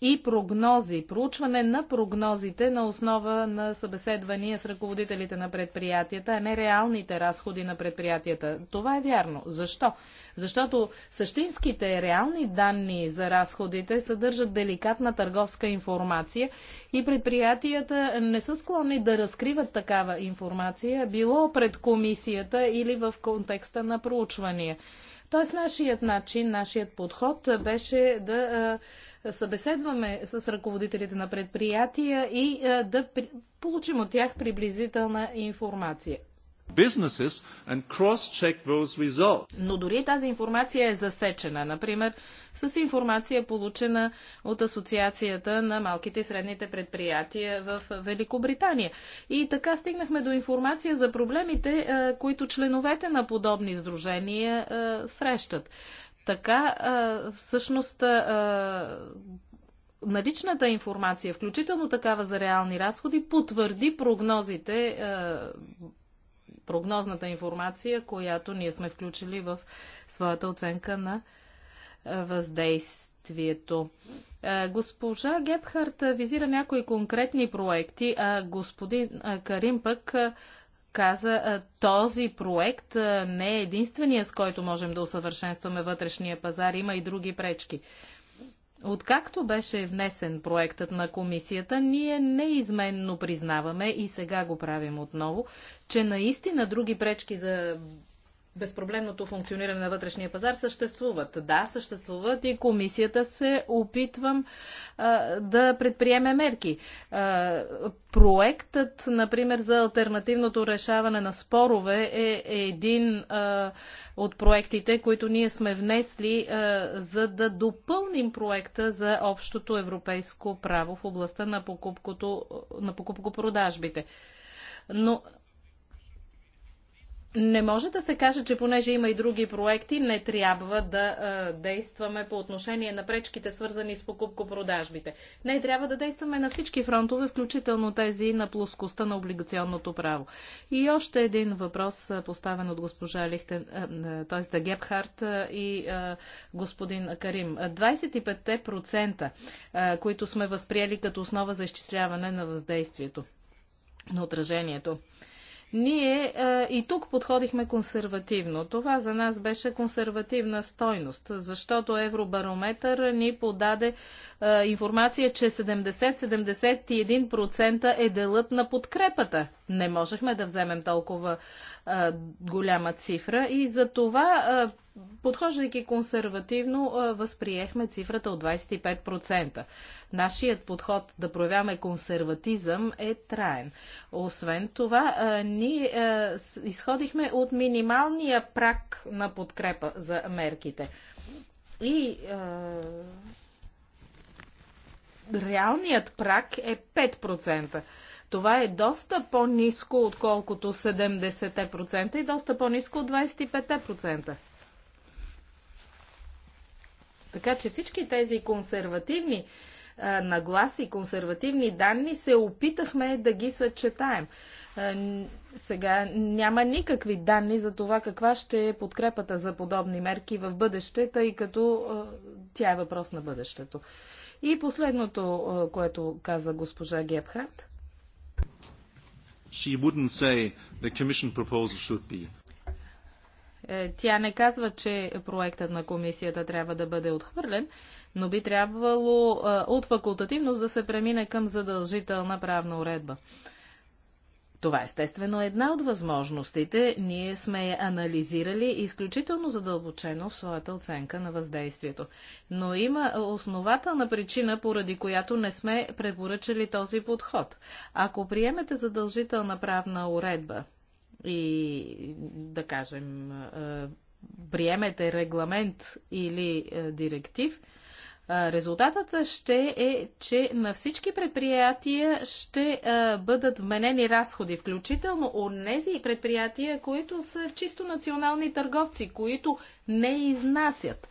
и прогнози, проучване на прогнозите на основа на събеседвания с ръководителите на предприятията, а не реалните разходи на предприятията. Това е вярно. Защо? Защото същинските реални данни за разходите съдържат деликатна търговска информация и предприятията не са склонни да разкриват такава информация, било пред комисията или в контекста на проучвания. Тоест, нашият начин, нашият подход беше да събеседваме с ръководителите на предприятия и да получим от тях приблизителна информация businesses and cross-check those results. Но дори тази информация е засечена, например, с информация получена от Асоциацията на малките и средните предприятия в Великобритания. И така стигнахме до информация за проблемите, е, които членовете на подобни сдружения е, срещат. Така, е, всъщност, наличната информация, включително такава за реални разходи, потвърди прогнозите прогнозната информация, която ние сме включили в своята оценка на е, въздействието. Е, госпожа Гепхарт визира някои конкретни проекти, а господин е, Карим пък каза, този проект не е единствения, с който можем да усъвършенстваме вътрешния пазар, има и други пречки. Откакто беше внесен проектът на комисията, ние неизменно признаваме и сега го правим отново, че наистина други пречки за безпроблемното функциониране на вътрешния пазар съществуват. Да, съществуват и комисията се опитвам а, да предприеме мерки. А, проектът, например, за альтернативното решаване на спорове е, е един а, от проектите, които ние сме внесли, а, за да допълним проекта за общото европейско право в областта на покупкото, на покупко-продажбите. Но не може да се каже, че понеже има и други проекти, не трябва да а, е, действаме по отношение на пречките, свързани с покупко-продажбите. Не, трябва да действаме на всички фронтове, включително тези на плоскостта на облигационното право. И още един въпрос, е, поставен от госпожа Лихтен, е, т.е. Гебхарт и а, господин Карим. 25%, а, които сме възприели като основа за изчисляване на въздействието на отражението. Ние а, е, и тук подходихме консервативно. Това за нас беше консервативна стойност, защото Евробарометър ни подаде а, е, информация, че 70-71% е делът на подкрепата не можехме да вземем толкова а, голяма цифра и за това, а, подхождайки консервативно, а, възприехме цифрата от 25%. Нашият подход да проявяваме консерватизъм е траен. Освен това, а, ние а, изходихме от минималния прак на подкрепа за мерките. И а, реалният прак е 5%. Това е доста по-низко, отколкото 70% и доста по-низко от 25%. Така че всички тези консервативни нагласи, консервативни данни се опитахме да ги съчетаем. сега няма никакви данни за това каква ще е подкрепата за подобни мерки в бъдеще, тъй като тя е въпрос на бъдещето. И последното, което каза госпожа Гебхарт. She wouldn't say the commission proposal should be. Е, тя не казва, че проектът на комисията трябва да бъде отхвърлен, но би трябвало е, от факултативност да се премине към задължителна правна уредба. Това естествено е една от възможностите. Ние сме я анализирали изключително задълбочено в своята оценка на въздействието. Но има основателна причина, поради която не сме препоръчали този подход. Ако приемете задължителна правна уредба и, да кажем, е, приемете регламент или е, директив, Резултатът ще е, че на всички предприятия ще бъдат вменени разходи, включително от тези предприятия, които са чисто национални търговци, които не изнасят.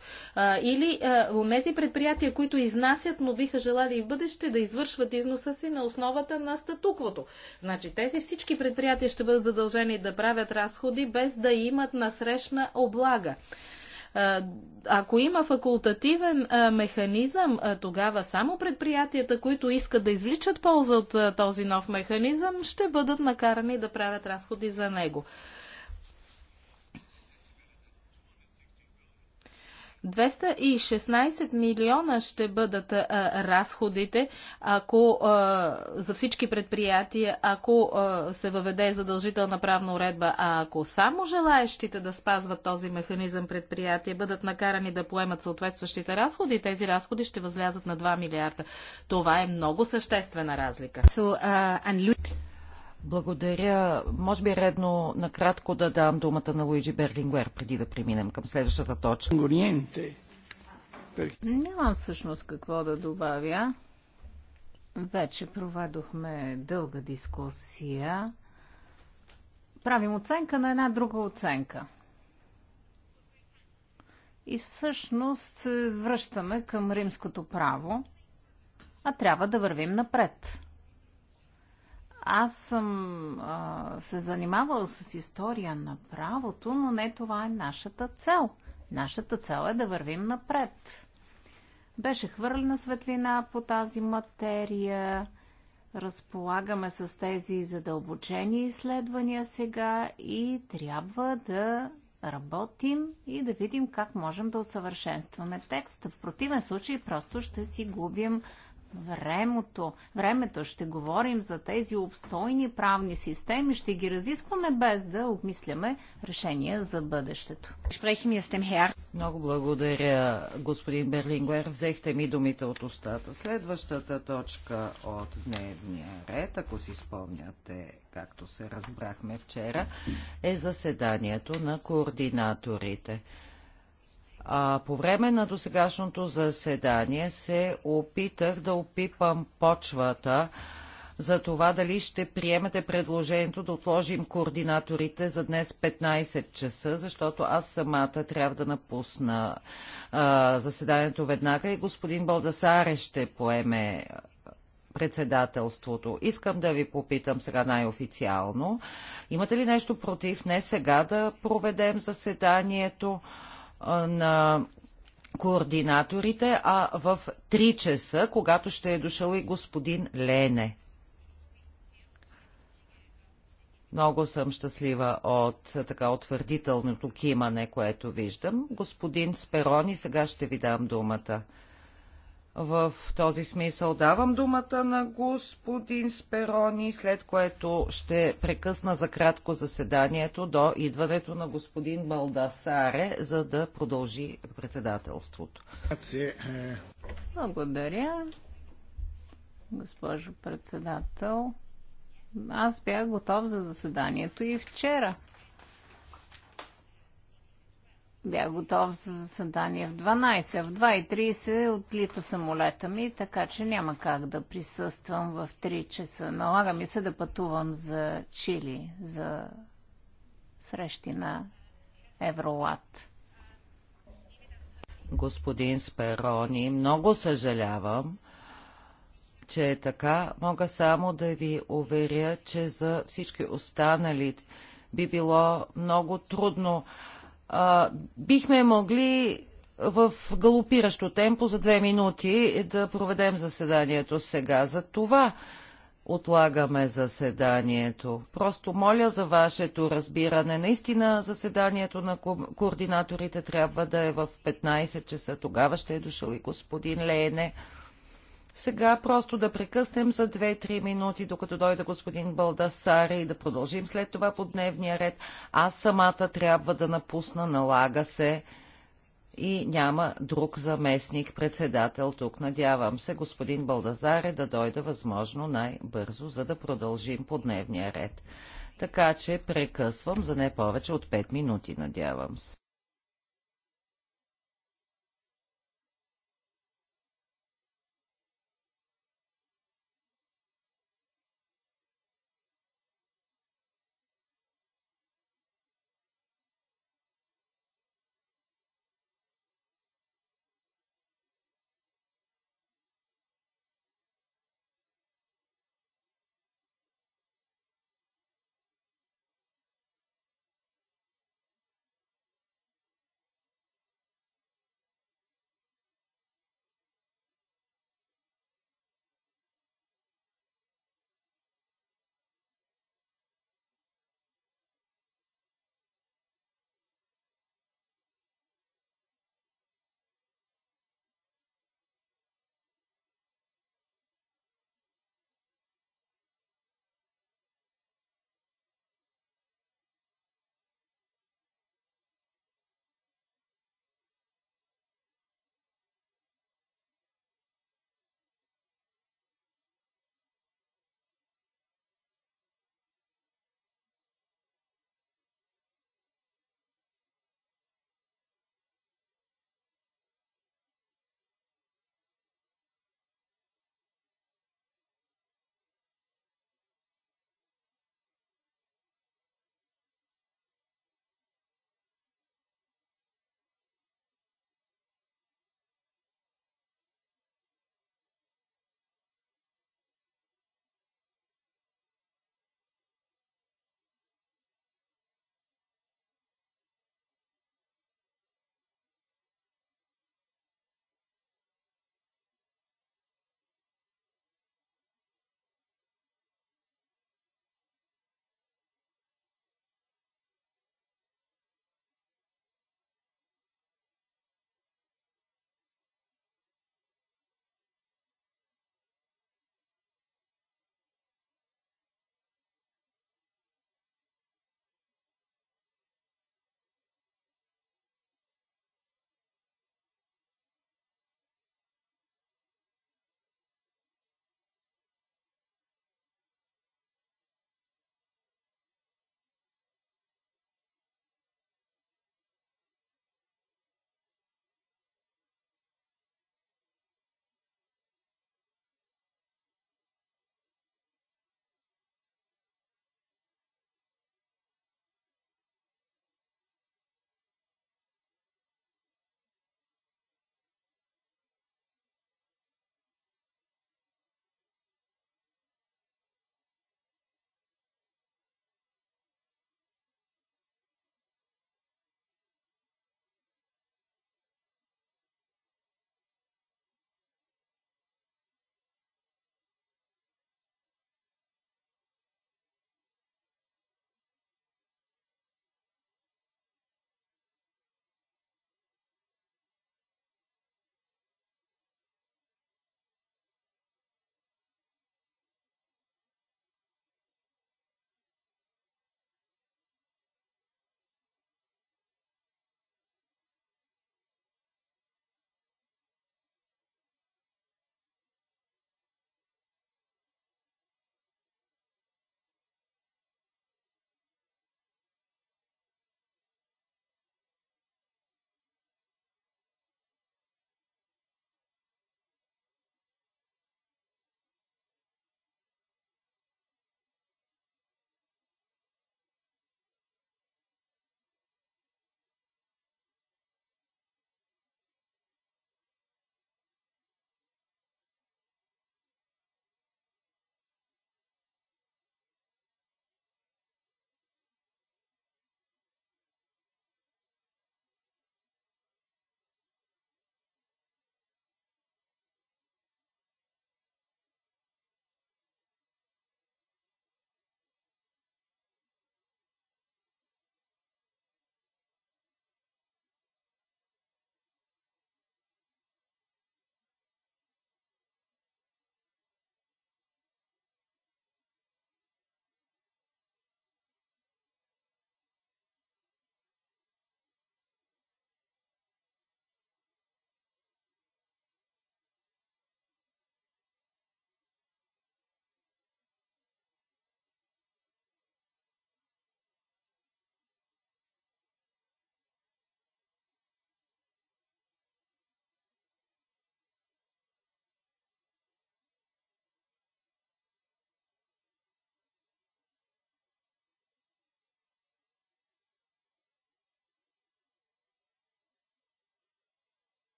Или от тези предприятия, които изнасят, но биха желали и в бъдеще да извършват износа си на основата на статуквото. Значи тези всички предприятия ще бъдат задължени да правят разходи без да имат насрещна облага. Ако има факултативен механизъм, тогава само предприятията, които искат да извличат полза от този нов механизъм, ще бъдат накарани да правят разходи за него. 216 милиона ще бъдат а, разходите ако, а, за всички предприятия, ако а, се въведе задължителна правна уредба, а ако само желаещите да спазват този механизъм предприятия бъдат накарани да поемат съответстващите разходи, тези разходи ще възлязат на 2 милиарда. Това е много съществена разлика.
So, uh, and... Благодаря. Може би е редно накратко да дам думата на Луиджи Берлингуер, преди да преминем към следващата точка. Нямам
всъщност какво да добавя. Вече проведохме дълга дискусия. Правим оценка на една друга оценка. И всъщност връщаме към римското право, а трябва да вървим напред. Аз съм а, се занимавал с история на правото, но не това е нашата цел. Нашата цел е да вървим напред. Беше хвърлена светлина по тази материя. Разполагаме с тези задълбочени изследвания сега и трябва да работим и да видим как можем да усъвършенстваме текста. В противен случай просто ще си губим времето, времето ще говорим за тези обстойни правни системи, ще ги разискваме без да обмисляме решения за
бъдещето. Много благодаря, господин Берлингуер. Взехте ми думите от устата. Следващата точка от дневния ред, ако си спомняте както се разбрахме вчера, е заседанието на координаторите. А, по време на досегашното заседание се опитах да опипам почвата за това дали ще приемете предложението да отложим координаторите за днес 15 часа, защото аз самата трябва да напусна а, заседанието веднага и господин Балдасаре ще поеме председателството. Искам да ви попитам сега най-официално. Имате ли нещо против не сега да проведем заседанието? на координаторите, а в 3 часа, когато ще е дошъл и господин Лене. Много съм щастлива от така отвърдителното кимане, което виждам. Господин Сперони, сега ще ви дам думата. В този смисъл давам думата на господин Сперони, след което ще прекъсна за кратко заседанието до идването на господин Балдасаре, за да продължи председателството. Благодаря, госпожо председател.
Аз бях готов за заседанието и вчера. Бях готов за заседание в 12, в 2.30 отлита самолета ми, така че няма как да присъствам в 3 часа. Налага ми се да пътувам за Чили, за срещи на Евролат.
Господин Сперони, много съжалявам, че е така. Мога само да ви уверя, че за всички останали би било много трудно а, бихме могли в галопиращо темпо за две минути да проведем заседанието сега. За това отлагаме заседанието. Просто моля за вашето разбиране. Наистина заседанието на ко- координаторите трябва да е в 15 часа. Тогава ще е дошъл и господин Лене. Сега просто да прекъснем за 2-3 минути, докато дойде господин Балдасари и да продължим след това по дневния ред. Аз самата трябва да напусна, налага се и няма друг заместник председател тук. Надявам се господин Балдазаре да дойде възможно най-бързо, за да продължим по дневния ред. Така че прекъсвам за не повече от 5 минути, надявам се.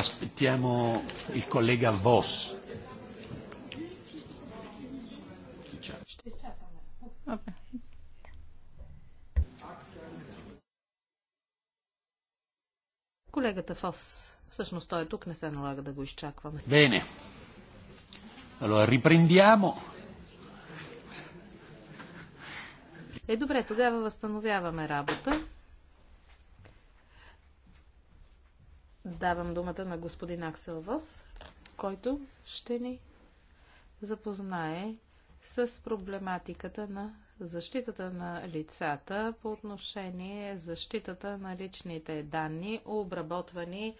Aspettiamo il collega Voss. Колегата Фос. Всъщност той е тук, не се налага да го изчакваме. Бене. Allora, riprendiamo. Е, добре, тогава възстановяваме работа. давам думата на господин Аксел Вос, който ще ни запознае с проблематиката на защитата на лицата по отношение защитата на личните данни, обработвани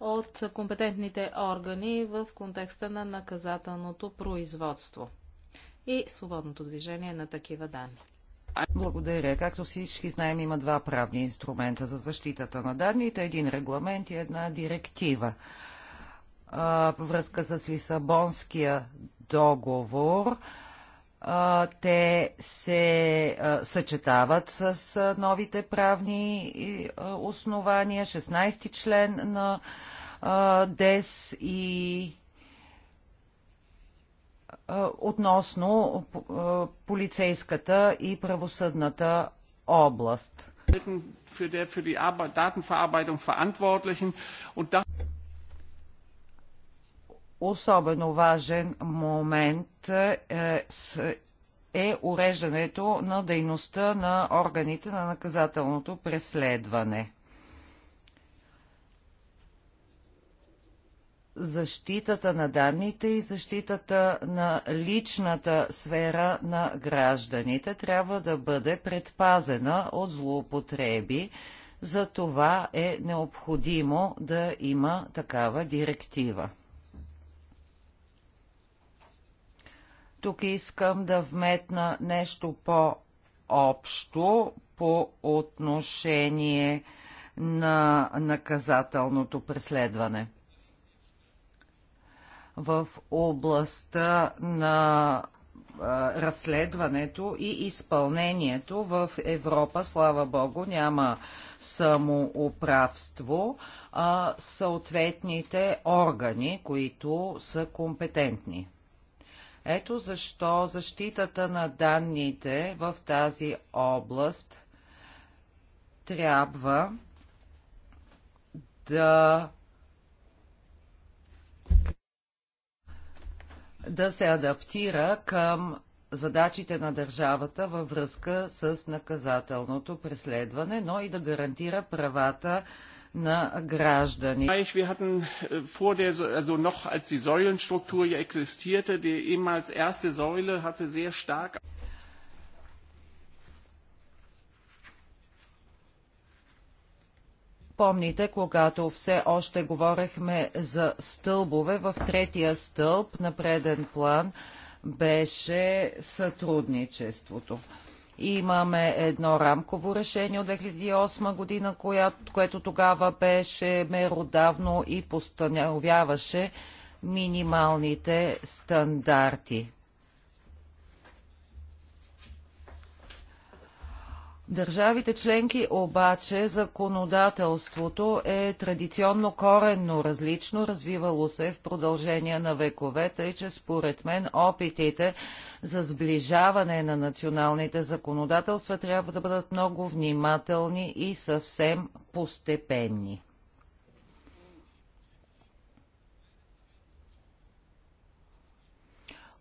от компетентните органи в контекста на наказателното производство и свободното движение на такива данни.
Благодаря. Както всички знаем, има два правни инструмента за защитата на данните. Един регламент и една директива. Във връзка с Лисабонския договор те се съчетават с новите правни основания. 16 член на ДЕС и относно полицейската и правосъдната област. Особено важен момент е, е уреждането на дейността на органите на наказателното преследване. защитата на данните и защитата на личната сфера на гражданите трябва да бъде предпазена от злоупотреби. За това е необходимо да има такава директива. Тук искам да вметна нещо по-общо по отношение на наказателното преследване в областта на разследването и изпълнението в Европа, слава богу, няма самоуправство, а съответните органи, които са компетентни. Ето защо защитата на данните в тази област трябва да да се адаптира към задачите на държавата във връзка с наказателното преследване, но и да гарантира правата на граждани.
Wir hatten äh, vor der, also noch als die Säulenstruktur existierte, die ehemals erste Säule hatte sehr stark
Помните, когато все още говорехме за стълбове, в третия стълб на преден план беше сътрудничеството. Имаме едно рамково решение от 2008 година, която, което тогава беше меродавно и постановяваше минималните стандарти. Държавите членки обаче законодателството е традиционно коренно различно, развивало се в продължение на вековете и че според мен опитите за сближаване на националните законодателства трябва да бъдат много внимателни и съвсем постепенни.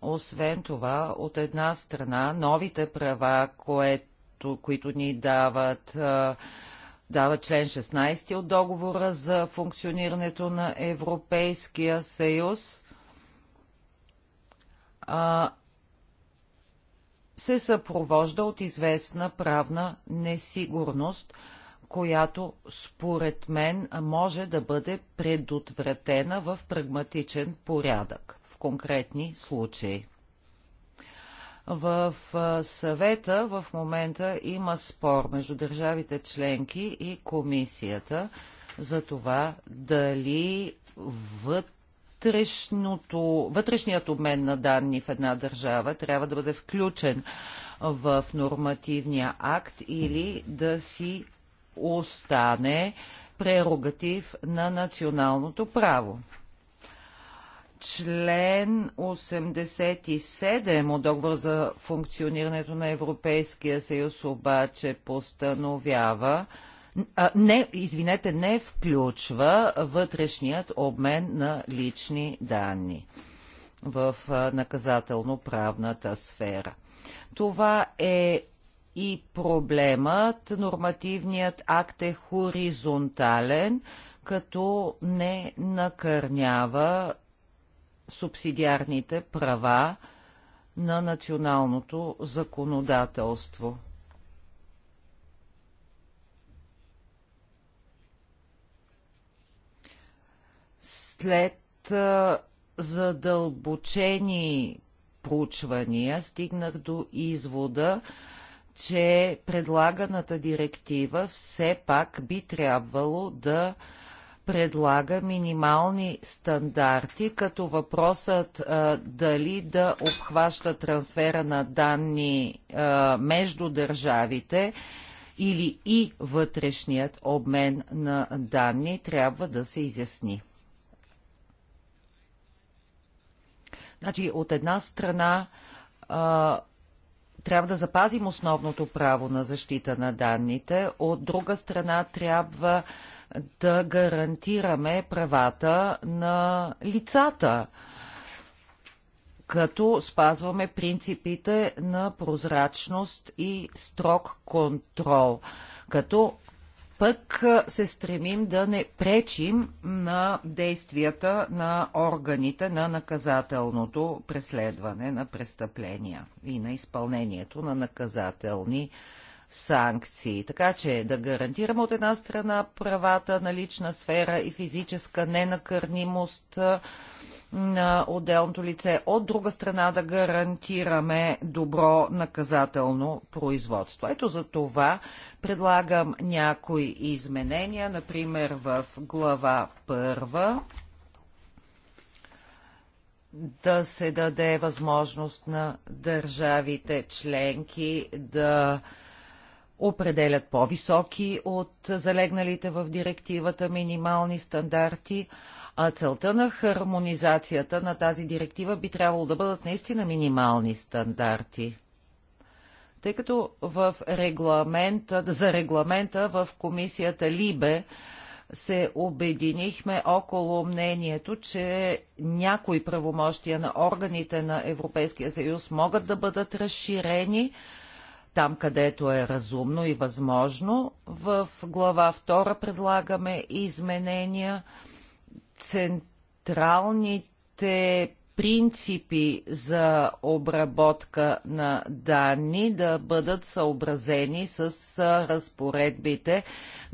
Освен това, от една страна, новите права, което които ни дават дава член 16 от договора за функционирането на Европейския съюз, а, се съпровожда от известна правна несигурност, която според мен може да бъде предотвратена в прагматичен порядък в конкретни случаи. В съвета в момента има спор между държавите членки и комисията за това дали вътрешният обмен на данни в една държава трябва да бъде включен в нормативния акт или да си остане прерогатив на националното право член 87 от договор за функционирането на Европейския съюз обаче постановява, а, не, извинете, не включва вътрешният обмен на лични данни в наказателно-правната сфера. Това е и проблемът. Нормативният акт е хоризонтален, като не накърнява субсидиарните права на националното законодателство. След задълбочени проучвания стигнах до извода, че предлаганата директива все пак би трябвало да предлага минимални стандарти, като въпросът а, дали да обхваща трансфера на данни а, между държавите или и вътрешният обмен на данни трябва да се изясни. Значи, от една страна а, трябва да запазим основното право на защита на данните, от друга страна трябва а, да гарантираме правата на лицата, като спазваме принципите на прозрачност и строг контрол, като пък се стремим да не пречим на действията на органите на наказателното преследване на престъпления и на изпълнението на наказателни санкции. Така че да гарантираме от една страна правата на лична сфера и физическа ненакърнимост на отделното лице, от друга страна да гарантираме добро наказателно производство. Ето за това предлагам някои изменения, например в глава първа да се даде възможност на държавите членки да определят по-високи от залегналите в директивата минимални стандарти, а целта на хармонизацията на тази директива би трябвало да бъдат наистина минимални стандарти. Тъй като в регламента, за регламента в комисията Либе се обединихме около мнението, че някои правомощия на органите на Европейския съюз могат да бъдат разширени, там, където е разумно и възможно. В глава 2 предлагаме изменения. Централните принципи за обработка на данни да бъдат съобразени с разпоредбите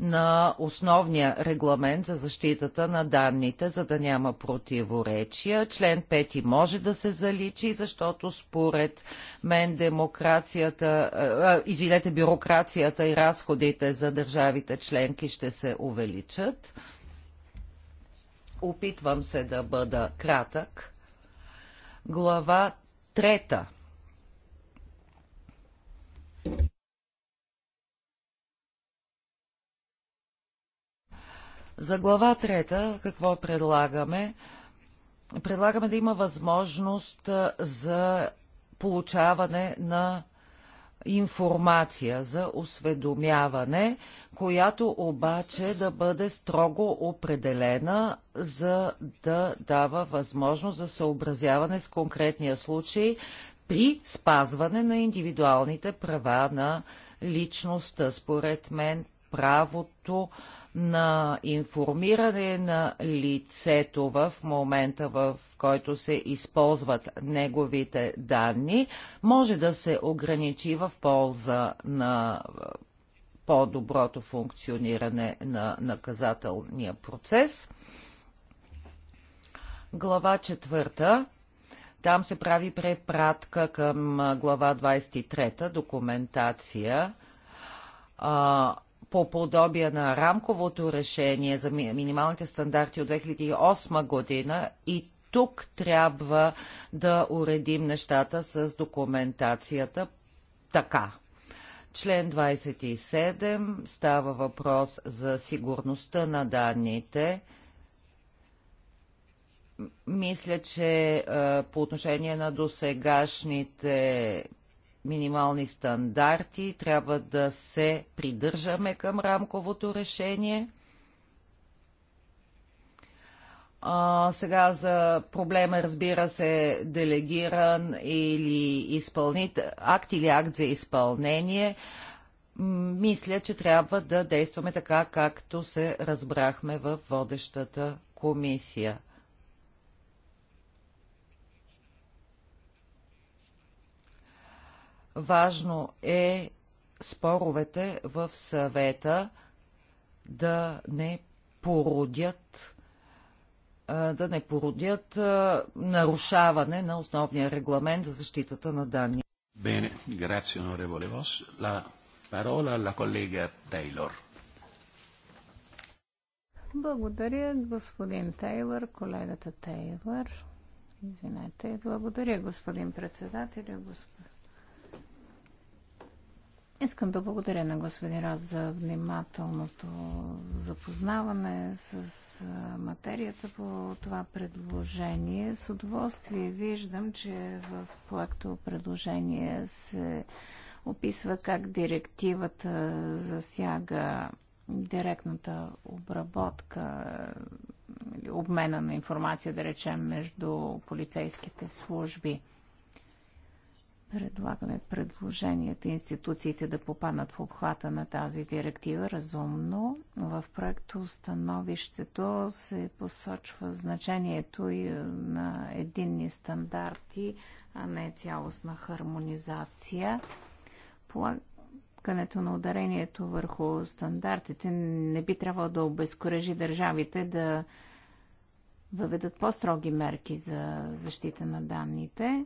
на основния регламент за защитата на данните, за да няма противоречия. Член 5 може да се заличи, защото според мен демокрацията, извинете, бюрокрацията и разходите за държавите членки ще се увеличат. Опитвам се да бъда кратък глава трета. За глава трета какво предлагаме? Предлагаме да има възможност за получаване на информация за осведомяване, която обаче да бъде строго определена, за да дава възможност за съобразяване с конкретния случай при спазване на индивидуалните права на личността. Според мен правото на информиране на лицето в момента, в който се използват неговите данни, може да се ограничи в полза на по-доброто функциониране на наказателния процес. Глава четвърта там се прави препратка към глава 23, документация по подобие на рамковото решение за минималните стандарти от 2008 година и тук трябва да уредим нещата с документацията така. Член 27 става въпрос за сигурността на данните. Мисля, че по отношение на досегашните минимални стандарти, трябва да се придържаме към рамковото решение. А, сега за проблема, разбира се, делегиран или изпълнит, акт или акт за изпълнение. Мисля, че трябва да действаме така, както се разбрахме в водещата комисия. Важно е споровете в съвета да не породят да не породят нарушаване на основния регламент за защитата на данни.
Bene, grazie onorevole Voss. Ла парола ла колега Тейлор. Благодаря, господин Тейлор, колегата Тейлор. Извинете. Благодаря, господин председател, господин Искам да благодаря на господин Роз за внимателното запознаване с материята по това предложение. С удоволствие виждам, че в проекто предложение се описва как директивата засяга директната обработка или обмена на информация, да речем, между полицейските служби. Предлагаме предложенията институциите да попаднат в обхвата на тази директива разумно. В проекто становището се посочва значението и е, на единни стандарти, а не цялостна хармонизация. Полагането на ударението върху стандартите не би трябвало да обезкуражи държавите да въведат по-строги мерки за защита на данните.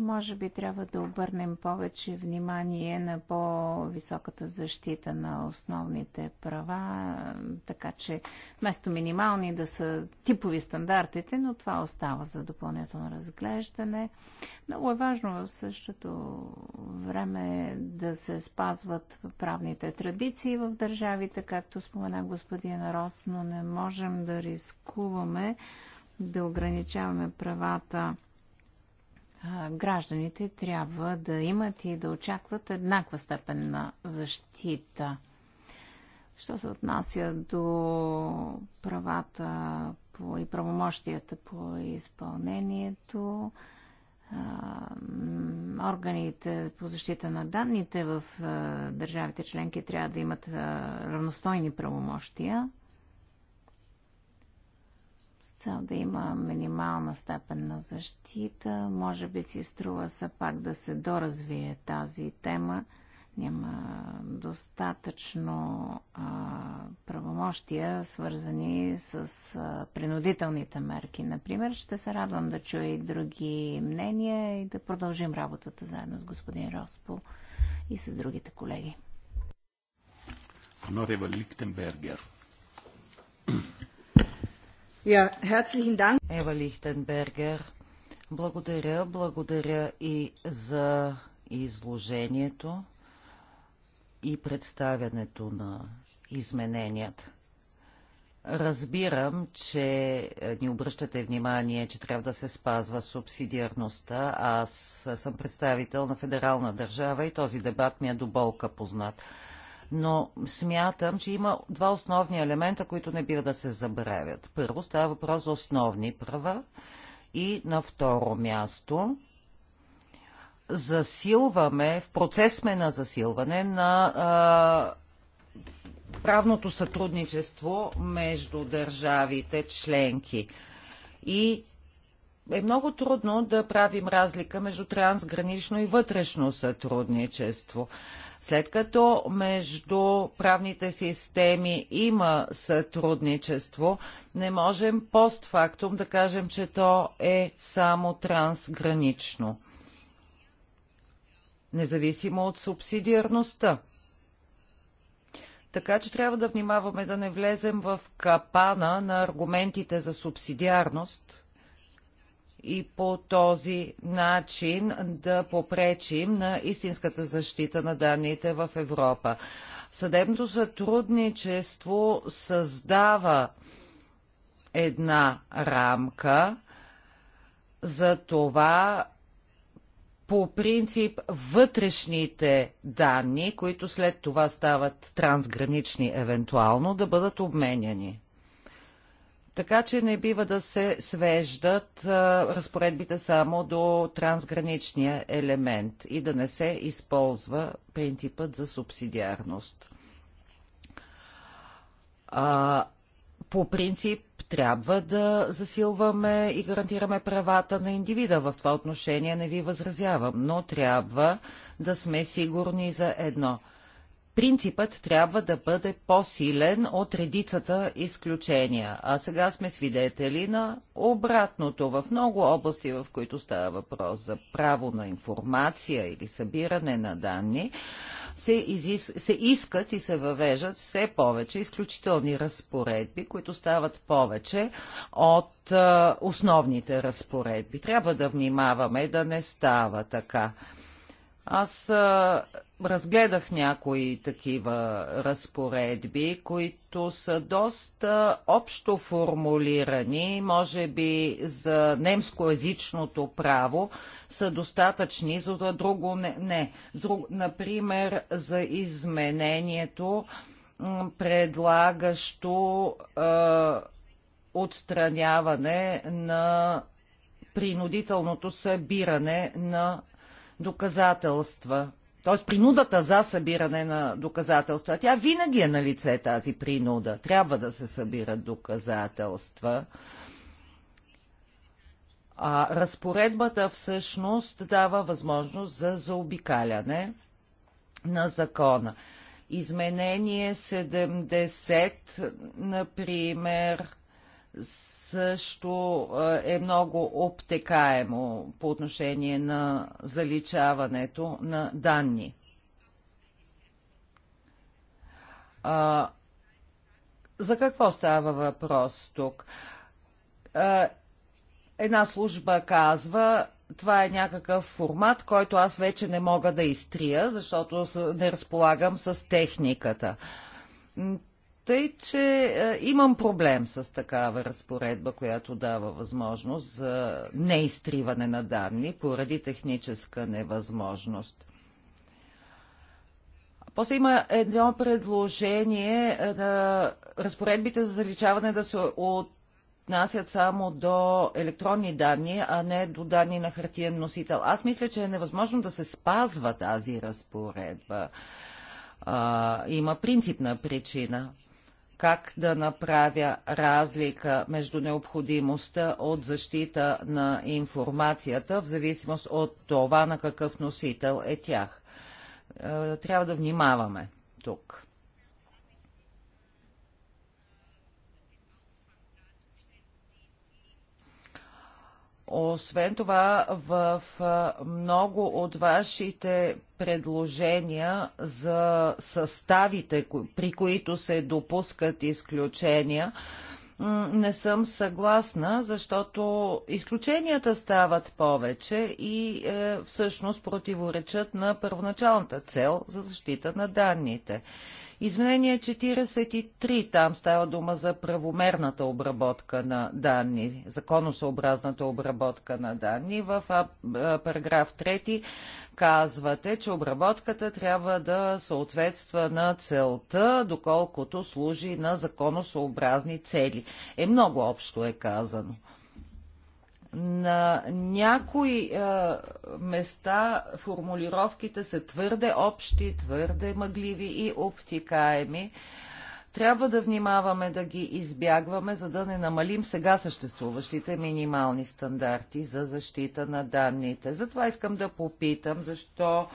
Може би трябва да обърнем повече внимание на по-високата защита на основните права, така че вместо минимални да са типови стандартите, но това остава за допълнително разглеждане. Много е важно в същото време да се спазват правните традиции в държавите, както спомена господин Рос, но не можем да рискуваме да ограничаваме правата гражданите трябва да имат и да очакват еднаква степен на защита. Що се отнася до правата по и правомощията по изпълнението, органите по защита на данните в държавите членки трябва да имат равностойни правомощия с цел да има минимална степен на защита. Може би си струва се пак да се доразвие тази тема. Няма достатъчно а, правомощия, свързани с а, принудителните мерки. Например, ще се радвам да чуя и други мнения и да продължим работата заедно с господин Роспол и с
другите колеги.
Норева Ликтенбергер.
Ева Лихтенбергер, благодаря, благодаря и за изложението и представянето на измененията. Разбирам, че ни обръщате внимание, че трябва да се спазва субсидиарността. Аз съм представител на федерална държава и този дебат ми е до болка познат но смятам, че има два основни елемента, които не бива да се забравят. Първо става въпрос за основни права и на второ място засилваме, в процес сме на засилване на а, правното сътрудничество между държавите членки. И е много трудно да правим разлика между трансгранично и вътрешно сътрудничество. След като между правните системи има сътрудничество, не можем постфактум да кажем, че то е само трансгранично. Независимо от субсидиарността. Така че трябва да внимаваме да не влезем в капана на аргументите за субсидиарност, и по този начин да попречим на истинската защита на данните в Европа. Съдебното сътрудничество създава една рамка за това по принцип вътрешните данни, които след това стават трансгранични евентуално, да бъдат обменяни. Така че не бива да се свеждат а, разпоредбите само до трансграничния елемент и да не се използва принципът за субсидиарност. А, по принцип трябва да засилваме и гарантираме правата на индивида. В това отношение не ви възразявам, но трябва да сме сигурни за едно – принципът трябва да бъде по-силен от редицата изключения. А сега сме свидетели на обратното. В много области, в които става въпрос за право на информация или събиране на данни, се, изис... се искат и се въвеждат все повече изключителни разпоредби, които стават повече от а, основните разпоредби. Трябва да внимаваме да не става така. Аз а, разгледах някои такива разпоредби, които са доста общо формулирани, може би за немскоязичното право са достатъчни, за да друго не. не. Друг, например, за изменението, предлагащо а, отстраняване на принудителното събиране на доказателства, т.е. принудата за събиране на доказателства. Тя винаги е на лице тази принуда. Трябва да се събират доказателства. А разпоредбата всъщност дава възможност за заобикаляне на закона. Изменение 70, например, също е много обтекаемо по отношение на заличаването на данни. А, за какво става въпрос тук? А, една служба казва, това е някакъв формат, който аз вече не мога да изтрия, защото не разполагам с техниката тъй, е, че е, имам проблем с такава разпоредба, която дава възможност за неизтриване на данни поради техническа невъзможност. После има едно предложение е, на разпоредбите за заличаване да се отнасят само до електронни данни, а не до данни на хартиен носител. Аз мисля, че е невъзможно да се спазва тази разпоредба. А, има принципна причина как да направя разлика между необходимостта от защита на информацията в зависимост от това на какъв носител е тях. Е, трябва да внимаваме тук. Освен това, в много от вашите предложения за съставите, при които се допускат изключения, не съм съгласна, защото изключенията стават повече и е, всъщност противоречат на първоначалната цел за защита на данните. Изменение 43, там става дума за правомерната обработка на данни, законосъобразната обработка на данни. В параграф 3 казвате, че обработката трябва да съответства на целта, доколкото служи на законосъобразни цели. Е много общо е казано. На някои а, е, места формулировките са твърде общи, твърде мъгливи и обтикаеми. Трябва да внимаваме да ги избягваме, за да не намалим сега съществуващите минимални стандарти за защита на данните. Затова искам да попитам защо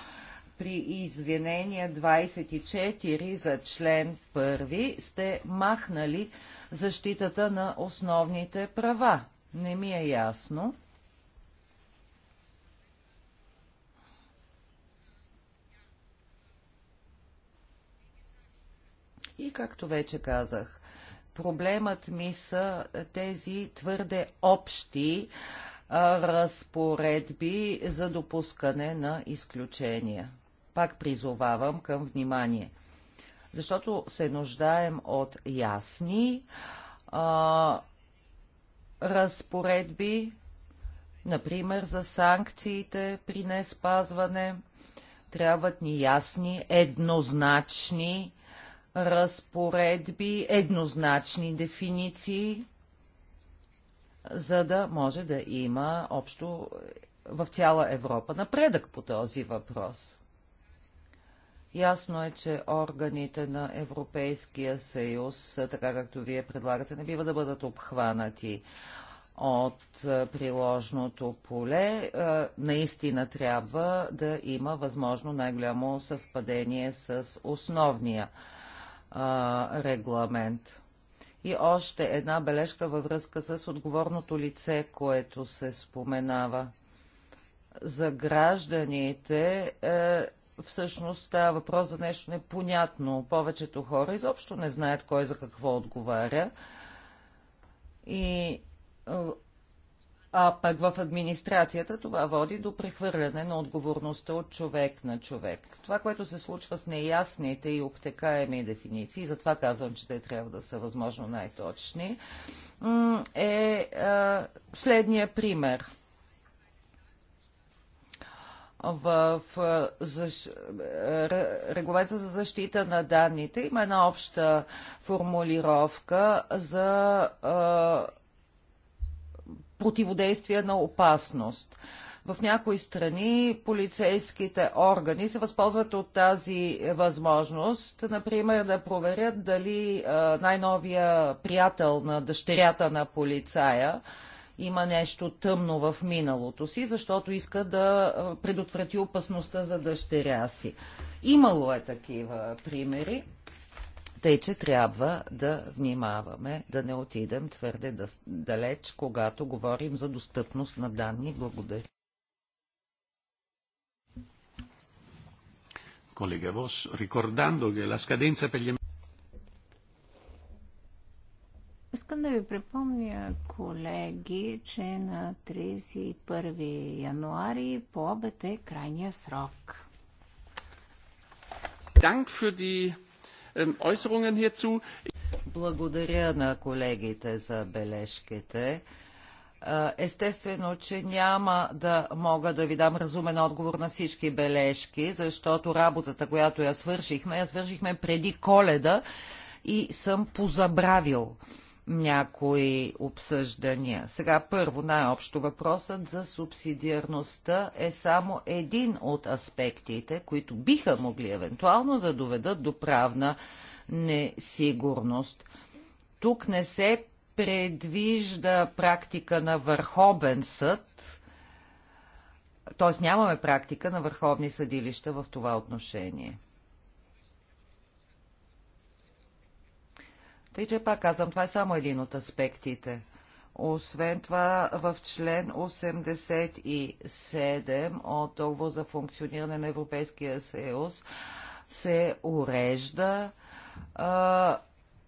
при извинение 24 за член 1 сте махнали защитата на основните права. Не ми е ясно. И както вече казах, проблемът ми са тези твърде общи разпоредби за допускане на изключения. Пак призовавам към внимание, защото се нуждаем от ясни, а, разпоредби, например за санкциите при неспазване. Трябват ни ясни, еднозначни разпоредби, еднозначни дефиниции, за да може да има общо в цяла Европа напредък по този въпрос. Ясно е, че органите на Европейския съюз, така както вие предлагате, не бива да бъдат обхванати от е, приложното поле, е, наистина трябва да има възможно най-голямо съвпадение с основния е, регламент. И още една бележка във връзка с отговорното лице, което се споменава. За гражданите е, всъщност става въпрос за нещо непонятно. Повечето хора изобщо не знаят кой за какво отговаря. И, а пък в администрацията това води до прехвърляне на отговорността от човек на човек. Това, което се случва с неясните и обтекаеми дефиниции, затова казвам, че те трябва да са възможно най-точни, е, е следния пример – в регламента за защита на данните има една обща формулировка за противодействие на опасност. В някои страни полицейските органи се възползват от тази възможност, например да проверят дали най-новия приятел на дъщерята на полицая има нещо тъмно в миналото си, защото иска да предотврати опасността за дъщеря си. Имало е такива примери, тъй че трябва да внимаваме, да не отидем твърде далеч, когато говорим за достъпност на данни. Благодаря.
Collega Vos, ricordando che la scadenza per gli
Искам да ви припомня, колеги, че на 31 януари по обед е крайния срок.
Dank für die ähm, Äußerungen hierzu. Благодаря на колегите за бележките. Естествено, че няма да мога да ви дам разумен отговор на всички бележки, защото работата, която я свършихме, я свършихме преди коледа и съм позабравил някои обсъждания. Сега първо най-общо въпросът за субсидиарността е само един от аспектите, които биха могли евентуално да доведат до правна несигурност. Тук не се предвижда практика на Върховен съд, т.е. нямаме практика на върховни съдилища в това отношение. Тъй, че пак казвам, това е само един от аспектите. Освен това, в член 87 от договор за функциониране на Европейския съюз се урежда а,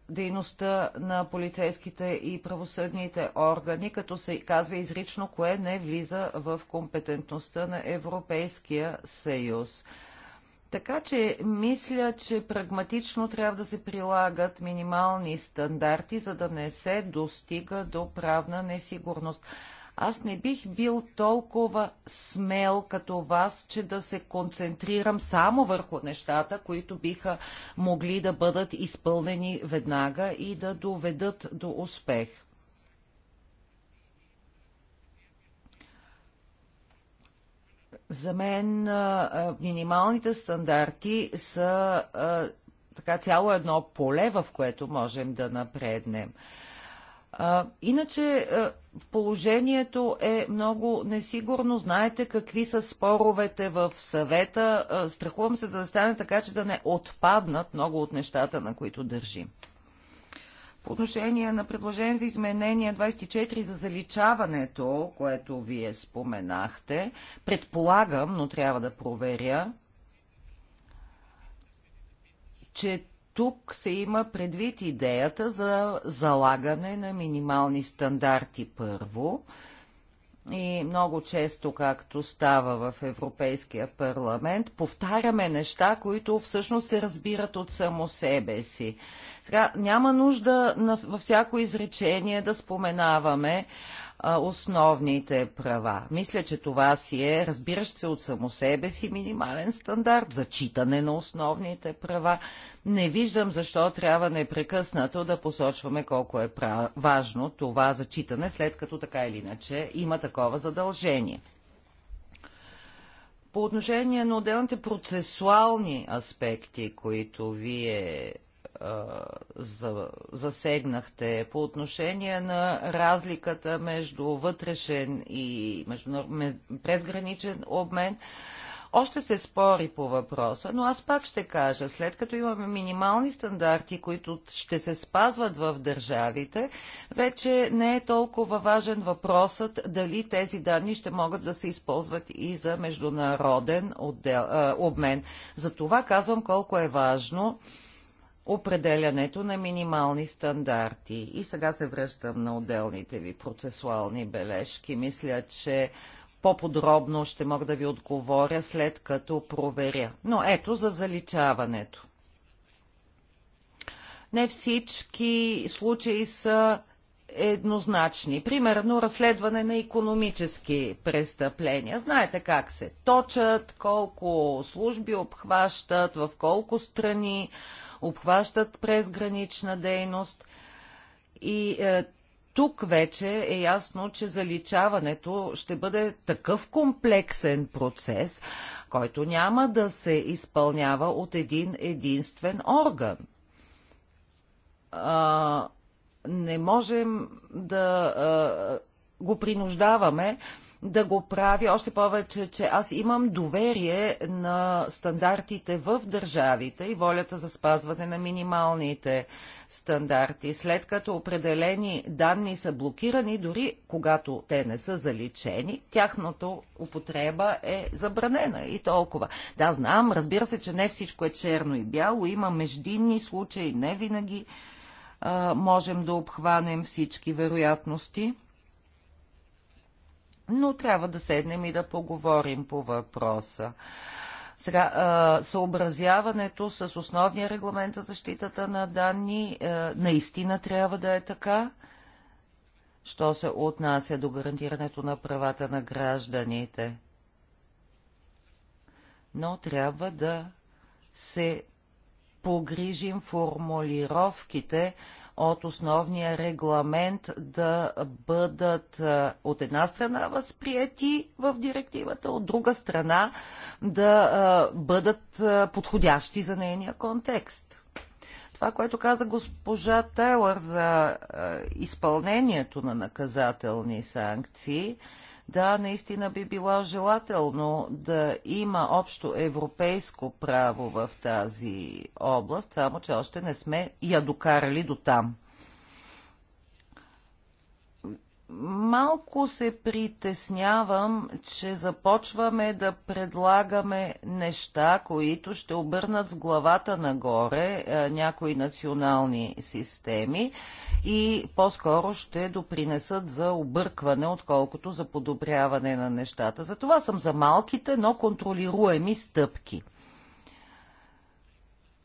дейността на полицейските и правосъдните органи, като се казва изрично, кое не влиза в компетентността на Европейския съюз. Така че мисля, че прагматично трябва да се прилагат минимални стандарти, за да не се достига до правна несигурност. Аз не бих бил толкова смел като вас, че да се концентрирам само върху нещата, които биха могли да бъдат изпълнени веднага и да доведат до успех. За мен минималните стандарти са така цяло едно поле, в което можем да напреднем. А, иначе положението е много несигурно. Знаете какви са споровете в съвета. страхувам се да стане така, че да не отпаднат много от нещата, на които държим. По отношение на предложение за изменение 24 за заличаването, което вие споменахте, предполагам, но трябва да проверя, че тук се има предвид идеята за залагане на минимални стандарти първо, и много често, както става в Европейския парламент, повтаряме неща, които всъщност се разбират от само себе си. Сега няма нужда на, във всяко изречение да споменаваме а, основните права. Мисля, че това си е, разбиращ се от само себе си, минимален стандарт за читане на основните права. Не виждам защо трябва непрекъснато да посочваме колко е прав... важно това зачитане, след като така или иначе има такова задължение. По отношение на отделните процесуални аспекти, които вие за, засегнахте по отношение на разликата между вътрешен и между, презграничен обмен. Още се спори по въпроса, но аз пак ще кажа, след като имаме минимални стандарти, които ще се спазват в държавите, вече не е толкова важен въпросът дали тези данни ще могат да се използват и за международен отдел, а, обмен. За това казвам колко е важно определянето на минимални стандарти. И сега се връщам на отделните ви процесуални бележки. Мисля, че по-подробно ще мога да ви отговоря след като проверя. Но ето за заличаването. Не всички случаи са еднозначни. Примерно разследване на економически престъпления. Знаете как се точат, колко служби обхващат, в колко страни обхващат презгранична дейност и е, тук вече е ясно, че заличаването ще бъде такъв комплексен процес, който няма да се изпълнява от един единствен орган. А, не можем да а, е, го принуждаваме да го прави, още повече, че аз имам доверие на стандартите в държавите и волята за спазване на минималните стандарти. След като определени данни са блокирани, дори когато те не са заличени, тяхното употреба е забранена и толкова. Да, знам, разбира се, че не всичко е черно и бяло, има междинни случаи, не винаги а, можем да обхванем всички вероятности но трябва да седнем и да поговорим по въпроса. Сега, съобразяването с основния регламент за защитата на данни наистина трябва да е така, що се отнася до гарантирането на правата на гражданите. Но трябва да се погрижим формулировките от основния регламент да бъдат е, от една страна възприяти в директивата, от друга страна да е, бъдат е, подходящи за нейния контекст. Това, което каза госпожа Тейлър за изпълнението на наказателни санкции, да, наистина би било желателно да има общо европейско право в тази област, само че още не сме я докарали до там малко се притеснявам, че започваме да предлагаме неща, които ще обърнат с главата нагоре е, някои национални системи и по-скоро ще допринесат за объркване, отколкото за подобряване на нещата. Затова съм за малките, но контролируеми стъпки.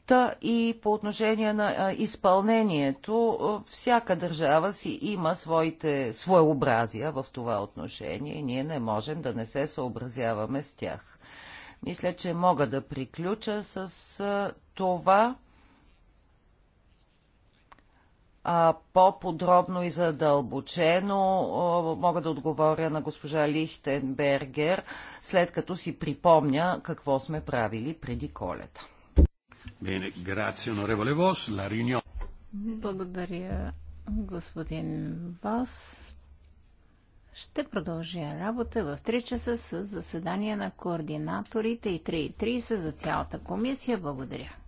Та и по отношение на изпълнението, всяка държава си има своите своеобразия в това отношение и ние не можем да не се съобразяваме с тях. Мисля, че мога да приключа с това. А по-подробно и задълбочено мога да отговоря на госпожа Лихтенбергер, след като си припомня какво сме правили преди колета.
Bene, grazie onorevole Vos. La riunione...
Благодаря, господин Вос. Ще продължа работа в 3 часа с заседание на координаторите и 3.30 за цялата комисия. Благодаря.